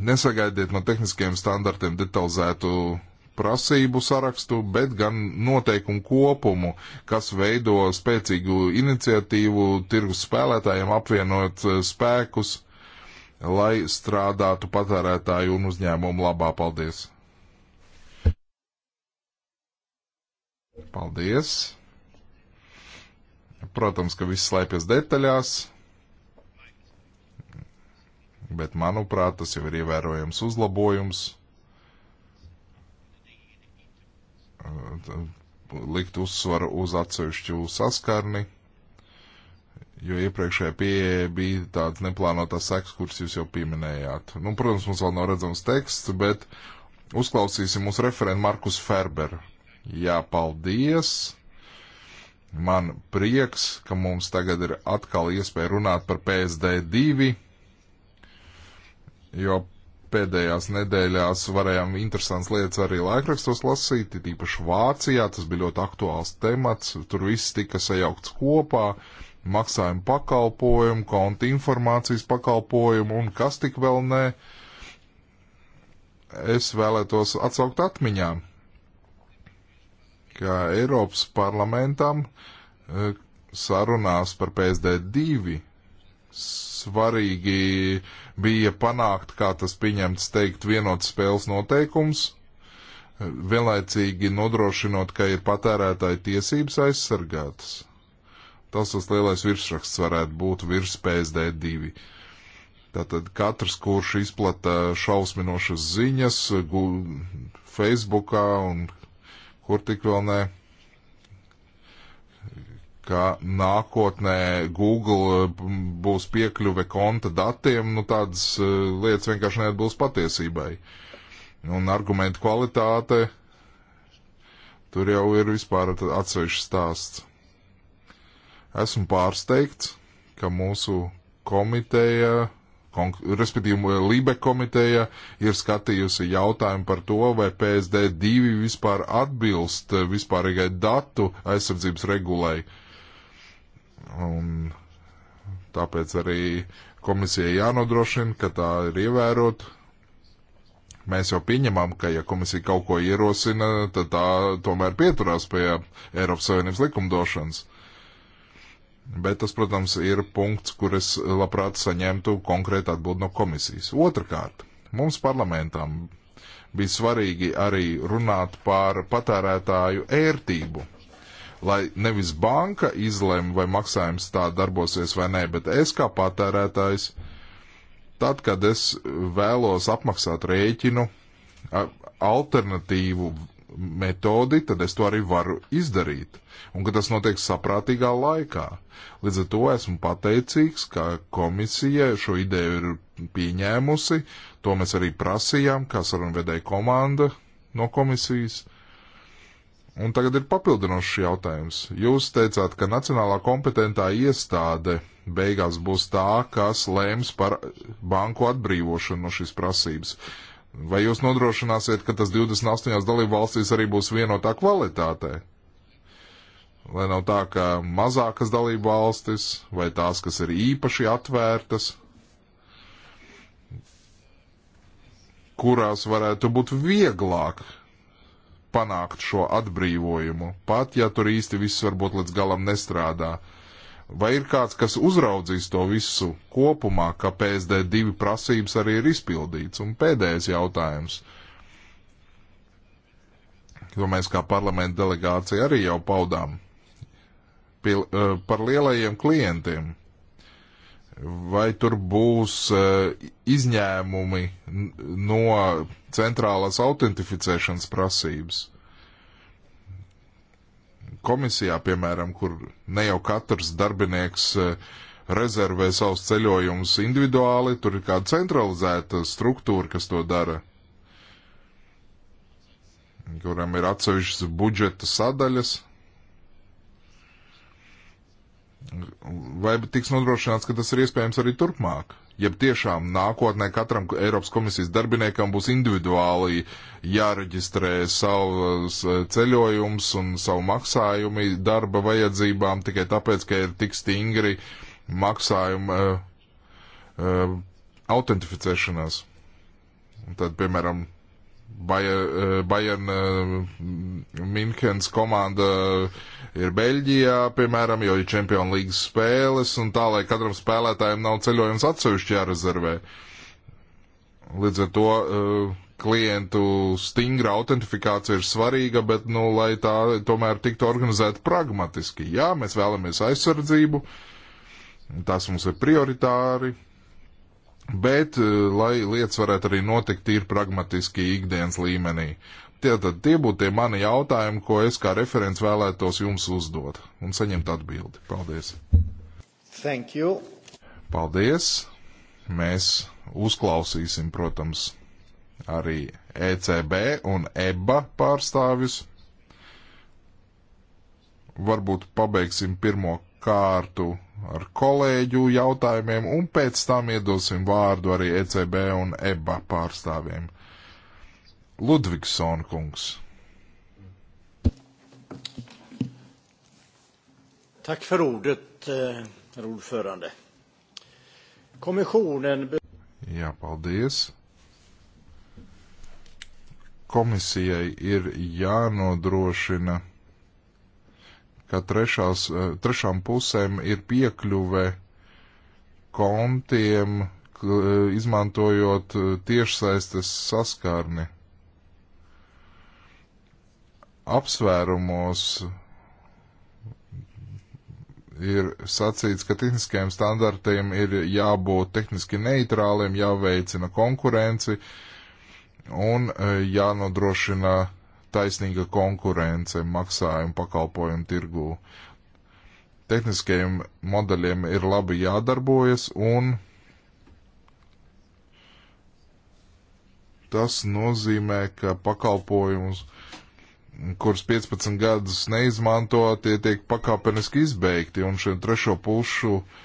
Nesagaidiet no tehniskajiem standartiem detalizētu prasību sarakstu, bet gan noteikumu kopumu, kas veido spēcīgu iniciatīvu tirgus spēlētājiem apvienot eh, spēkus, lai strādātu patērētāju un uzņēmumu labā. Paldies! Paldies! Protams, ka viss slēpjas detaļās, bet manuprāt, tas jau ir ievērojams uzlabojums. Likt uzsvaru uz atsevišķu saskarni, jo iepriekšējā pieeja bija tāds neplānotās seks, kuras jūs jau pieminējāt. Nu, protams, mums vēl nav redzams teksts, bet uzklausīsim mūsu referentu Markus Ferberu. Jā, paldies! Man prieks, ka mums tagad ir atkal iespēja runāt par PSD2, jo pēdējās nedēļās varējām interesants lietas arī laikrakstos lasīt, tīpaši Vācijā, tas bija ļoti aktuāls temats, tur viss tika sajaukts kopā, maksājumu pakalpojumu, konta informācijas pakalpojumu un kas tik vēl nē. Es vēlētos atsaukt atmiņām ka Eiropas parlamentam eh, sarunās par PSD2 svarīgi bija panākt, kā tas pieņemts teikt, vienotas spēles noteikums, eh, vienlaicīgi nodrošinot, ka ir patērētāji tiesības aizsargātas. Tas tas lielais virsraksts varētu būt virs PSD2. Tātad katrs, kurš izplata šausminošas ziņas Facebookā un kur tik vēl ne, ka nākotnē Google eh, būs piekļuve konta datiem, nu tādas eh, lietas vienkārši neatbilst patiesībai. Un argumentu kvalitāte, tur jau ir vispār atsevišķs stāsts. Esmu pārsteigts, ka mūsu komiteja Respektīvi, Lībe komiteja ir skatījusi jautājumu par to, vai PSD2 vispār atbilst vispārīgai datu aizsardzības regulai. Un tāpēc arī komisijai jānodrošina, ka tā ir ievērot. Mēs jau pieņemam, ka ja komisija kaut ko ierosina, tad tā tomēr pieturās pie Eiropas Savienības likumdošanas. Bet tas, protams, ir punkts, kur es labprāt saņemtu konkrētu atbildi no komisijas. Otrakārt, mums parlamentam bija svarīgi arī runāt par patērētāju ērtību. Lai nevis banka izlem, vai maksājums tā darbosies vai nē, bet es kā patērētājs, tad, kad es vēlos apmaksāt rēķinu alternatīvu metodi, tad es to arī varu izdarīt un ka tas notiek saprātīgā laikā. Līdz ar to esmu pateicīgs, ka komisija šo ideju ir pieņēmusi, to mēs arī prasījām, kā sarunvedēja komanda no komisijas. Un tagad ir papildinošs jautājums. Jūs teicāt, ka nacionālā kompetentā iestāde beigās būs tā, kas lēms par banku atbrīvošanu no šīs prasības. Vai jūs nodrošināsiet, ka tas 28 dalību valstīs arī būs vienotā kvalitātē? Lai nav tā, ka mazākas dalību valstis vai tās, kas ir īpaši atvērtas, kurās varētu būt vieglāk panākt šo atbrīvojumu, pat ja tur īsti viss varbūt līdz galam nestrādā. Vai ir kāds, kas uzraudzīs to visu kopumā, ka PSD2 prasības arī ir izpildīts? Un pēdējais jautājums, ko mēs kā parlamenta delegācija arī jau paudām pie, eh, par lielajiem klientiem. Vai tur būs eh, izņēmumi no centrālās autentificēšanas prasības? Komisijā, piemēram, kur ne jau katrs darbinieks eh, rezervē savus ceļojumus individuāli, tur ir kāda centralizēta struktūra, kas to dara kuram ir atsevišķas budžeta sadaļas, Vai tiks nodrošināts, ka tas ir iespējams arī turpmāk? Ja tiešām nākotnē katram Eiropas komisijas darbiniekam būs individuāli jāreģistrē savus eh, ceļojumus un savu maksājumu darba vajadzībām tikai tāpēc, ka ir tik stingri maksājuma uh, eh, uh, eh, autentificēšanās. Un tad, piemēram, Eh, Bayern eh, Münchens komanda ir Beļģijā, piemēram, jo ir Čempionu līgas spēles un tā, lai katram spēlētājiem nav ceļojums atsevišķi jārezervē. Līdz ar to eh, klientu stingra autentifikācija ir svarīga, bet, nu, lai tā tomēr tiktu organizēta pragmatiski. Jā, mēs vēlamies aizsardzību, tas mums ir prioritāri Bet, eh, lai lietas varētu arī notikt tīri pragmatiski ikdienas līmenī. Tie, tad, tie būtu tie mani jautājumi, ko es kā referents vēlētos jums uzdot un saņemt atbildi. Paldies! Thank you! Paldies! Mēs uzklausīsim, protams, arī ECB un EBA pārstāvis. Varbūt pabeigsim pirmo kārtu ar kolēģu jautājumiem, un pēc tam iedosim vārdu arī ECB un EBA pārstāvjiem. Ludvigsson kungs. Tack för ordet, eh, herr ordförande. Kommissionen... Jā, paldies komisijai ir jānodrošina ka trešās, eh, trešām pusēm ir piekļuve kontiem, eh, izmantojot eh, tiešsaistes saskarni. Apsvērumos ir sacīts, ka tehniskajiem standartiem ir jābūt tehniski neitrāliem, jāveicina konkurenci un jānodrošina uh, taisnīga konkurence maksājumu pakalpojumu tirgū. Tehniskajiem modeļiem ir labi jādarbojas un tas nozīmē, ka pakalpojumus, kurus 15 gadus neizmanto, tie tiek pakāpeniski izbeigti un šiem trešo pušu uh,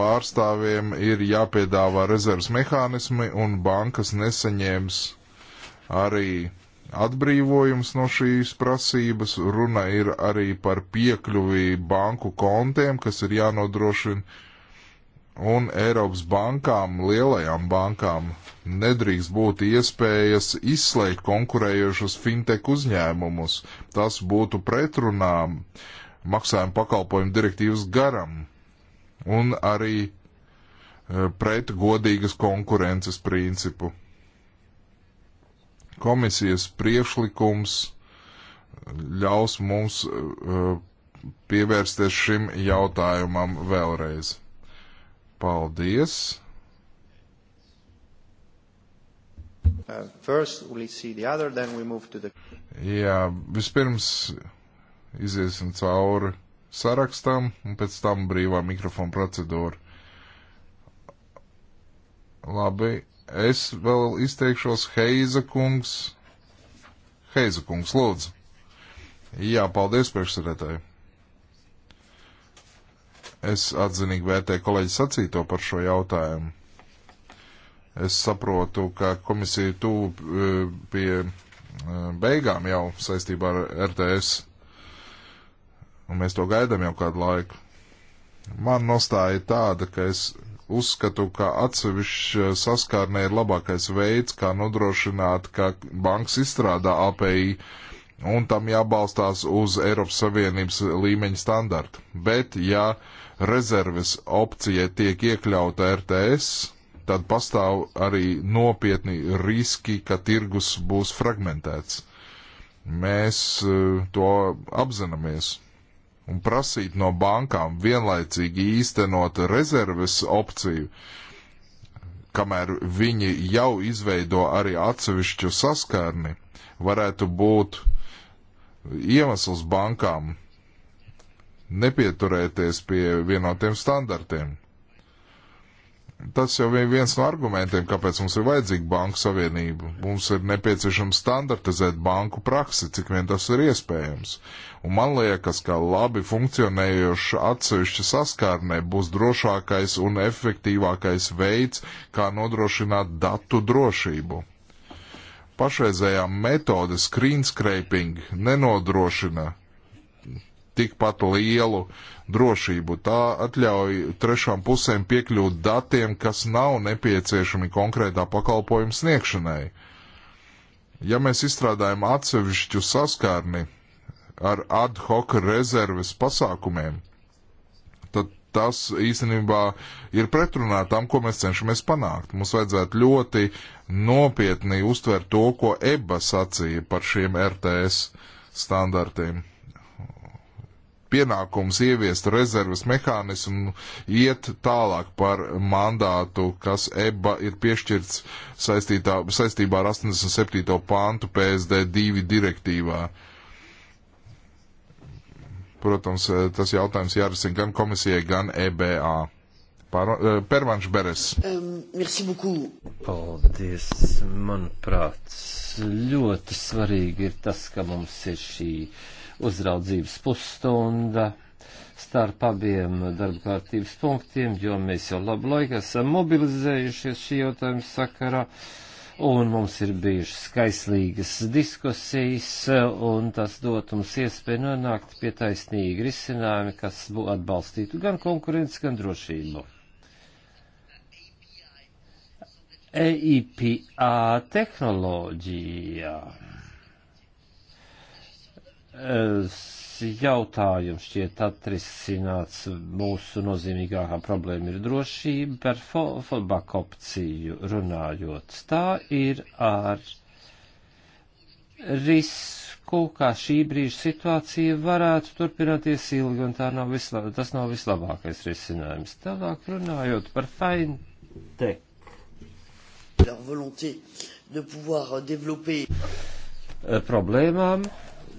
pārstāvjiem ir jāpiedāvā rezerves mehānismi, un bankas nesaņēms arī atbrīvojums no šīs prasības. Runa ir arī par piekļuvi banku kontiem, kas ir jānodrošina. Un Eiropas bankām, lielajām bankām, nedrīkst būt iespējas izslēgt konkurējošus fintech uzņēmumus. Tas būtu pretrunā maksājuma pakalpojumu direktīvas garam un arī eh, pret godīgas konkurences principu komisijas priekšlikums ļaus mums e, pievērsties šim jautājumam vēlreiz. Paldies! Uh, first, we'll see the other, then we move to the... Jā, vispirms iziesim cauri sarakstam un pēc tam brīvā mikrofona procedūra. Labi, Es vēl izteikšos Heiza kungs. Heiza kungs, lūdzu. Jā, paldies priekšsēdētāji. Es atzinīgi vērtēju kolēģi sacīto par šo jautājumu. Es saprotu, ka komisija tuvu e, pie e, beigām jau saistībā ar RTS, un mēs to gaidām jau kādu laiku. Man nostāja tāda, ka es uzskatu, ka atsevišķa saskārnē ir labākais veids, kā nodrošināt, ka banks izstrādā API, un tam jābalstās uz Eiropas Savienības līmeņa standartu. Bet, ja rezerves opcija tiek iekļauta RTS, tad pastāv arī nopietni riski, ka tirgus būs fragmentēts. Mēs eh, to apzināmies un prasīt no bankām vienlaicīgi īstenot rezerves opciju, kamēr viņi jau izveido arī atsevišķu saskarni, varētu būt iemesls bankām nepieturēties pie vienotiem standartiem. Tas jau ir viens no argumentiem, kāpēc mums ir vajadzīga banku savienība. Mums ir nepieciešams standartizēt banku praksi, cik vien tas ir iespējams. Un man liekas, ka labi funkcionējoša atsevišķa saskārnē būs drošākais un efektīvākais veids, kā nodrošināt datu drošību. Pašreizējā metode screen scraping nenodrošina tikpat lielu drošību. Tā atļauj trešām pusēm piekļūt datiem, kas nav nepieciešami konkrētā pakalpojuma sniegšanai. Ja mēs izstrādājam atsevišķu saskarni ar ad hoc rezerves pasākumiem, tad tas īstenībā ir pretrunā tam, ko mēs cenšamies panākt. Mums vajadzētu ļoti nopietni uztvert to, ko EBA sacīja par šiem RTS standartiem pienākums ieviest rezerves mehānismu iet tālāk par mandātu, kas EBA ir piešķirts saistītā, saistībā ar 87. pāntu PSD 2 direktīvā. Protams, eh, tas jautājums jārisina gan komisijai, gan EBA. Pērvanš eh, Beres. Um, Paldies, manuprāt, ļoti svarīgi ir tas, ka mums ir šī uh, uzraudzības pusstunda starp abiem darba kārtības punktiem, jo mēs jau labu laiku esam mobilizējušies šī jautājuma sakarā, un mums ir bijušas skaislīgas diskusijas, un tas dot mums iespēju nonākt pie taisnīgi risinājumi, kas atbalstītu gan konkurenci, gan drošību. EIPA tehnoloģijā jautājums šķiet atrisināts mūsu nozīmīgākā problēma ir drošība par fallback opciju runājot. Tā ir ar risku, kā šī brīža situācija varētu turpināties ilgi, un tā nav visla, tas nav vislabākais risinājums. Tālāk runājot par fintech. Problēmām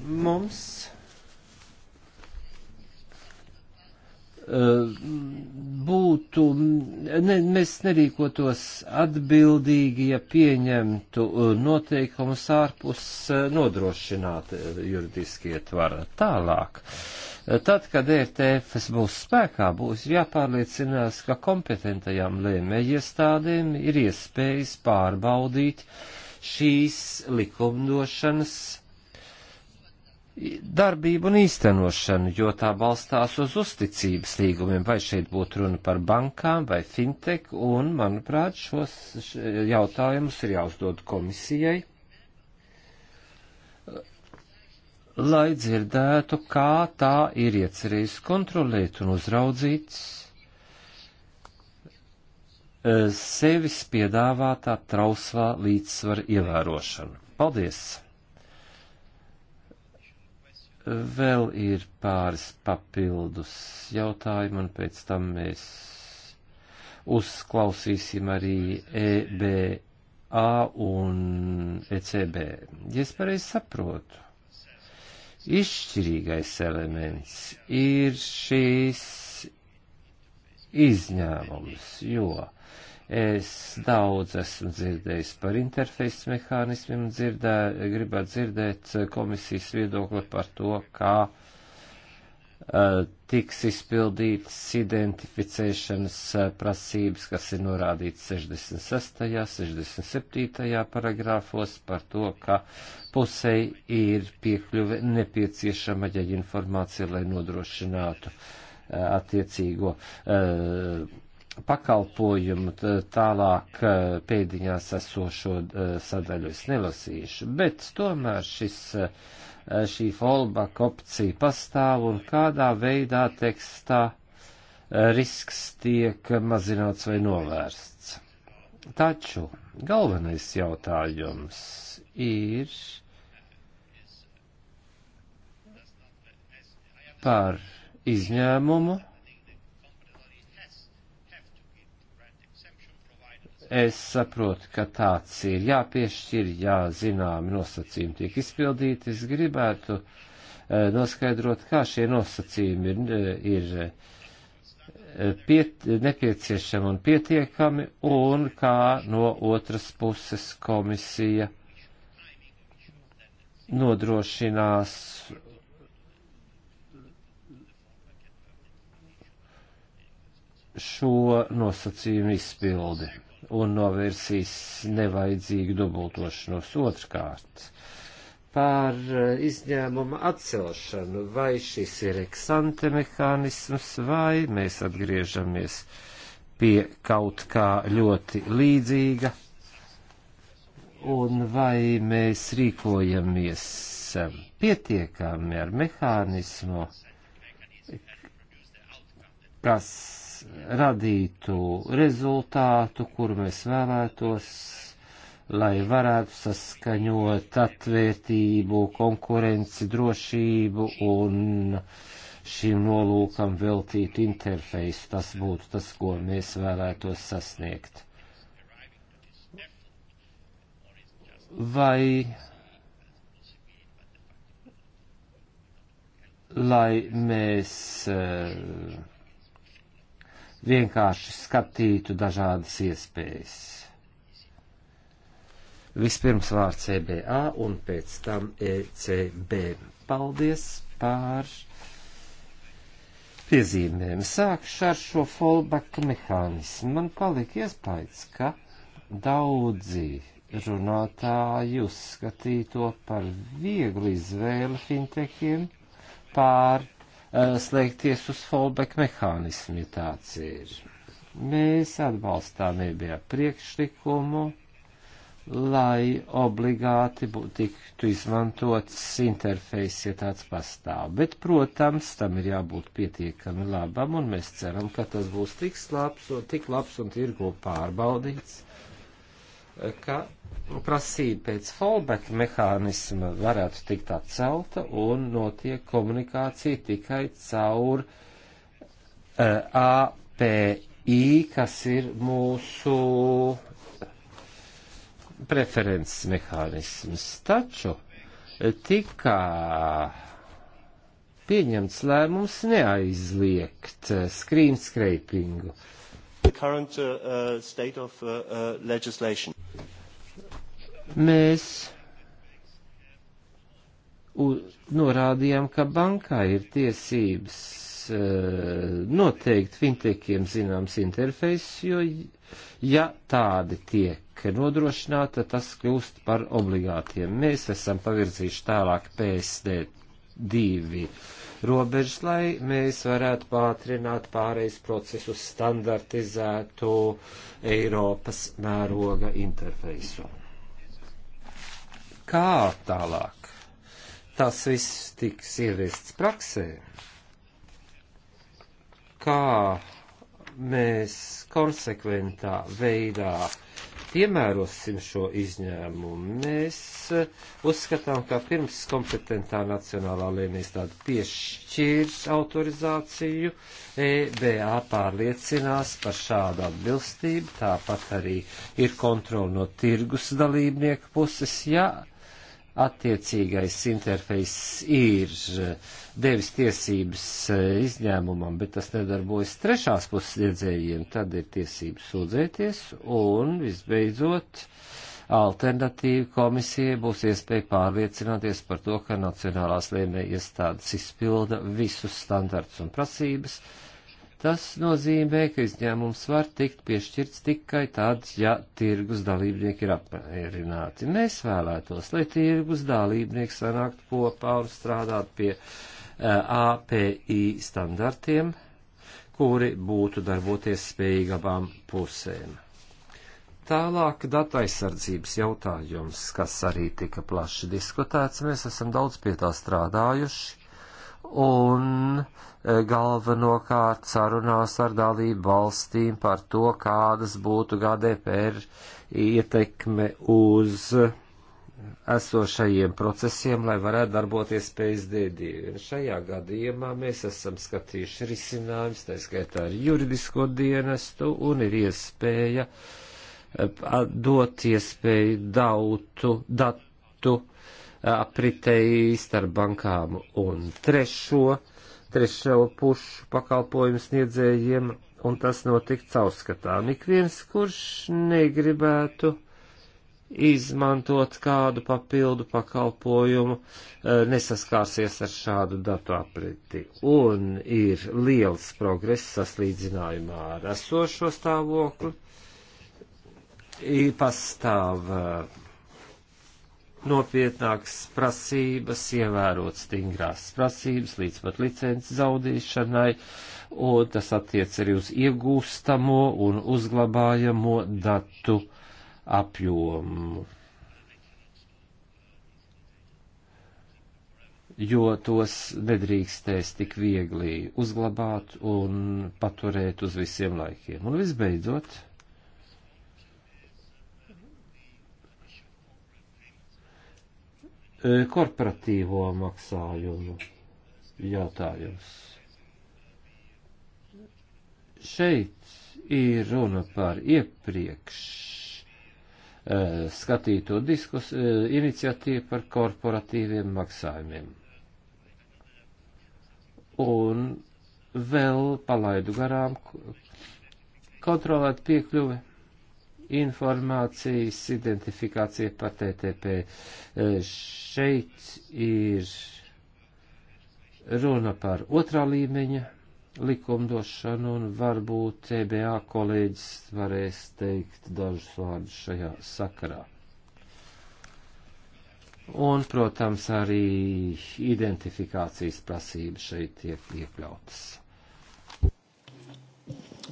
mums eh, būtu, ne, mēs nerīkotos atbildīgi, ja pieņemtu eh, noteikumus ārpus eh, nodrošināt juridiski ietvara tālāk. Tad, kad RTFs e būs spēkā, būs jāpārliecinās, ka kompetentajām lēmējiestādēm ir iespējas pārbaudīt šīs likumdošanas darbību un īstenošanu, jo tā balstās uz uzticības līgumiem, vai šeit būtu runa par bankām vai fintech, un, manuprāt, šos jautājumus ir jāuzdod komisijai, lai dzirdētu, kā tā ir iecerējusi kontrolēt un uzraudzīt eh, sevis piedāvātā trauslā līdzsvara ievērošanu. Paldies! Vēl ir pāris papildus jautājumu, un pēc tam mēs uzklausīsim arī EBA un ECB. Ja es pareizi saprotu, izšķirīgais elements ir šīs izņēmums, jo Es daudz esmu dzirdējis par interfeisu mehānismiem, dzirdē, gribētu dzirdēt eh, komisijas viedokli par to, kā uh, tiks izpildītas identificēšanas eh, prasības, kas ir norādīts 66. 67. paragrāfos par to, ka pusei ir piekļuve nepieciešama, ja informācija, lai nodrošinātu uh, attiecīgo uh, pakalpojumu tālāk eh, pēdiņās esošo eh, sadaļu es nelasīšu, bet tomēr šis, eh, šī fallback opcija pastāv un kādā veidā tekstā risks tiek mazināts vai novērsts. Taču galvenais jautājums ir par izņēmumu Es saprotu, ka tāds ir jāpiešķir, jā, zināmi nosacījumi tiek izpildīti. Es gribētu uh, noskaidrot, kā šie nosacījumi ir, eh, ir eh, piet, nepieciešami un pietiekami, un kā no otras puses komisija nodrošinās šo nosacījumu izpildi un novērsīs nevajadzīgu dubultošanos otrkārt. Par eh, izņēmumu atcelšanu, vai šis ir eksante mehānisms, vai mēs atgriežamies pie kaut kā ļoti līdzīga, un vai mēs rīkojamies eh, pietiekami ar mehānismu, kas radītu rezultātu, kuru mēs vēlētos, lai varētu saskaņot atvērtību, konkurenci, drošību un šim nolūkam veltīt interfeisu. Tas būtu tas, ko mēs vēlētos sasniegt. Vai lai mēs uh, vienkārši skatītu dažādas iespējas. Vispirms vārds EBA un pēc tam ECB. Paldies pār piezīmēm. Sākšu ar šo fallback mehānismu. Man palika iespējas, ka daudzi runātāji uzskatīto par vieglu izvēli fintechiem pār Eh, slēgties uz fallback mehānismu, ja tāds ir. Mēs atbalstām EBA priekšlikumu, lai obligāti tiktu izmantots interfejs, ja tāds pastāv. Bet, protams, tam ir jābūt pietiekami labam, un mēs ceram, ka tas būs tik labs un, tik labs un tirgo pārbaudīts ka prasība pēc fallback mehānisma varētu tikt atcelta un notiek komunikācija tikai caur uh, eh, API, kas ir mūsu preferences mehānisms. Taču eh, tika pieņemts lēmums neaizliegt eh, screen scrapingu. Uh, current uh, uh, state of uh, uh, legislation? Mēs norādījām, ka bankā ir tiesības uh, noteikt fintekiem zināms interfejs, jo ja tādi tiek nodrošināta, tas kļūst par obligātiem. Mēs esam pavirzījuši tālāk PSD divi. Uh, robežas, lai mēs varētu pātrināt pārejas procesu standartizētu Eiropas mēroga interfeisu. Kā tālāk? Tas viss tiks ieviests praksē. Kā mēs konsekventā veidā uh, piemērosim šo izņēmumu. Mēs eh, uzskatām, ka pirms kompetentā nacionālā lēmīstāde piešķīrs autorizāciju, EBA pārliecinās par šādu atbilstību, tāpat arī ir kontrola no tirgus dalībnieku puses, ja attiecīgais interfejs ir devis tiesības e, izņēmumam, bet tas nedarbojas trešās puses iedzējiem, tad ir tiesības sūdzēties un visbeidzot alternatīva komisija būs iespēja pārliecināties par to, ka nacionālās lēmē iestādes izpilda visus standarts un prasības, uh, Tas nozīmē, ka izņēmums var tikt piešķirts tikai tad, ja tirgus dalībnieki ir apmierināti. Mēs vēlētos, lai tirgus dalībnieki sanāktu kopā un strādātu pie eh, API standartiem, kuri būtu darboties spējīgi abām pusēm. Tālāk datu aizsardzības jautājums, kas arī tika plaši diskutēts, mēs esam daudz pie tā strādājuši un e, galvenokārt sarunās ar dalību valstīm par to, kādas būtu GDPR ietekme uz esošajiem procesiem, lai varētu darboties PSD2. Šajā gadījumā mēs esam skatījuši risinājumus, tā skaitā ar juridisko dienestu, un ir iespēja e, dot iespēju dautu, datu apritei starp bankām un trešo, trešo pušu pakalpojumu sniedzējiem, un tas notika caurskatām. Ik viens, kurš negribētu izmantot kādu papildu pakalpojumu, eh, nesaskārsies ar šādu datu apriti. Un ir liels progress saslīdzinājumā ar esošo stāvokli. I pastāv uh, nopietnākas prasības, ievērot stingrās prasības līdz pat licences zaudīšanai, un tas attiec arī uz iegūstamo un uzglabājamo datu apjomu. Jo tos nedrīkstēs tik viegli uzglabāt un paturēt uz visiem laikiem. Un visbeidzot, E, korporatīvo maksājumu jautājums. Šeit ir runa par iepriekš e, skatīto diskus, e, iniciatīvu par korporatīviem maksājumiem. Un vēl palaidu garām kontrolēt piekļuvi informācijas identifikācija par TTP. E, šeit ir runa par otrā līmeņa likumdošanu, un varbūt TBA kolēģis varēs teikt dažus vārdus šajā sakarā. Un, protams, arī identifikācijas prasības šeit tiek iekļautas.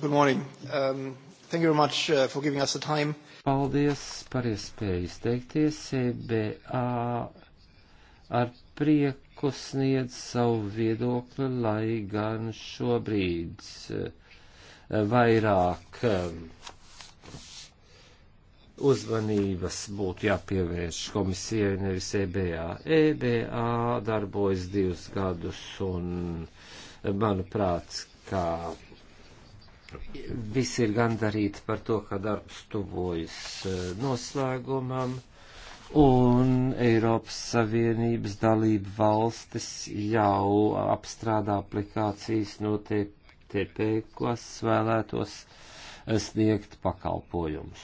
Good morning. Um, Thank you very much uh, for giving us the time. Paldies par iespēju izteikties. EBA ar prieku sniedz savu viedokli, lai gan šobrīd e, vairāk e, uzmanības būtu jāpievērš komisijai, nevis EBA. EBA darbojas divus gadus un, e, manuprāt, kā Visi ir gandarīti par to, ka darbs tuvojas eh, noslēgumam, un Eiropas Savienības dalība valstis jau apstrādā aplikācijas no TP, kas vēlētos eh, sniegt pakalpojumus.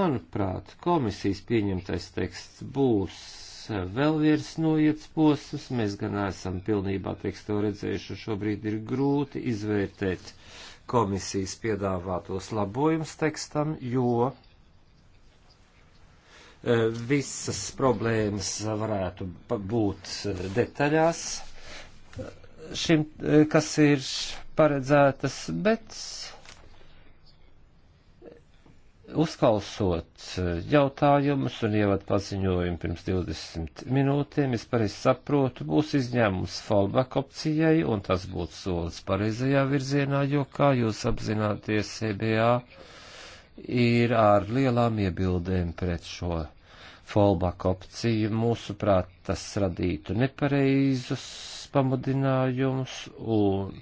Manuprāt, komisijas pieņemtais teksts būs vēl viens noiets posms, mēs gan esam pilnībā tekstu redzējuši, šobrīd ir grūti izvērtēt komisijas piedāvātos labojums tekstam, jo e, visas problēmas varētu būt e, detaļās e, šim, kas ir paredzētas, bet uzklausot eh, jautājumus un ievad paziņojumu pirms 20 minūtēm, es pareizi saprotu, būs izņēmums fallback opcijai, un tas būtu solis pareizajā virzienā, jo, kā jūs apzināties, CBA e ir ar lielām iebildēm pret šo fallback opciju. Mūsuprāt, tas radītu nepareizus pamudinājumus un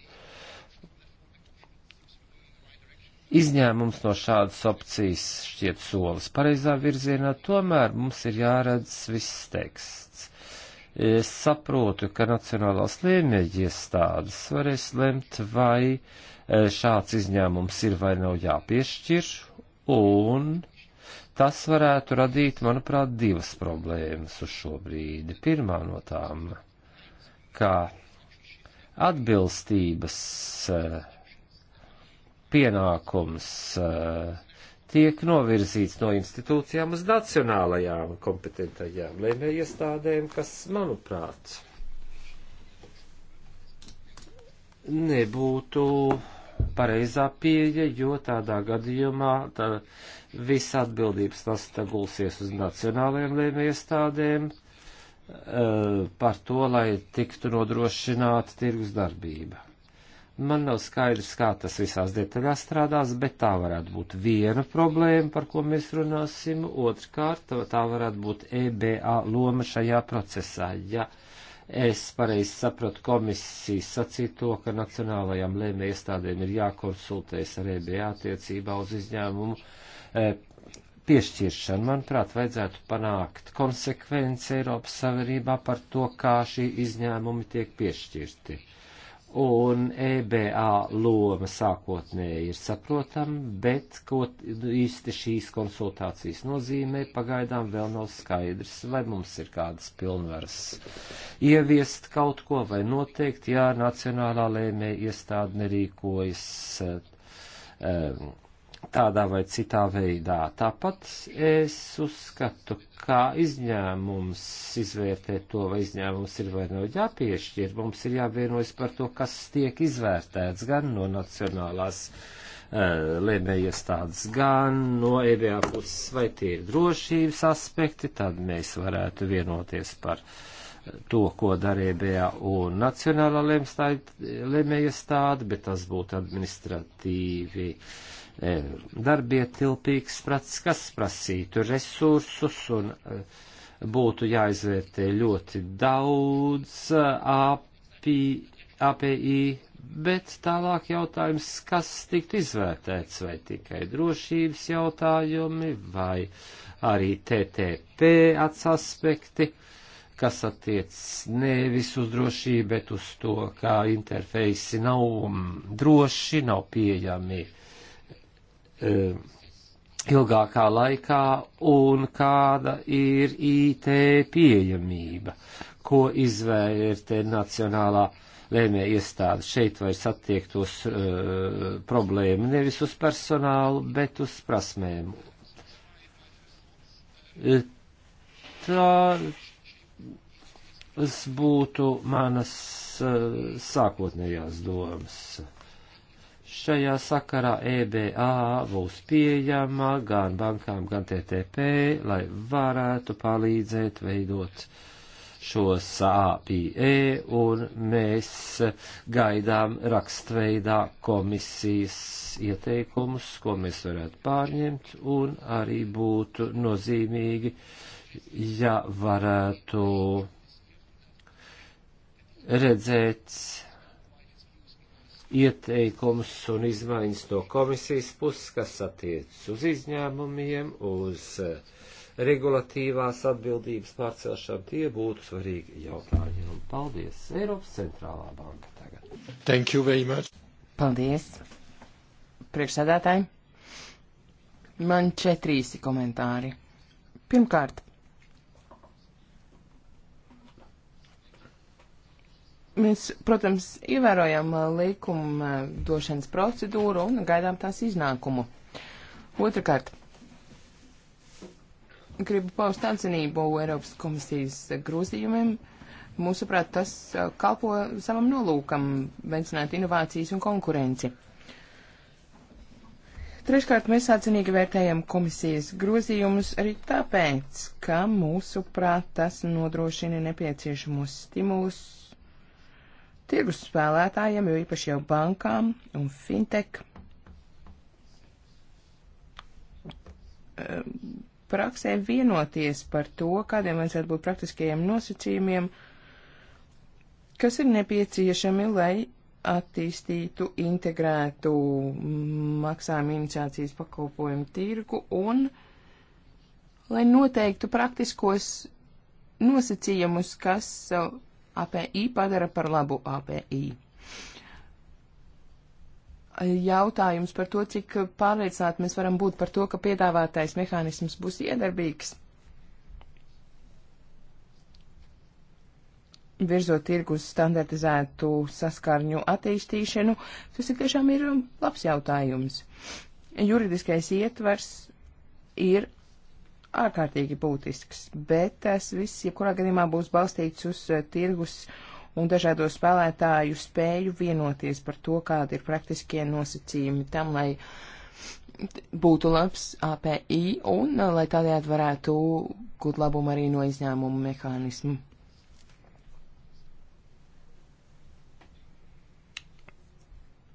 Izņēmums no šādas opcijas šķiet solis pareizā virzienā, tomēr mums ir jāredz viss teksts. Es saprotu, ka nacionālās lēmēji iestādes varēs lemt, vai e, šāds izņēmums ir vai nav jāpiešķir, un tas varētu radīt, manuprāt, divas problēmas uz šo brīdi. Pirmā no tām, kā atbilstības uh, pienākums eh, tiek novirzīts no institūcijām uz nacionālajām kompetentajām lēmēju iestādēm, kas, manuprāt, nebūtu pareizā pieeja, jo tādā gadījumā tā visa atbildības nasta gulsies uz nacionālajiem lēmējiestādēm eh, par to, lai tiktu nodrošināta tirgus darbība. Man nav skaidrs, kā tas visās detaļās strādās, bet tā varētu būt viena problēma, par ko mēs runāsim. Otrkārt, tā varētu būt EBA loma šajā procesā. Ja es pareizi sapratu komisijas sacīto, ka nacionālajām lēmē iestādēm ir jākonsultējas ar EBA attiecībā uz izņēmumu e, piešķiršanu. Manuprāt, vajadzētu panākt konsekvenci Eiropas Savienībā par to, kā šī izņēmumi tiek piešķirti un EBA loma sākotnēji ir saprotama, bet ko īsti šīs konsultācijas nozīmē, pagaidām vēl nav skaidrs, vai mums ir kādas pilnvaras ieviest kaut ko vai noteikt, ja nacionālā lēmē iestāde nerīkojas um, tādā vai citā veidā. Tāpat es uzskatu, kā izņēmums izvērtēt to, vai izņēmums ir vai nav jāpiešķir. Mums ir jāvienojas par to, kas tiek izvērtēts gan no nacionālās uh, lēmējiestādes, gan no EBA puses, vai tie ir drošības aspekti, tad mēs varētu vienoties par eh, to, ko dara EBA un nacionālā lēmējiestāde, bet tas būtu administratīvi. Uh, E, darbietilpīgs prats, kas prasītu resursus un e, būtu jāizvērtē ļoti daudz e, API, API bet tālāk jautājums, kas tiktu izvērtēts, vai tikai drošības jautājumi, vai arī TTP atsaspekti, kas attiec nevis uz drošību, bet uz to, kā interfeisi nav droši, nav pieejami uh, Eh, ilgākā laikā un kāda ir IT pieejamība, ko izvērtē Nacionālā lēmē iestāde. Šeit vairs attiektos uh, problēma nevis uz personālu, bet uz prasmēm. Eh, tā būtu manas uh, sākotnējās domas. Šajā sakarā EBA būs pieejama gan bankām, gan TTP, lai varētu palīdzēt veidot šos APE, un mēs gaidām rakstveidā komisijas ieteikumus, ko mēs varētu pārņemt, un arī būtu nozīmīgi, ja varētu redzēt ieteikumus un izmaiņas no komisijas puses, kas attiecas uz izņēmumiem, uz eh, regulatīvās atbildības pārcelšanu. Tie būtu svarīgi jautājumi. Un paldies Eiropas centrālā banka tagad. Thank you very much. Paldies. Priekšsēdētāji. Man četri īsi komentāri. Pirmkārt, Mēs, protams, ievērojam uh, likuma uh, došanas procedūru un gaidām tās iznākumu. Otrakārt, gribu paust atzinību Eiropas komisijas grozījumiem. Mūsuprāt, tas uh, kalpo savam nolūkam veicināt inovācijas un konkurenci. Treškārt, mēs atzinīgi vērtējam komisijas grozījumus arī tāpēc, ka mūsuprāt tas nodrošina nepieciešamos stimulus tirgus spēlētājiem, jo īpaši jau bankām un fintech ehm, praksē vienoties par to, kādiem vajadzētu būt praktiskajiem nosacījumiem, kas ir nepieciešami, lai attīstītu integrētu maksājuma iniciācijas pakalpojumu tirgu un lai noteiktu praktiskos nosacījumus, kas API padara par labu API. Jautājums par to, cik pārliecināti mēs varam būt par to, ka piedāvātais mehānisms būs iedarbīgs. virzot tirgu uz standartizētu saskarņu attīstīšanu, tas ir tiešām ir labs jautājums. Juridiskais ietvers ir ārkārtīgi būtisks, bet tas viss, jebkurā ja gadījumā, būs balstīts uz eh, tirgus un dažādo spēlētāju spēju vienoties par to, kādi ir praktiskie nosacījumi tam, lai būtu labs API un eh, lai tādējādi varētu gūt labumu arī no izņēmumu mehānismu.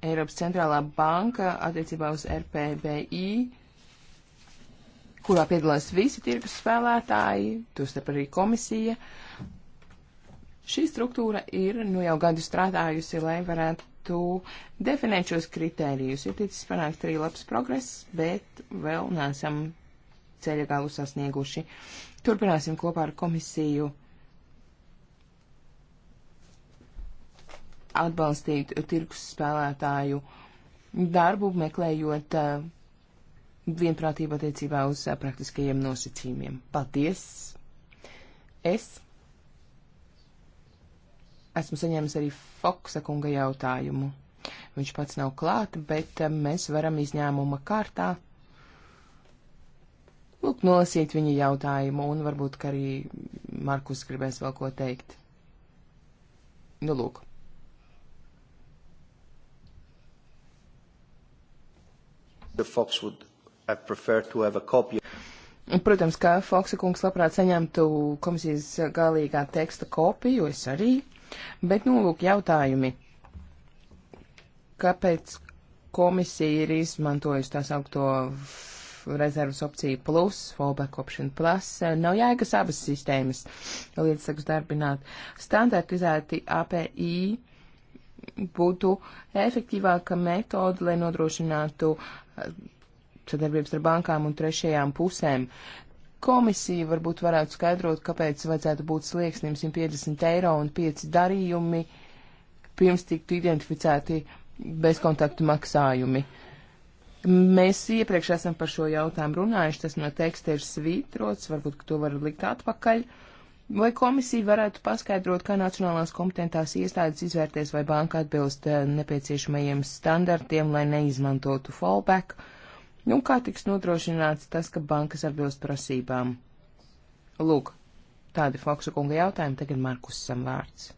Eiropas centrālā banka attiecībā uz RPBI kurā piedalās visi tirgus spēlētāji, tostarp arī komisija. Šī struktūra ir nu jau gadu strādājusi, lai varētu definēt šos kritērijus. Ir ticis panākt arī labs progress, bet vēl neesam ceļa galu sasnieguši. Turpināsim kopā ar komisiju atbalstīt tirgus spēlētāju darbu, meklējot uh, vienprātība attiecībā uz praktiskajiem nosacījumiem. Paldies! Es esmu saņēmis arī Foksa kunga jautājumu. Viņš pats nav klāt, bet mēs varam izņēmuma kārtā lūk nolasīt viņa jautājumu, un varbūt, ka arī Markus gribēs vēl ko teikt. Nu, lūk. The Fox would Protams, ka Foksa kungs labprāt saņemtu komisijas galīgā teksta kopiju, es arī, bet, nu, lūk, jautājumi. Kāpēc komisija ir izmantojusi tās augto rezervas opciju plus, fallback option plus, nav jēgas abas sistēmas līdzsakus darbināt. Standartizēti API būtu efektīvāka metoda, lai nodrošinātu sadarbības ar bankām un trešajām pusēm. Komisija varbūt varētu skaidrot, kāpēc vajadzētu būt slieksnim 150 eiro un 5 darījumi, pirms tiktu identificēti bezkontaktu maksājumi. Mēs iepriekš esam par šo jautājumu runājuši, tas no teksta ir svītrots, varbūt to var likt atpakaļ. Vai komisija varētu paskaidrot, kā nacionālās kompetentās iestādes izvērties, vai banka atbilst eh, nepieciešamajiem standartiem, lai neizmantotu fallback? Uh, Un nu, kā tiks nodrošināts tas, ka bankas atbilst prasībām? Lūk, tādi Foksa kunga jautājumi, tagad Markusam vārds.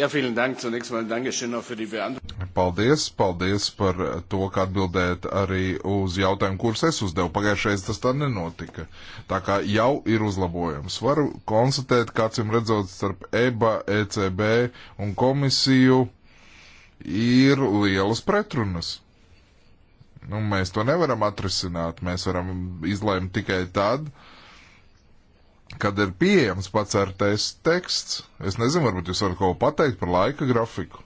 Jā, vielen dank, zunächst mal Dankeschön für die Beantwortung. Paldies, paldies par to, ka atbildējat arī uz jautājumu, kurus es uzdevu. Pagājušais tas tā nenotika. Tā kā jau ir uzlabojums. Varu konstatēt, kāds jums redzot starp EBA, ECB un komisiju ir lielas pretrunas. Nu, mēs to nevaram atrisināt. Mēs varam izlēmt tikai tad, kad ir pieejams pats ar teksts. Es nezinu, varbūt jūs varat kaut ko pateikt par laika grafiku.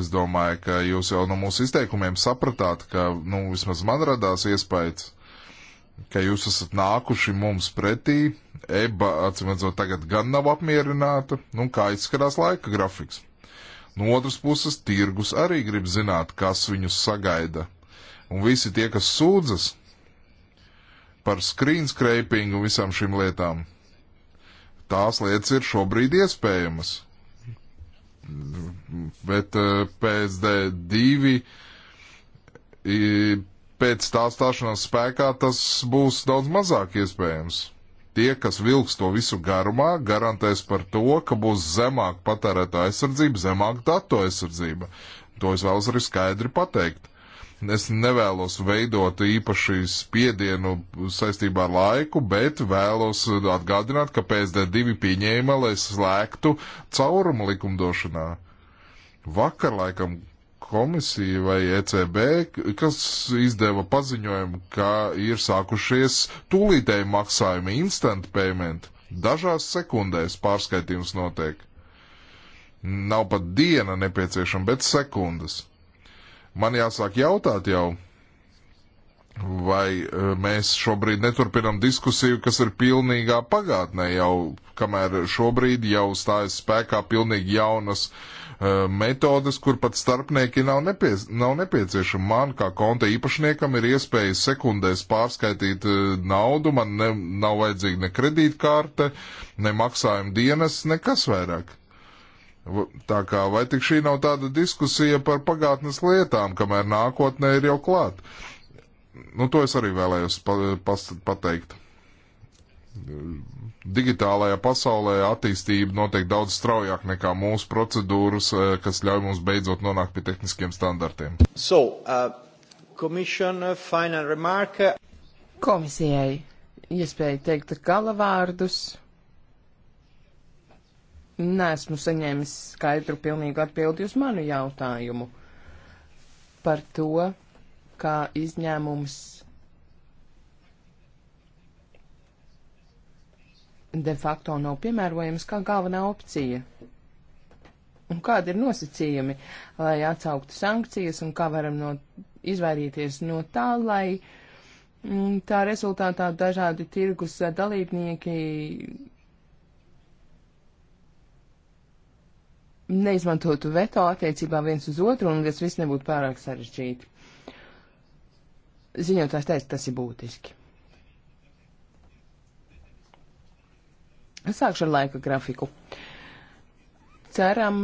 Es domāju, ka jūs jau no mūsu izteikumiem sapratāt, ka, nu, vismaz man radās iespējas, ka jūs esat nākuši mums pretī. Eba, atcīm redzot, tagad gan nav apmierināta. Nu, kā izskatās laika grafiks? No otras puses, tirgus arī grib zināt, kas viņus sagaida. Un visi tie, kas sūdzas par screen scraping un visām šīm lietām, tās lietas ir šobrīd iespējamas. Bet eh, PSD2 pēc tā stāšanās spēkā tas būs daudz mazāk iespējams. Tie, kas vilks to visu garumā, garantēs par to, ka būs zemāka patērētā aizsardzība, zemāka datu aizsardzība. To es vēlos arī skaidri pateikt. Es nevēlos veidot īpaši spiedienu saistībā ar laiku, bet vēlos atgādināt, ka PSD2 pieņēma, lai slēgtu caurumu likumdošanā. Vakar laikam komisija vai ECB, kas izdeva paziņojumu, ka ir sākušies tūlītēji maksājumi, instant payment. Dažās sekundēs pārskaitījums notiek. Nav pat diena nepieciešama, bet sekundes. Man jāsāk jautāt jau, Vai e, mēs šobrīd neturpinām diskusiju, kas ir pilnīgā pagātnē jau, kamēr šobrīd jau stājas spēkā pilnīgi jaunas Eh, metodes, kur pat starpnieki nav, nepiec nav nepieciešami. Man, kā konta īpašniekam, ir iespēja sekundēs pārskaitīt eh, naudu, man ne, nav vajadzīga ne kredītkarte, ne maksājuma dienas, nekas vairāk. Tā kā vai tik šī nav tāda diskusija par pagātnes lietām, kamēr nākotnē ir jau klāt. Nu, to es arī vēlējos pa, pas, pateikt. Digitālajā pasaulē attīstība notiek daudz straujāk nekā mūsu procedūras, eh, kas ļauj mums beidzot nonākt pie tehniskiem standartiem. So, uh, uh Komisijai iespēja teikt galavārdus. Nesmu saņēmis skaidru pilnīgu atbildi uz manu jautājumu par to, kā izņēmums de facto nav piemērojams kā galvenā opcija. Un kādi ir nosacījumi, lai atsauktu sankcijas un kā varam no, izvairīties no tā, lai mm, tā rezultātā dažādi tirgus dalībnieki neizmantotu veto attiecībā viens uz otru un tas viss nebūtu pārāk sarežģīti. Ziņotājs teica, tas ir būtiski. Es sākšu ar laika grafiku. Ceram,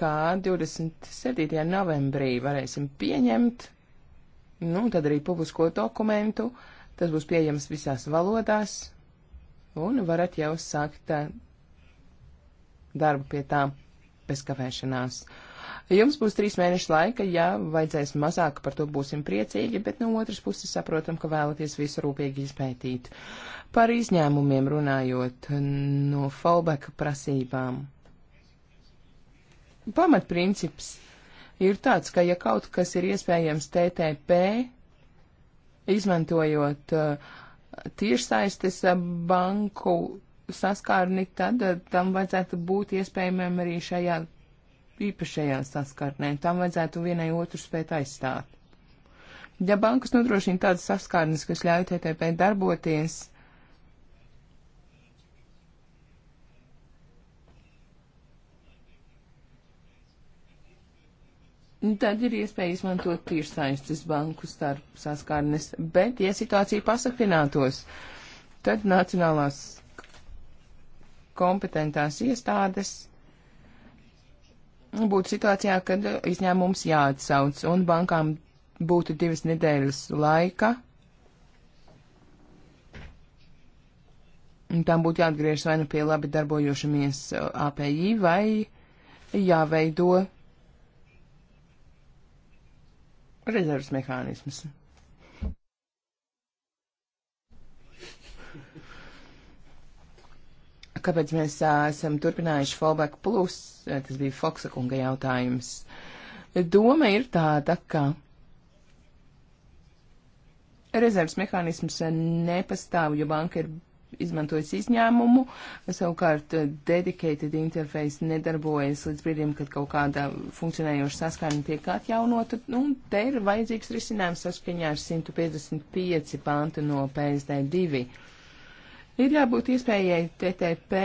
ka 27. novembrī varēsim pieņemt, nu, tad arī publisko dokumentu. Tas būs pieejams visās valodās, un varat jau sākt eh, darbu pie tā bez kavēšanās. Uh, Jums būs trīs mēneši laika, ja vajadzēs mazāk, par to būsim priecīgi, bet no otras puses saprotam, ka vēlaties visu rūpīgi izpētīt. Par izņēmumiem runājot no fallbacka prasībām. Pamatprincips ir tāds, ka ja kaut kas ir iespējams TTP, izmantojot uh, tiešsaistes uh, banku saskārni, tad uh, tam vajadzētu būt iespējamam arī šajā īpašajā saskarnē. Tām vajadzētu vienai otru spēt aizstāt. Ja bankas nodrošina tādas saskarnes, kas ļauj TTP darboties, Tad ir iespēja izmantot tiešsaistes banku starp saskarnes, bet, ja situācija pasakļinātos, tad nacionālās kompetentās iestādes būtu situācijā, kad izņēmums jāatsauc un bankām būtu divas nedēļas laika. Un tām būtu jāatgriežas vai nu pie labi darbojošamies API vai jāveido rezerves mehānismus. kāpēc mēs esam turpinājuši Fallback Plus, tas bija Foksa kunga jautājums. Doma ir tāda, ka rezerves mehānisms nepastāv, jo banka ir izmantojis izņēmumu, savukārt dedicated interface nedarbojas līdz brīdim, kad kaut kāda funkcionējoša saskarne tiek atjaunota. Nu, te ir vajadzīgs risinājums saskaņā ar 155 pantu no PSD2. Uh, Ir jābūt iespējai TTP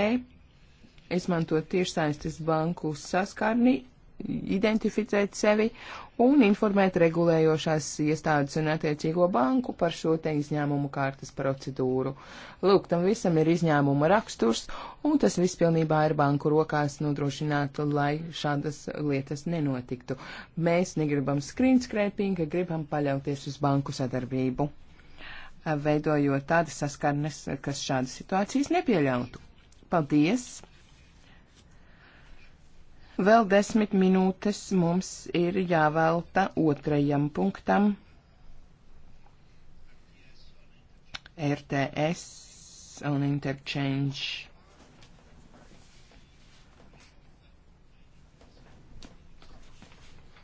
izmantot tiešsaistes banku saskarni, identificēt sevi un informēt regulējošās iestādes un attiecīgo banku par šo te izņēmumu kārtas procedūru. Lūk, tam visam ir izņēmuma raksturs, un tas viss pilnībā ir banku rokās nodrošināt, lai šādas lietas nenotiktu. Mēs negribam screen scraping, gribam paļauties uz banku sadarbību veidojot tādas saskarnes, kas šādas situācijas nepieļautu. Paldies! Vēl desmit minūtes mums ir jāvelta otrajam punktam. RTS un Interchange.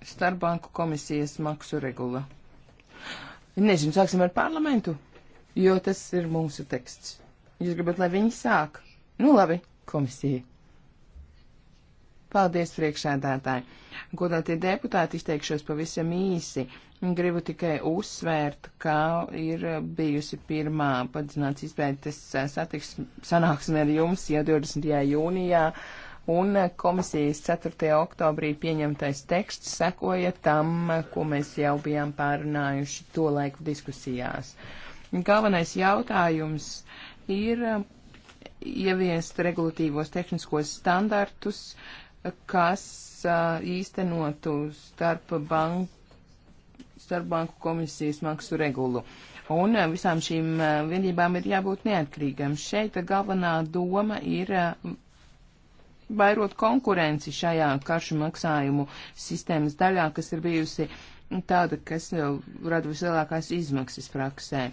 Starpbanku komisijas maksu regula. Nezinu, sāksim ar parlamentu jo tas ir mūsu teksts. Jūs gribat, lai viņi sāk? Nu, labi, komisija. Paldies, priekšēdētāji. Godātie deputāti, izteikšos pavisam īsi. Gribu tikai uzsvērt, ka ir bijusi pirmā padzināts izpētes sanāksme ar jums jau 20. jūnijā, un komisijas 4. oktobrī pieņemtais teksts sekoja tam, ko mēs jau bijām pārunājuši to laiku diskusijās. Uh, Galvenais jautājums ir um, ieviest regulatīvos tehniskos standartus, kas uh, īstenotu starp banku, starp banku komisijas maksu regulu. Un uh, visām šīm uh, vienībām ir jābūt neatkarīgam. Šeit galvenā doma ir vairot konkurenci šajā karšu maksājumu sistēmas daļā, kas ir bijusi uh, tāda, kas rada vislielākās izmaksas praksē.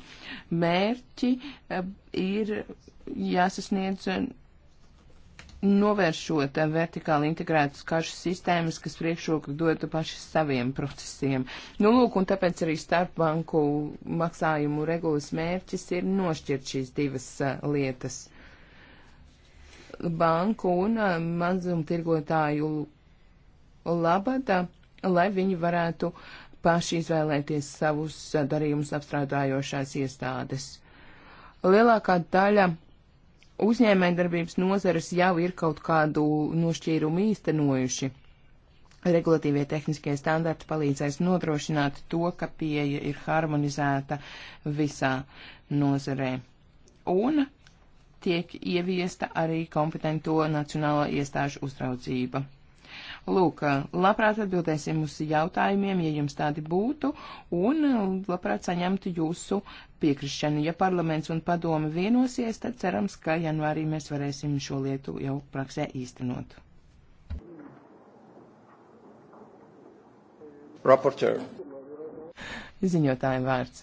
Mērķi e, ir jāsasniedz e, novēršot e, vertikāli integrētas karšu sistēmas, kas priekšroku dotu paši saviem procesiem. Nu, lūk, un tāpēc arī starpbanku maksājumu regulas mērķis ir nošķirt šīs divas uh, lietas. Banku un uh, mazumtirgotāju labada, lai viņi varētu uh, paši izvēlēties savus darījumus apstrādājošās iestādes. Lielākā daļa uzņēmējdarbības nozares jau ir kaut kādu nošķīrumu īstenojuši. Regulatīvie tehniskie standarti palīdzēs nodrošināt to, ka pieeja ir harmonizēta visā nozarē. Un tiek ieviesta arī kompetento nacionālo iestāžu uzraudzība. Lūk, labprāt atbildēsim uz jautājumiem, ja jums tādi būtu, un labprāt saņemtu jūsu piekrišanu. Ja parlaments un padomi vienosies, tad cerams, ka janvārī mēs varēsim šo lietu jau praksē īstenot. Rapporteur. Ziņotājiem vārds.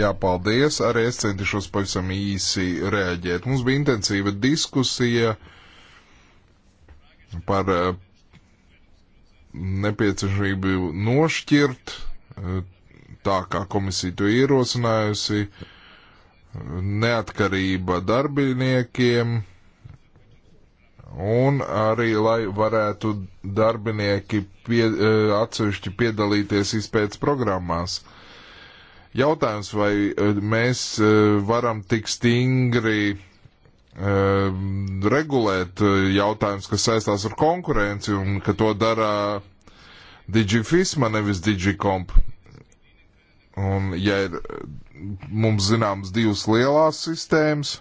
Jā, paldies. Arī es centīšos pavisam īsi reaģēt. Mums bija intensīva diskusija. Uh, par eh, nepieciešamību nošķirt, eh, tā kā komisija to ierosinājusi, neatkarība darbiniekiem un arī, lai varētu darbinieki pie, eh, atsevišķi piedalīties izpētes programmās. Jautājums, vai mēs varam tik stingri Ehm, regulēt eh, jautājumus, kas saistās ar konkurenci, un ka to dara DigiFisma, nevis DigiComp. Un, ja ir eh, mums zināms divas lielās sistēmas,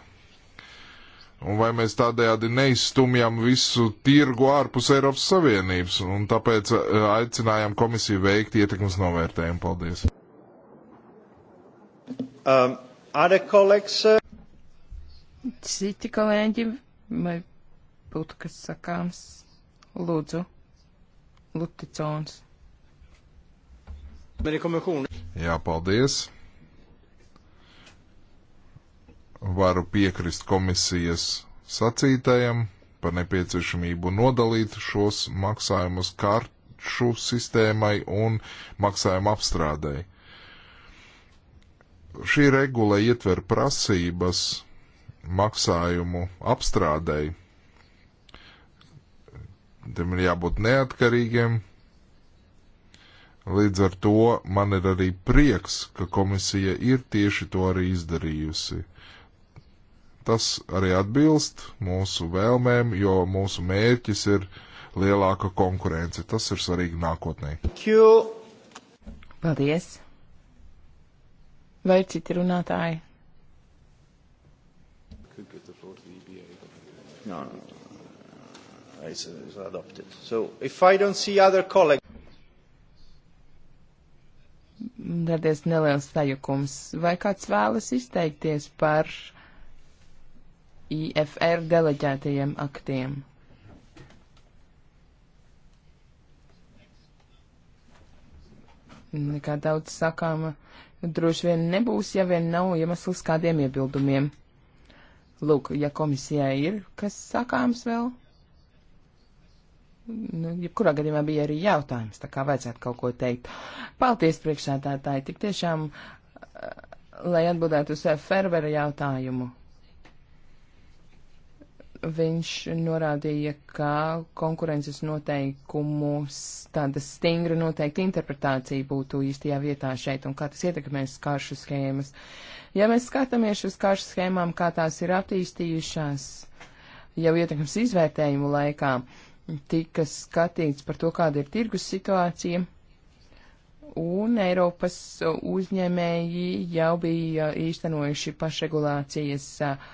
un vai mēs tādējādi neizstumjam visu tirgu ārpus Eiropas Savienības, un tāpēc eh, aicinājām komisiju veikt ietekmes novērtējumu. Paldies! Um, ehm, Are colleagues? Uh... Citi kolēģi, vai būtu kas sakāms? Lūdzu, Luticons. Jā, paldies. Varu piekrist komisijas sacītajam par nepieciešamību nodalīt šos maksājumus karšu sistēmai un maksājumu apstrādēji. Šī regula ietver prasības maksājumu apstrādēji. Tam ir jābūt neatkarīgiem. Līdz ar to man ir arī prieks, ka komisija ir tieši to arī izdarījusi. Tas arī atbilst mūsu vēlmēm, jo mūsu mērķis ir lielāka konkurence. Tas ir svarīgi nākotnē. Q. Paldies! Vai ir citi runātāji? No, no, no. It's, it's adopted. So if I don't see other colleagues. Radies neliels sajukums. Vai kāds vēlas izteikties par IFR deleģētajiem aktiem? Nekā daudz sakāma droši vien nebūs, ja vien nav iemesls kādiem iebildumiem. Lūk, ja komisijai ir kas sakāms vēl, nu, jebkurā gadījumā bija arī jautājums, tā kā vajadzētu kaut ko teikt. Paldies priekšsētātāji, tik tiešām, eh, lai atbildētu uz eh, Fervera jautājumu. Viņš norādīja, ka konkurences noteikumus tāda stingra noteikta interpretācija būtu īstajā vietā šeit un kā tas ietekmēs karšu schēmas. Uh, Ja mēs skatāmies uz karšu schēmām, kā tās ir attīstījušās jau ietekmes izvērtējumu laikā, tika skatīts par to, kāda ir tirgus situācija, un Eiropas uzņēmēji jau bija īstenojuši pašregulācijas uh,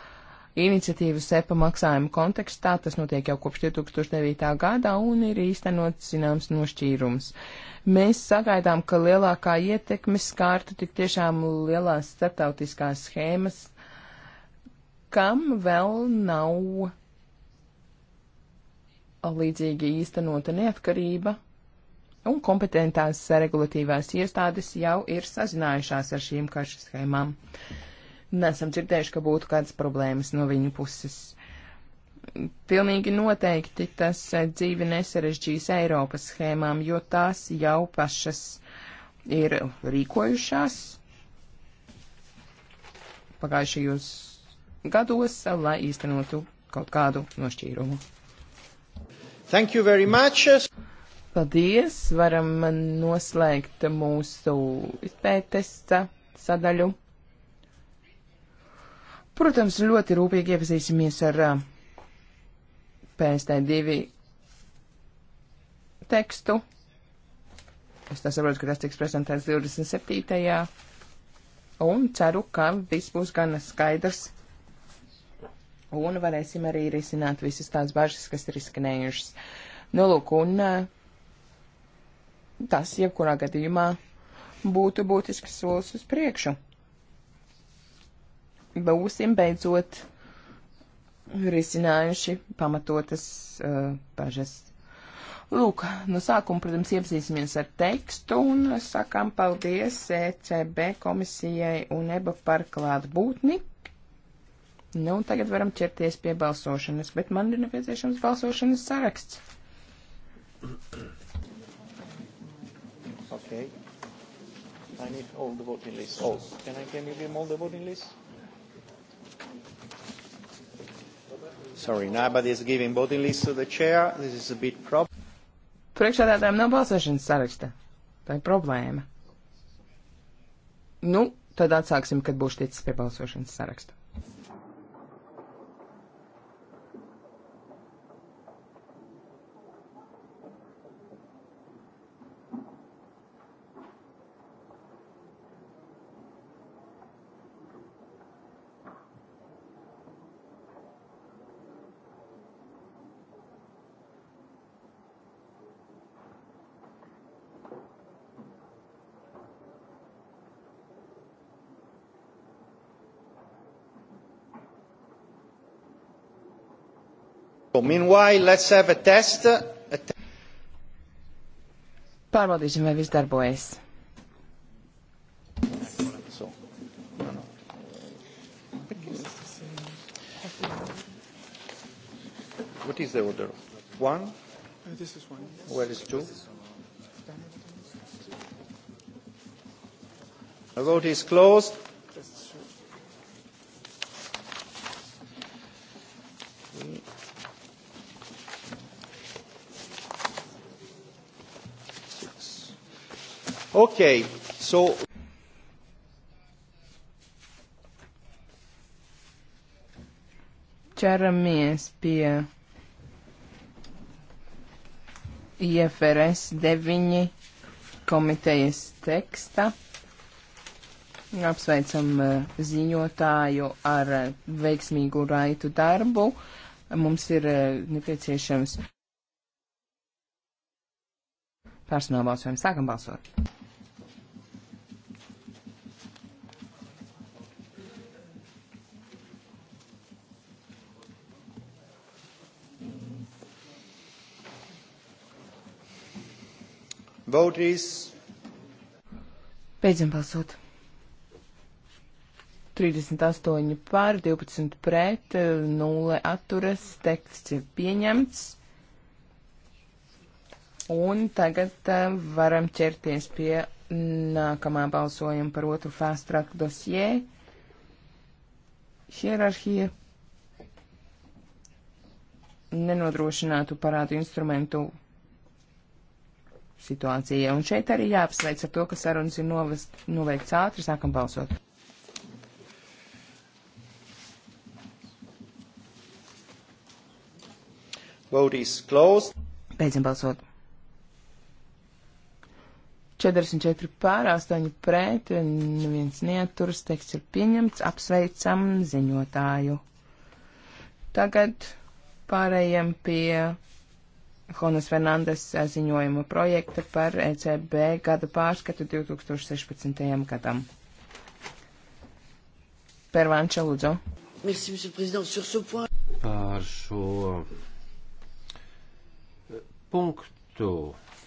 iniciatīvas sepa maksājuma kontekstā, tas notiek jau kopš 2009. gadā un ir īstenots zināms nošķīrums. Mēs sagaidām, ka lielākā ietekme skārtu tik tiešām lielās starptautiskās schēmas, kam vēl nav līdzīgi īstenota neatkarība, un kompetentās regulatīvās iestādes jau ir sazinājušās ar šīm karšu schēmām. Uh, nesam dzirdējuši, ka būtu kādas problēmas no viņu puses. Pilnīgi noteikti tas eh, dzīvi nesarežģīs Eiropas schēmām, jo tās jau pašas ir rīkojušās pagājušajos gados, lai īstenotu kaut kādu nošķīrumu. Thank you very much. Paldies, varam noslēgt mūsu izpētes sadaļu. Protams, ļoti rūpīgi iepazīsimies ar uh, PST2 tekstu. Es tā saprotu, ka tas tiks prezentēts 27. Un ceru, ka viss būs gan skaidrs. Un varēsim arī risināt visas tās bažas, kas ir izskanējušas. Nu, lūk, un uh, tas jebkurā gadījumā būtu būtisks solis uz priekšu būsim beidzot risinājuši pamatotas uh, bažas. Lūk, no sākuma, protams, iepazīsimies ar tekstu un sakām paldies ECB komisijai un EBA par klātbūtni. Nu, un tagad varam ķerties pie balsošanas, bet man ir nepieciešams balsošanas saraksts. Okay. I need all the voting lists. All. Oh. Can I, can you give me all the voting lists? Sorry, nobody is giving voting list to the chair. This is a bit problem. Priekšādātājiem nav balsošanas saraksta. Tā ir problēma. Nu, tad atsāksim, kad būšu ticis pie balsošanas saraksta. But meanwhile, let's have a test. A te Pārbaudīsim, vai viss darbojas. What is the order? One? Uh, this is one. Yes. Where is two? The vote is closed. Okay, so... Ķeramies pie IFRS 9 komitejas teksta. Apsveicam eh, ziņotāju ar eh, veiksmīgu raitu darbu. Mums ir eh, nepieciešams personāla balsojums. Sākam balsot! Vote is. Beidzam balsot. 38 pār, 12 pret, 0 atturas, teksts ir pieņemts. Un tagad uh, varam ķerties pie nākamā balsojuma par otru fast track dosie. Hierarhija nenodrošinātu parādu instrumentu situācija. Un šeit arī jāapsveic ar to, ka sarunas ir novest, noveikts ātri, sākam balsot. Vote is closed. Beidzam balsot. 44 pār, 8 pret, neviens neaturas, teksts ir pieņemts, apsveicam ziņotāju. Tagad pārējiem pie Honas Fernandes eh, ziņojuma projekta par ECB gada pārskatu 2016. gadam. Pervanča Lūdzu. Par šo eh, punktu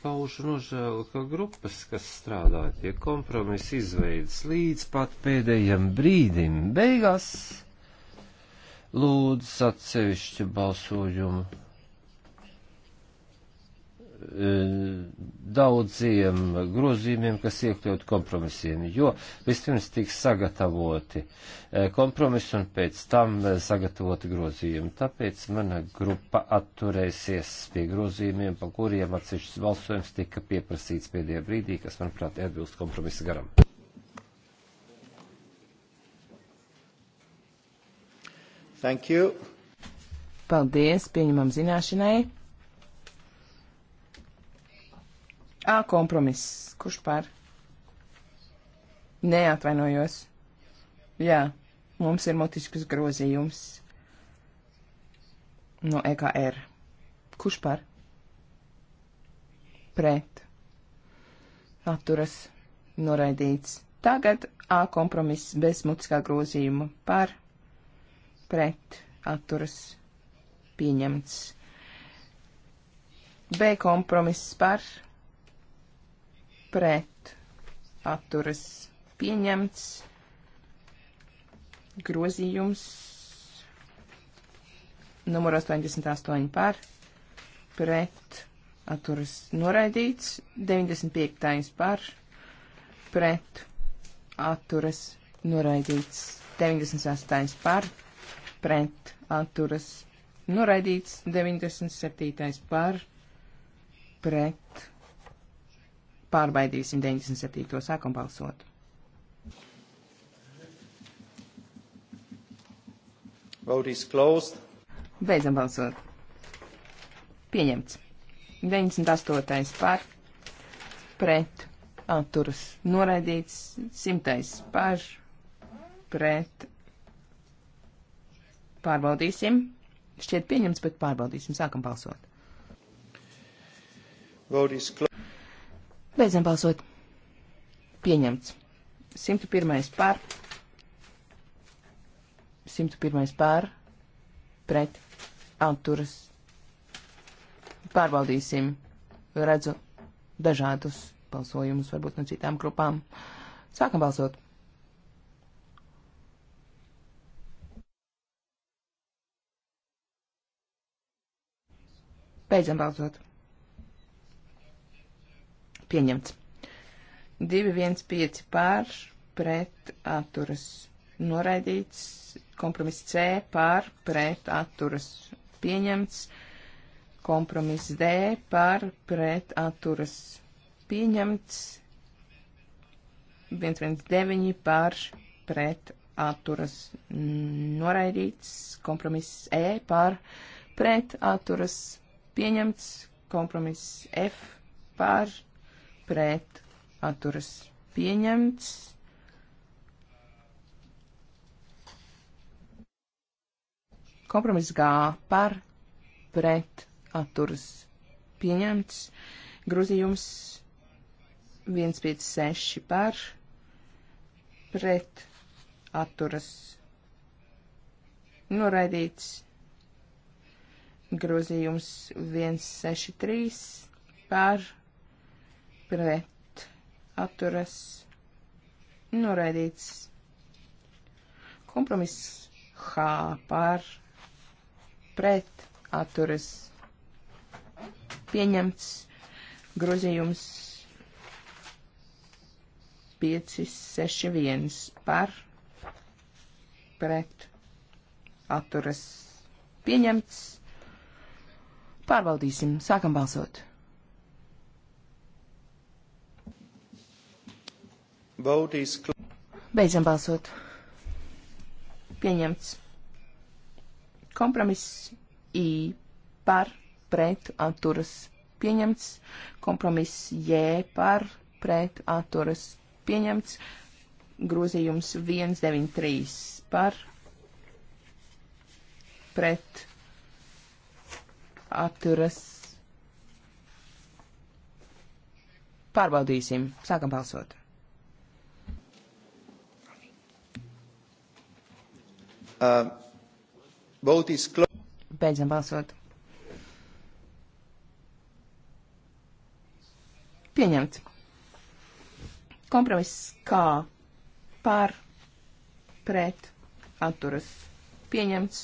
paužu nožēlu, ka grupas, kas strādāja pie kompromisa izveidas līdz pat pēdējiem brīdim beigās, lūdz atsevišķu balsojumu E, daudziem grozījumiem, kas iekļaut kompromisiem, jo vispirms tiks sagatavoti e, kompromisi un pēc tam e, sagatavoti grozījumi. Tāpēc mana grupa atturēsies pie grozījumiem, pa kuriem atsevišķs balsojums tika pieprasīts pēdējā brīdī, kas, manuprāt, atbilst kompromisa garam. Thank you. Paldies, pieņemam zināšanai. A kompromiss. Kurš par? Neatvainojos. Jā, mums ir motisks grozījums no EKR. Kurš par? Pret. Atturas. Noraidīts. Tagad A kompromiss bez mutiskā grozījuma par. Pret. Atturas. Pieņemts. B kompromiss par pret atturas pieņemts grozījums numur 88 par pret atturas noraidīts, 95. par pret atturas noraidīts, 98. par pret atturas noraidīts, 97. par pret Pārbaidīsim 97. sākam balsot. Vote is closed. Beidzam balsot. Pieņemts. 98. par, pret, atturas, noraidīts, 100. par, pret, pārbaudīsim. Šķiet pieņemts, bet pārbaudīsim. Sākam balsot. Vote is closed. Beidzam balsot. Pieņemts. 101. pār. 101. pār. Pret. Atturas. Pārbaudīsim. Redzu dažādus balsojumus, varbūt no citām grupām. Sākam balsot. Beidzam balsot pieņemts. 215 pār pret atturas noraidīts, kompromiss C pār pret atturas pieņemts, kompromiss D pār pret atturas pieņemts, 119 pār pret atturas noraidīts, kompromiss E pār pret atturas pieņemts, kompromiss F pār pret pret atturas pieņemts. Kompromiss G par pret atturas pieņemts. Grozījums 156 par pret atturas noraidīts. Grozījums 163 par pret pret atturas noraidīts. Kompromiss H par pret atturas pieņemts grozījums 561 par pret atturas pieņemts. Pārbaudīsim, sākam balsot. Beidzam balsot. Pieņemts. Kompromiss I par pret atturas pieņemts. Kompromiss J par pret atturas pieņemts. Grozījums 193 par pret atturas. Pārbaudīsim. Sākam balsot. Uh, Beidzam balsot. Pieņemts. Kompromiss kā par, pret, atturas. Pieņemts.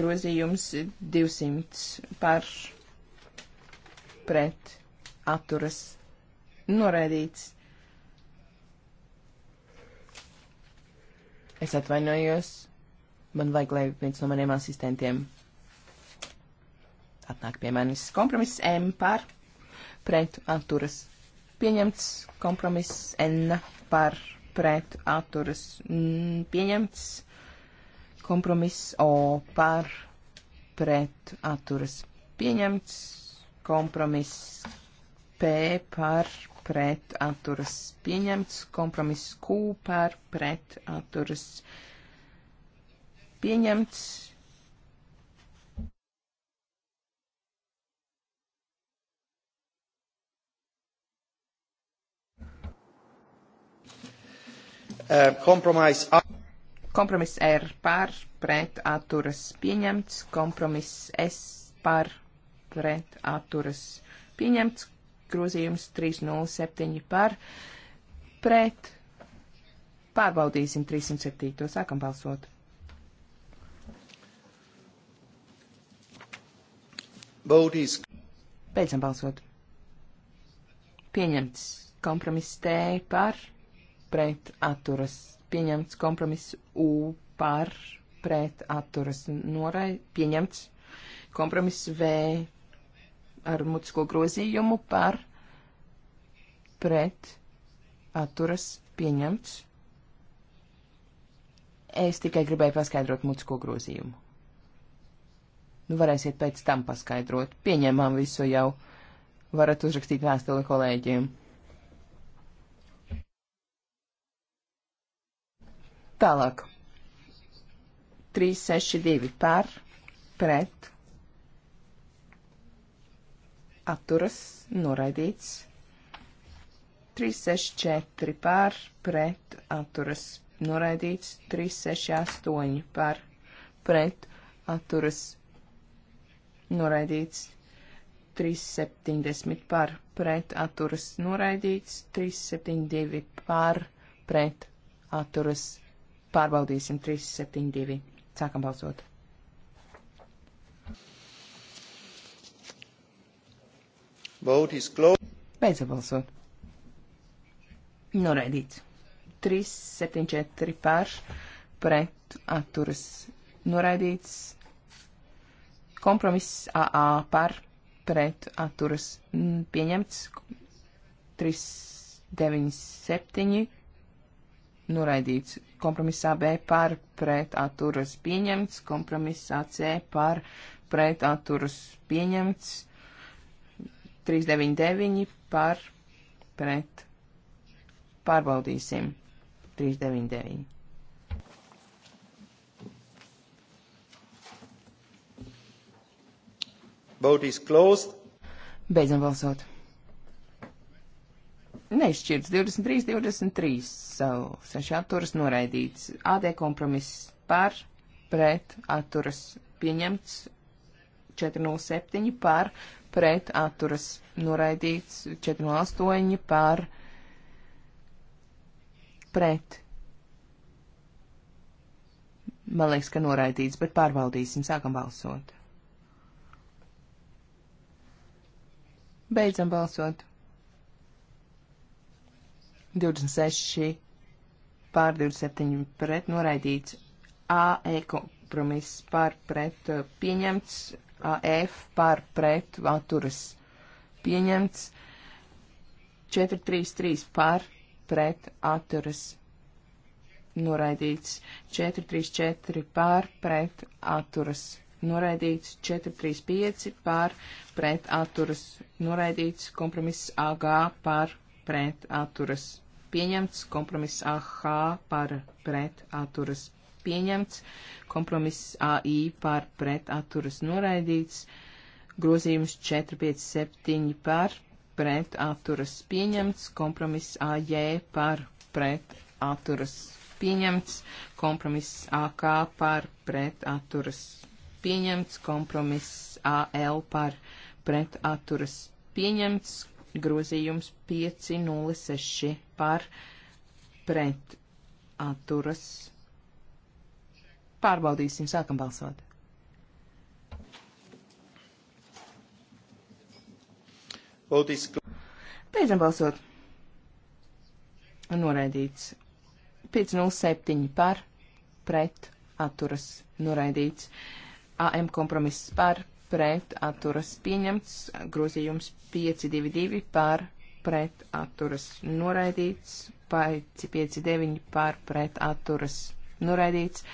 Grozījums 200 par, pret, atturas. Noraidīts Es atvainojos. Man vajag, lai viens no maniem asistentiem atnāk pie manis. Kompromiss M par pret atturas. Pieņemts kompromiss N par pret atturas. Pieņemts kompromiss O par pret atturas. Pieņemts kompromiss P par pret atturas pieņemts, kompromiss Q par pret atturas pieņemts. Eh, kompromiss Kompromiss R par pret atturas pieņemts, kompromiss S par pret atturas pieņemts, grozījums 307 par pret. Pārbaudīsim 307. Sākam balsot. Baudīs. Beidzam balsot. Pieņemts kompromiss T par pret atturas. Pieņemts kompromiss U par pret atturas. Norai pieņemts kompromiss V ar mutisko grozījumu par pret atturas pieņemts. Es tikai gribēju paskaidrot mutisko grozījumu. Nu, varēsiet pēc tam paskaidrot. Pieņemam visu jau. Varat uzrakstīt vēstuli kolēģiem. Tālāk. 362 par, pret, atturas noraidīts. 364 par pret atturas noraidīts, 368 par pret atturas noraidīts, 370 par pret atturas noraidīts, 372 par pret atturas pārbaudīsim 372. Sākam balsot. Vote is closed. Beidzot balsot. Noraidīts. 3, 7, 4 pār, pret, atturas, noraidīts. Kompromiss AA par, pret, atturas, mm, pieņemts. 3, 9, 7, noraidīts. Kompromiss AB par, pret, atturas, pieņemts. Kompromiss AC par, pret, atturas, pieņemts 399 par pret. Pārbaudīsim. 399. Vote is closed. Beidzam balsot. Nešķirts 23, 23, savu so, seši atturas noraidīts. AD kompromiss par, pret, atturas pieņemts 407 par, pret atturas noraidīts 408 par pret. Man liekas, ka noraidīts, bet pārbaudīsim, sākam balsot. Beidzam balsot. 26 pār 27 pret noraidīts. AE kompromiss pār pret uh, pieņemts. AF par pret atturas pieņemts. 433 par pret atturas noraidīts. 434 par pret atturas noraidīts 435 pār pret atturas, noraidīts kompromiss AG pār pret atturas, pieņemts kompromiss AH pār pret atturas, pieņemts, kompromiss AI par pret atturas noraidīts, grozījums 457 par pret atturas pieņemts, kompromiss AJ par pret atturas pieņemts, kompromiss AK par pret atturas pieņemts, kompromiss AL par pret atturas pieņemts, grozījums 506 par pret atturas Pārbaudīsim, sākam balsot. Beidzam balsot. Noraidīts. 507 par, pret, atturas, noraidīts. AM kompromiss par, pret, atturas, pieņemts. Grozījums 522 par, pret, atturas, noraidīts. 559 par, pret, atturas, noraidīts.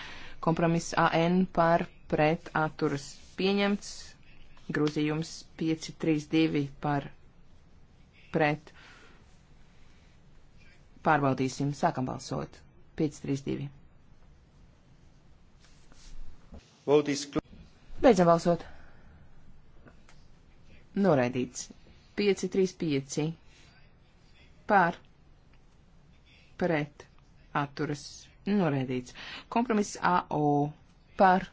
Kompromiss AN par pret atturas pieņemts. Grozījums 532 par pret. Pārbaudīsim, sākam balsot. 532. Beidzam balsot. Noraidīts. 535 pār pret atturas Noraidīts. Kompromiss AO par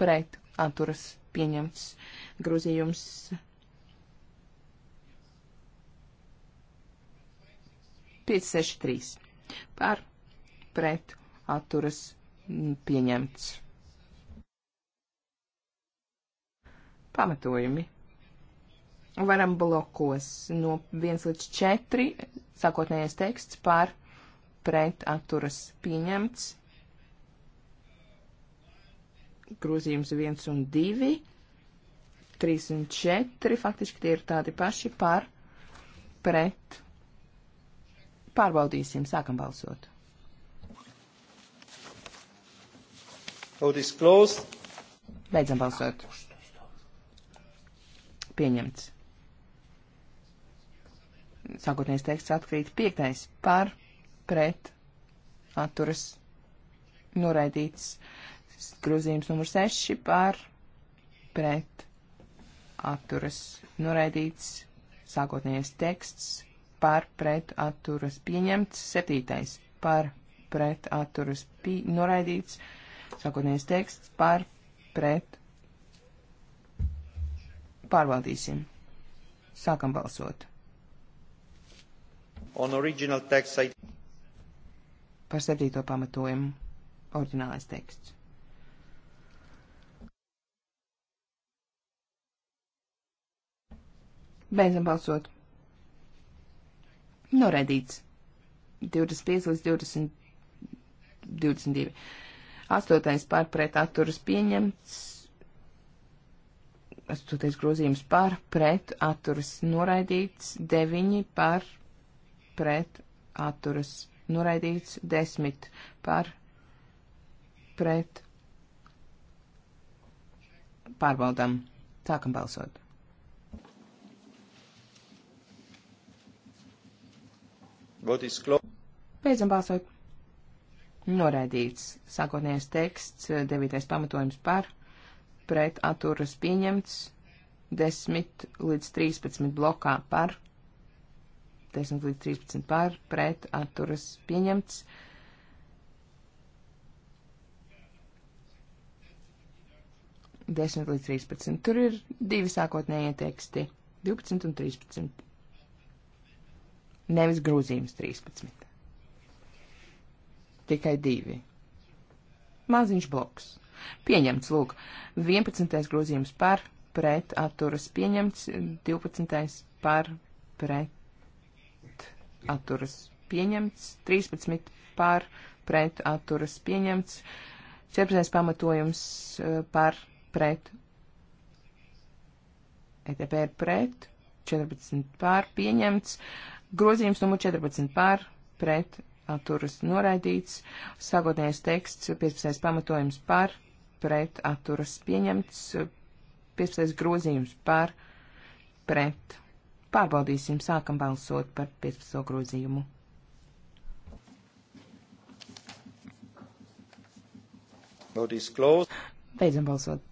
pret atturas pieņemts grozījums. Pieci, seši, trīs. Par pret atturas pieņemts. Pamatojumi varam blokos no 1 līdz 4 sākotnējais teksts par pret atturas pieņemts. Grozījums 1 un 2, 3 un 4, faktiski tie ir tādi paši par pret. Pārbaudīsim, sākam balsot. Vote is closed. Beidzam balsot. Pieņemts. Sākotnējais teksts atkrīt piektais par pret pret atturas noraidīts. Grozījums numur 6 par pret atturas noraidīts. Sākotnējais teksts par pret atturas pieņemts. Septītais par pret atturas pie, noraidīts. Sākotnējais teksts par pret pārvaldīsim. Sākam balsot. On original text I par septīto pamatojumu. Orģinālais teksts. Beidzam balsot. Noraidīts. 25 līdz 20, 22. Astotais pārpret atturas pieņemts. Astotais grozījums par pret atturas noraidīts. 9 par pret atturas pieņemts noraidīts 10 par pret pārbaudām. Sākam balsot. Beidzam balsot. Noraidīts sākotnējais teksts, devītais pamatojums par, pret atturas pieņemts, 10 līdz 13 blokā par, 10 līdz 13 pār, pret atturas pieņemts. Desmit līdz 13. Tur ir divi sākotnējie teksti - 12 un 13. Nevis grūzījums 13. Tikai divi. Maziņš bloks. Pieņemts, lūk, 11. grozījums par, pret, atturas pieņemts, 12. par, pret, atturas pieņemts, 13 par pret atturas pieņemts, 14 pamatojums eh, par pret. ETP ir pret, 14 pār pieņemts, grozījums numur 14 pār pret atturas noraidīts, sākotnējais teksts 15 pamatojums par pret atturas pieņemts, 15 grozījums par pret Pārbaudīsim, sākam balsot par 15. grozījumu. Beidzam balsot.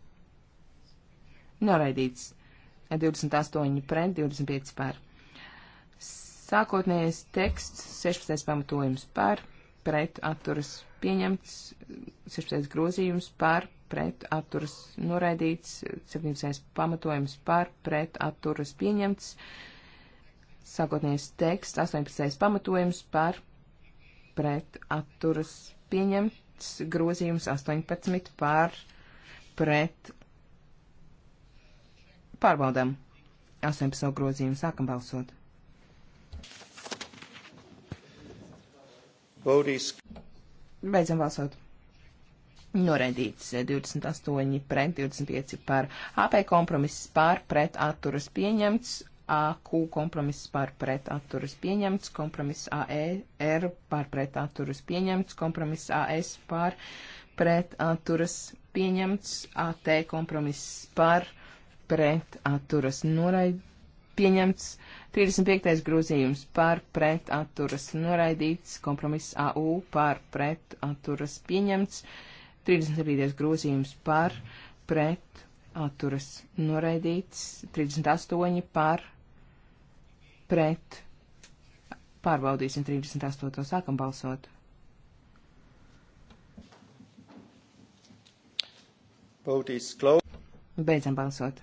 Noraidīts. 28 pret, 25 pār. Sākotnējais teksts, 16 pamatojums pār, pret atturas pieņemts, 16 grozījums pār, pret atturas noraidīts, 17. pamatojums par pret atturas pieņemts, sākotnējais teksts, 18. pamatojums par pret atturas pieņemts, grozījums 18 par pret pārbaudām. 18. grozījumu sākam balsot. Baudīs. Beidzam balsot. Noraidīts 28 pret 25 par AP kompromiss pār pret atturas pieņemts, AQ kompromiss pār pret atturas pieņemts, kompromiss AER pār pret atturas pieņemts, kompromiss AS pār pret atturas pieņemts, AT kompromiss pār pret atturas noraid pieņemts, 35. grozījums pār pret atturas noraidīts, kompromiss AU pār pret atturas pieņemts. 37. grozījums par, pret, atturas noraidīts, 38 par, pret, pārbaudīsim 38. sākam balsot. Beidzam balsot.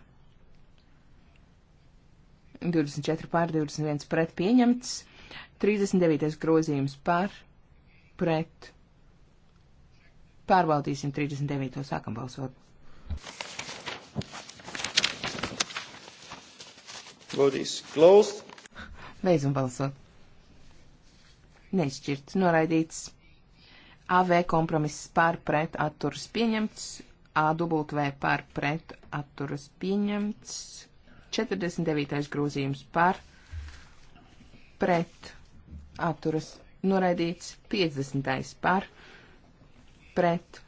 24 pār 21 pret pieņemts, 39. grozījums par, pret, Pārbaudīsim 39. sākam balsot. Godīs closed. Beidzam balsot. Nešķirts, noraidīts. AV kompromiss pār pret atturas pieņemts. AW pār pret atturas pieņemts. 49. grozījums par pret atturas noraidīts. 50. par pret pret.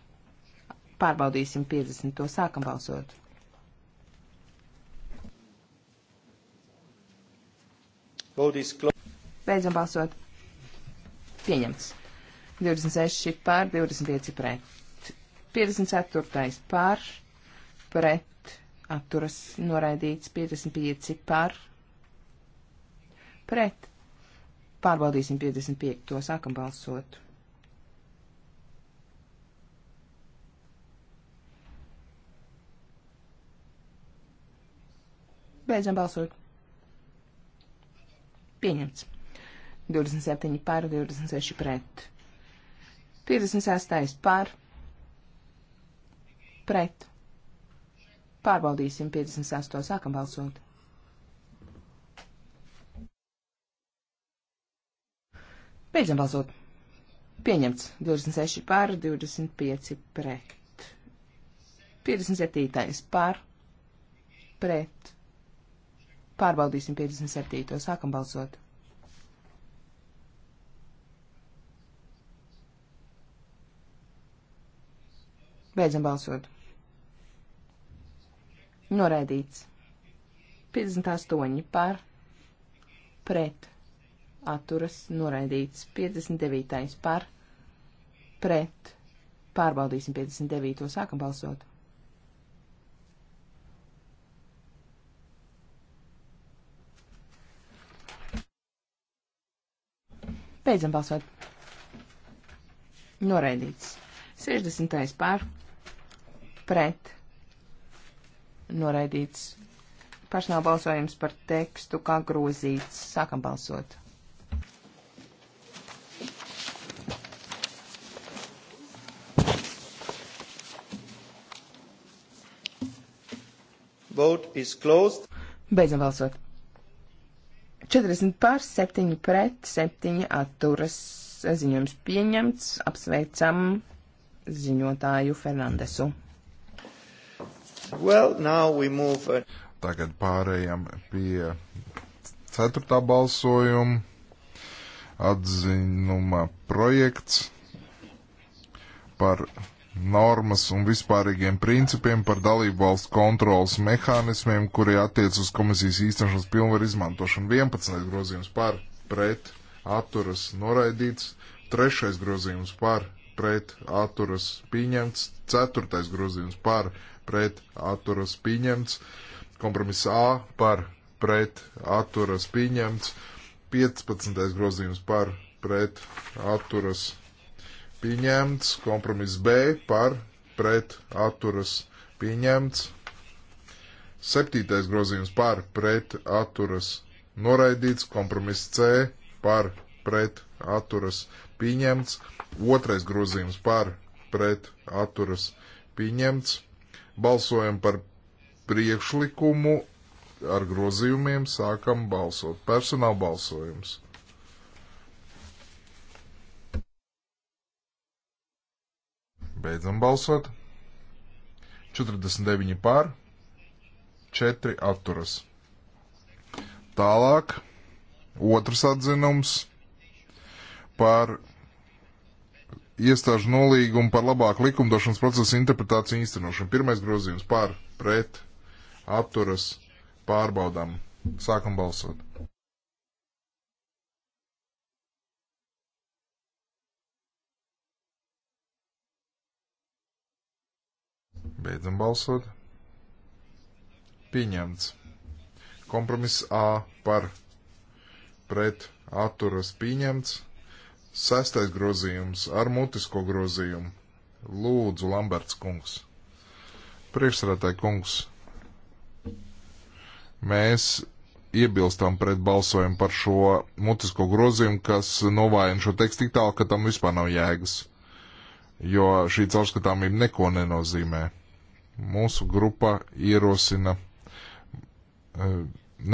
Pārbaudīsim 50. Sākam balsot. Beidzam balsot. Pieņemts. 26 pār, 25 pret. 54. pār, pret, atturas noraidīts, 55 pār, pret. Pārbaudīsim 55. To sākam balsot. Beidzam balsot. Pieņemts. 27 pār, 26 pret. 56 pār, pret. Pārbaudīsim 58. Sākam balsot. Beidzam balsot. Pieņemts. 26 pār, 25 pret. 57. pār, pret Pārbaudīsim 57. Sākam balsot. Beidzam balsot. Noraidīts. 58 par pret atturas noraidīts. 59 par pret pārbaudīsim 59. Sākam balsot. Beidzam balsot. Noraidīts. 60. pār. Pret. Noraidīts. Pašnāv balsojums par tekstu, kā grozīts. Sākam balsot. Vote is closed. Beidzam balsot. 40 pār 7 pret 7 atturas ziņojums pieņemts. Apsveicam ziņotāju Fernandesu. Well, now we move. On. Uh, Tagad pārējām pie ceturtā balsojuma atzinuma projekts par normas un vispārīgiem principiem par dalību valsts kontrolas mehānismiem, kuri attiec uz komisijas īstenošanas pilnvaru izmantošanu. 11. grozījums par pret atturas noraidīts, 3. grozījums par pret atturas pieņemts, 4. grozījums par pret atturas pieņemts, kompromiss A par pret atturas pieņemts, 15. grozījums par pret atturas pieņemts pieņemts, kompromiss B par pret atturas pieņemts, septītais grozījums par pret atturas noraidīts, kompromiss C par pret atturas pieņemts, otrais grozījums par pret atturas pieņemts, balsojam par priekšlikumu ar grozījumiem, sākam balsot, personāla balsojums. Beidzam balsot. 49 pār, 4 atturas. Tālāk, otrs atzinums par iestāžu nolīgumu par labāku likumdošanas procesu interpretāciju īstenošanu. Pirmais grozījums par, pret, atturas, pārbaudām. Sākam balsot. Beidzam balsot. Pieņemts. Kompromiss A par pret atturas pieņemts. Sestais grozījums ar mutisko grozījumu. Lūdzu, Lamberts kungs. Priekšsarētāji kungs. Mēs iebilstam pret balsojumu par šo mutisko grozījumu, kas novājina šo tekstu tik tālu, ka tam vispār nav jēgas. Jo šī caurskatāmība neko nenozīmē mūsu grupa ierosina e,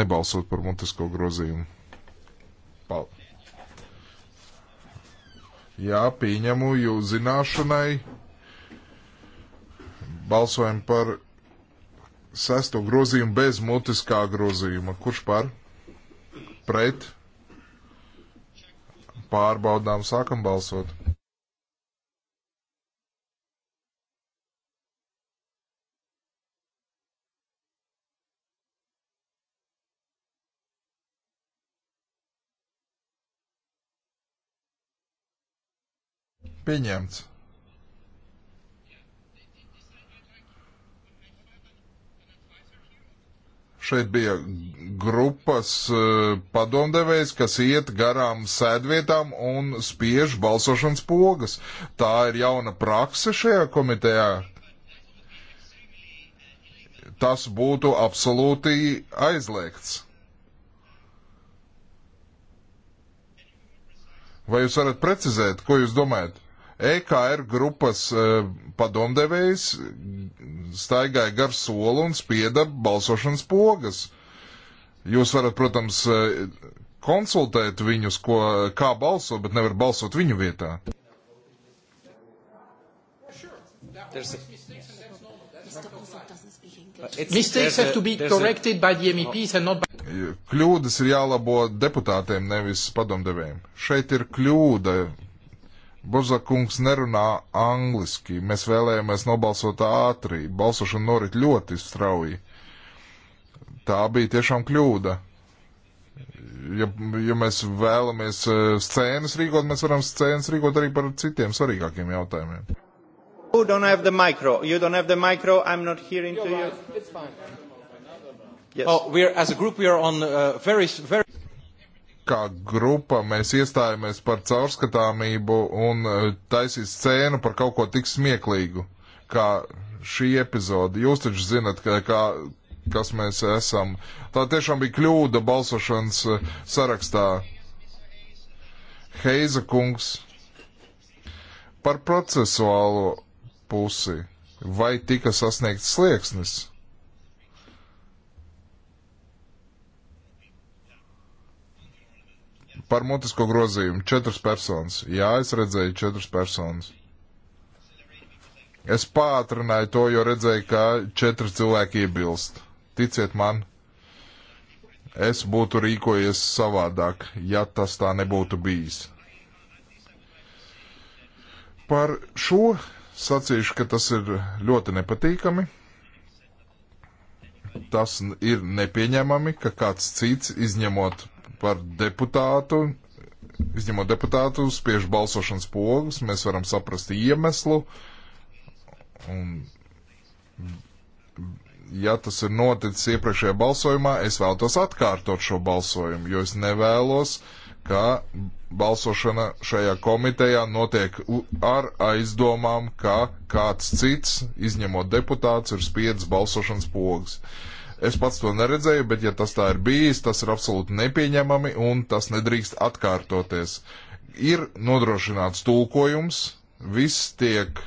nebalsot par mutisko grozījumu. Pal. Jā, pieņemu jūs zināšanai. Balsojam par sesto grozījumu bez mutiskā grozījuma. Kurš par? Pret? Pārbaudām, sākam balsot. Pieņemts. šeit bija grupas eh, padomdevējs, kas iet garām sēdvietām un spiež balsošanas pogas. Tā ir jauna prakse šajā komitejā. Tas būtu absolūti aizliegts. Vai jūs varat precizēt, ko jūs domājat? EKR grupas e, padomdevējs staigāja gar soli un spieda balsošanas pogas. Jūs varat, protams, e, konsultēt viņus, ko, kā balso, bet nevar balsot viņu vietā. There's a, Mistakes have to be corrected by the MEPs and not by. Kļūdas ir jālabo deputātiem, nevis padomdevējiem. Šeit ir kļūda. Bozakungs nerunā angliski. Mēs vēlējāmies nobalsot ātri. Balsošana norit ļoti strauji. Tā bija tiešām kļūda. Ja, ja mēs vēlamies e, scēnas rīkot, mēs varam scēnas rīkot arī par citiem svarīgākiem jautājumiem. You don't have the micro. You don't have the micro. I'm not hearing You're to right. you. It's fine. Yes. Oh, we're, as a group, we are on uh, very, very kā grupa mēs iestājāmies par caurskatāmību un eh, taisīt scēnu par kaut ko tik smieklīgu, kā šī epizode. Jūs taču zinat, ka, kā, kas mēs esam. Tā tiešām bija kļūda balsošanas eh, sarakstā. Heiza kungs par procesuālo pusi. Vai tika sasniegts slieksnis? par mutisko grozījumu. Četras personas. Jā, es redzēju četras personas. Es pātrināju to, jo redzēju, ka četri cilvēki iebilst. Ticiet man, es būtu rīkojies savādāk, ja tas tā nebūtu bijis. Par šo sacīšu, ka tas ir ļoti nepatīkami. Tas ir nepieņemami, ka kāds cits, izņemot par deputātu, izņemot deputātu, spiež balsošanas pogus, mēs varam saprast iemeslu. Un, ja tas ir noticis iepriekšējā balsojumā, es vēlos atkārtot šo balsojumu, jo es nevēlos, ka balsošana šajā komitejā notiek ar aizdomām, ka kāds cits, izņemot deputāts, ir spiedis balsošanas pogas. Uh, Es pats to neredzēju, bet ja tas tā ir bijis, tas ir absolūti nepieņemami un tas nedrīkst atkārtoties. Ir nodrošināts tulkojums, viss tiek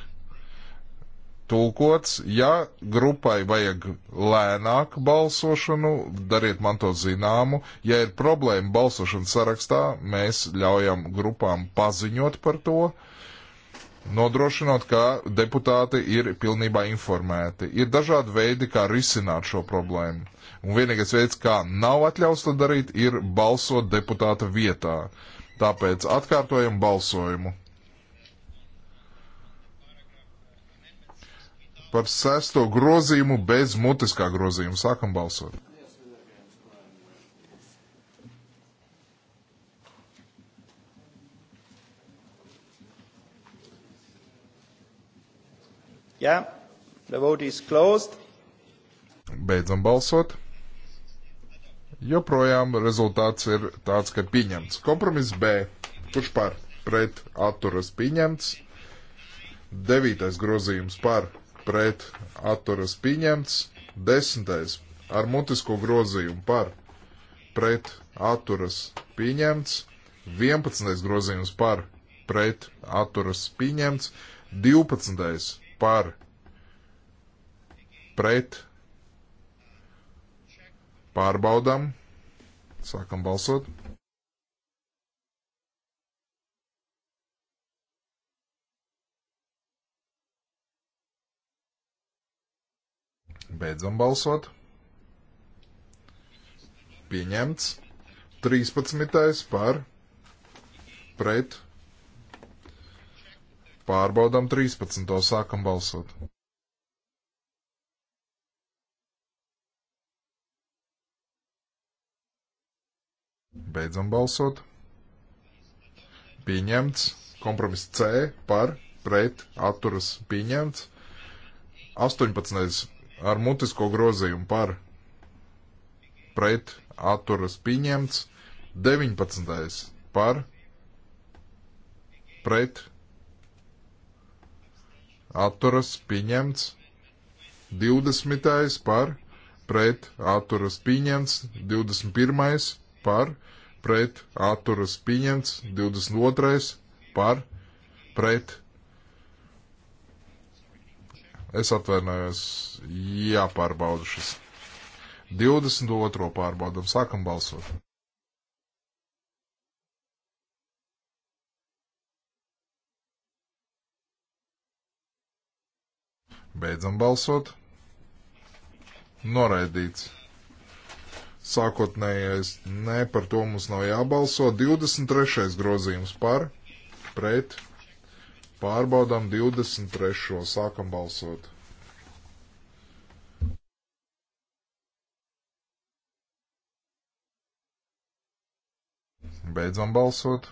tulkots. Ja grupai vajag lēnāk balsošanu, dariet man to zināmu. Ja ir problēma balsošanas sarakstā, mēs ļaujam grupām paziņot par to. Uh, nodrošinot, ka deputāti ir pilnībā informēti. Ir dažādi veidi, kā risināt šo problēmu. Un vienīgais veids, kā nav atļauts to darīt, ir balsot deputāta vietā. Tāpēc atkārtojam balsojumu. Par sesto grozījumu bez mutiskā grozījuma sākam balsot. Yeah. The vote is closed. Beidzam balsot. Joprojām rezultāts ir tāds, ka pieņemts. Kompromiss B. Kurš par? Pret atturas pieņemts. Devītais grozījums par pret atturas pieņemts. Desmitais ar mutisko grozījumu par pret atturas pieņemts. Vienpadsmitais grozījums par pret atturas pieņemts. Divpadsmitais par pret pārbaudām. Sākam balsot. Beidzam balsot. Pieņemts. 13. par pret Pārbaudām 13. sākam balsot. Beidzam balsot. Pieņemts. Kompromiss C par pret atturas pieņemts. 18. ar mutisko grozījumu par pret atturas pieņemts. 19. par pret atturas pieņemts. 20. par pret atturas pieņemts. 21. par pret atturas pieņemts. 22. par pret. Es atvainojos, jāpārbauda šis. 22. pārbaudam, sākam balsot. Beidzam balsot. Noraidīts. Sākotnējais nē, par to mums nav jābalso. 23. grozījums par, pret, pārbaudām 23. sākam balsot. Beidzam balsot.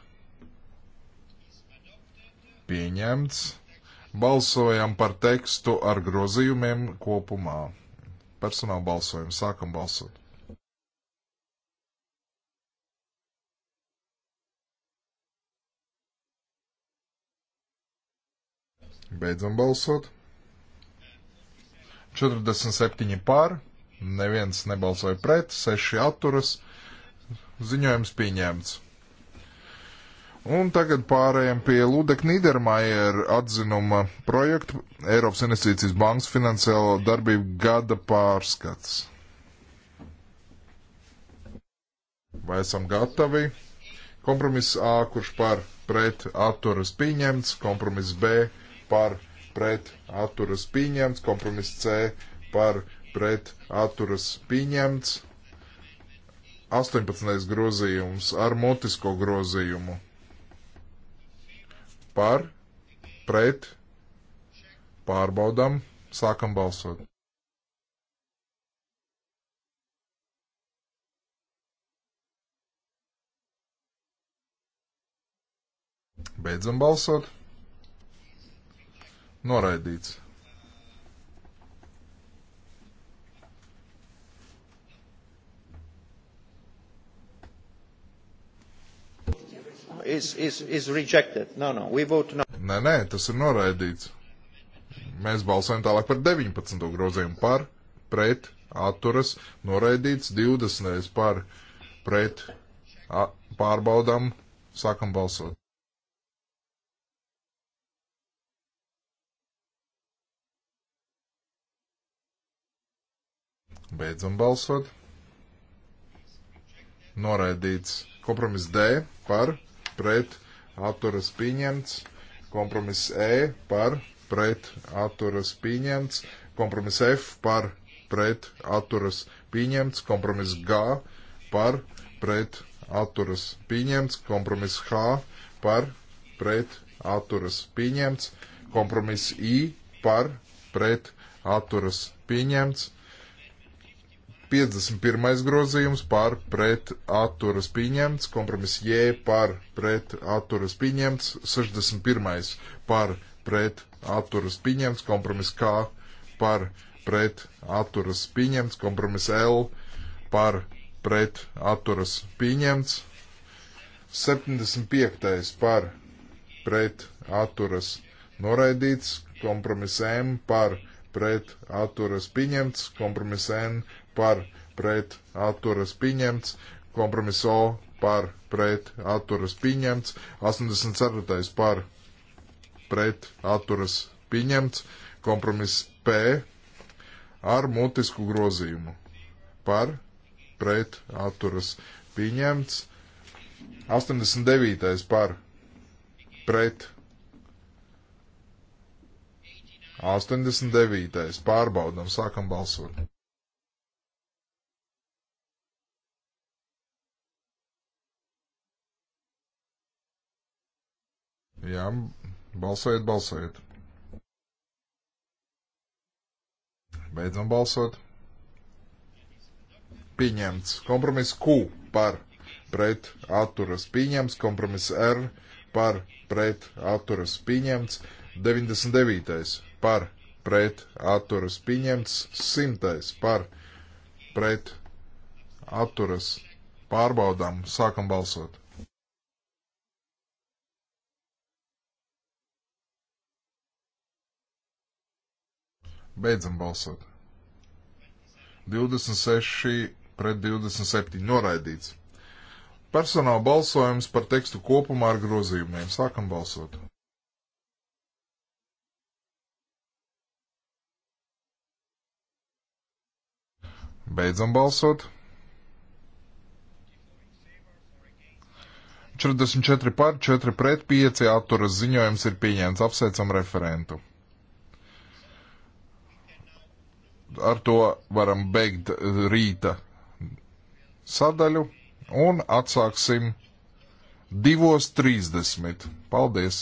Pieņemts. Balsojam par tekstu ar grozījumiem kopumā. Personāla balsojumu. Sākam balsot. Beidzam balsot. 47 pār, neviens nebalsoja pret, 6 atturas. Ziņojums pieņemts. Un tagad pārējām pie Ludeka Nīdermaiera atzinuma projektu Eiropas Investīcijas bankas finansiālo darbību gada pārskats. Vai esam gatavi? Kompromiss A, kurš par pret atturas pieņemts, kompromiss B par pret atturas pieņemts, kompromiss C par pret atturas pieņemts, 18. grozījums ar motisko grozījumu par, pret, pārbaudam, sākam balsot. Beidzam balsot. Noraidīts. is, is, is rejected. No, no, we vote no. Nē, nē, tas ir noraidīts. Mēs balsojam tālāk par 19. grozījumu par, pret, atturas, noraidīts 20. par, pret, a, pārbaudam, sākam balsot. Beidzam balsot. Noraidīts kompromiss D par pret atturas pieņemts. Kompromiss E par pret atturas pieņemts. Kompromiss F par pret atturas pieņemts. Kompromiss G par pret atturas pieņemts. Kompromiss H par pret atturas pieņemts. Kompromiss I par pret atturas pieņemts. 51. grozījums par pret atturas pieņemts, kompromiss J par pret atturas pieņemts, 61. par pret atturas pieņemts, kompromiss K par pret atturas pieņemts, kompromiss L par pret atturas pieņemts, 75. par pret atturas noraidīts, kompromiss M par pret atturas pieņemts, kompromiss N par pret atturas pieņemts, kompromiss O par pret atturas pieņemts, 84. par pret atturas pieņemts, kompromiss P ar mutisku grozījumu par pret atturas pieņemts, 89. par pret 89. pārbaudam, sākam balsot. Jā, balsojiet, balsojiet. Beidzam balsot. Pieņemts. Kompromiss Q par pret atturas pieņemts. Kompromiss R par pret atturas pieņemts. 99. par pret atturas pieņemts. 100. par pret atturas pārbaudām. Sākam balsot. Beidzam balsot. 26 pret 27 noraidīts. Personāla balsojums par tekstu kopumā ar grozījumiem. Sākam balsot. Beidzam balsot. 44 par, 4 pret, 5 atturas ziņojums ir pieņemts. Apsveicam referentu. ar to varam beigt rīta sadaļu un atsāksim 2.30. Paldies!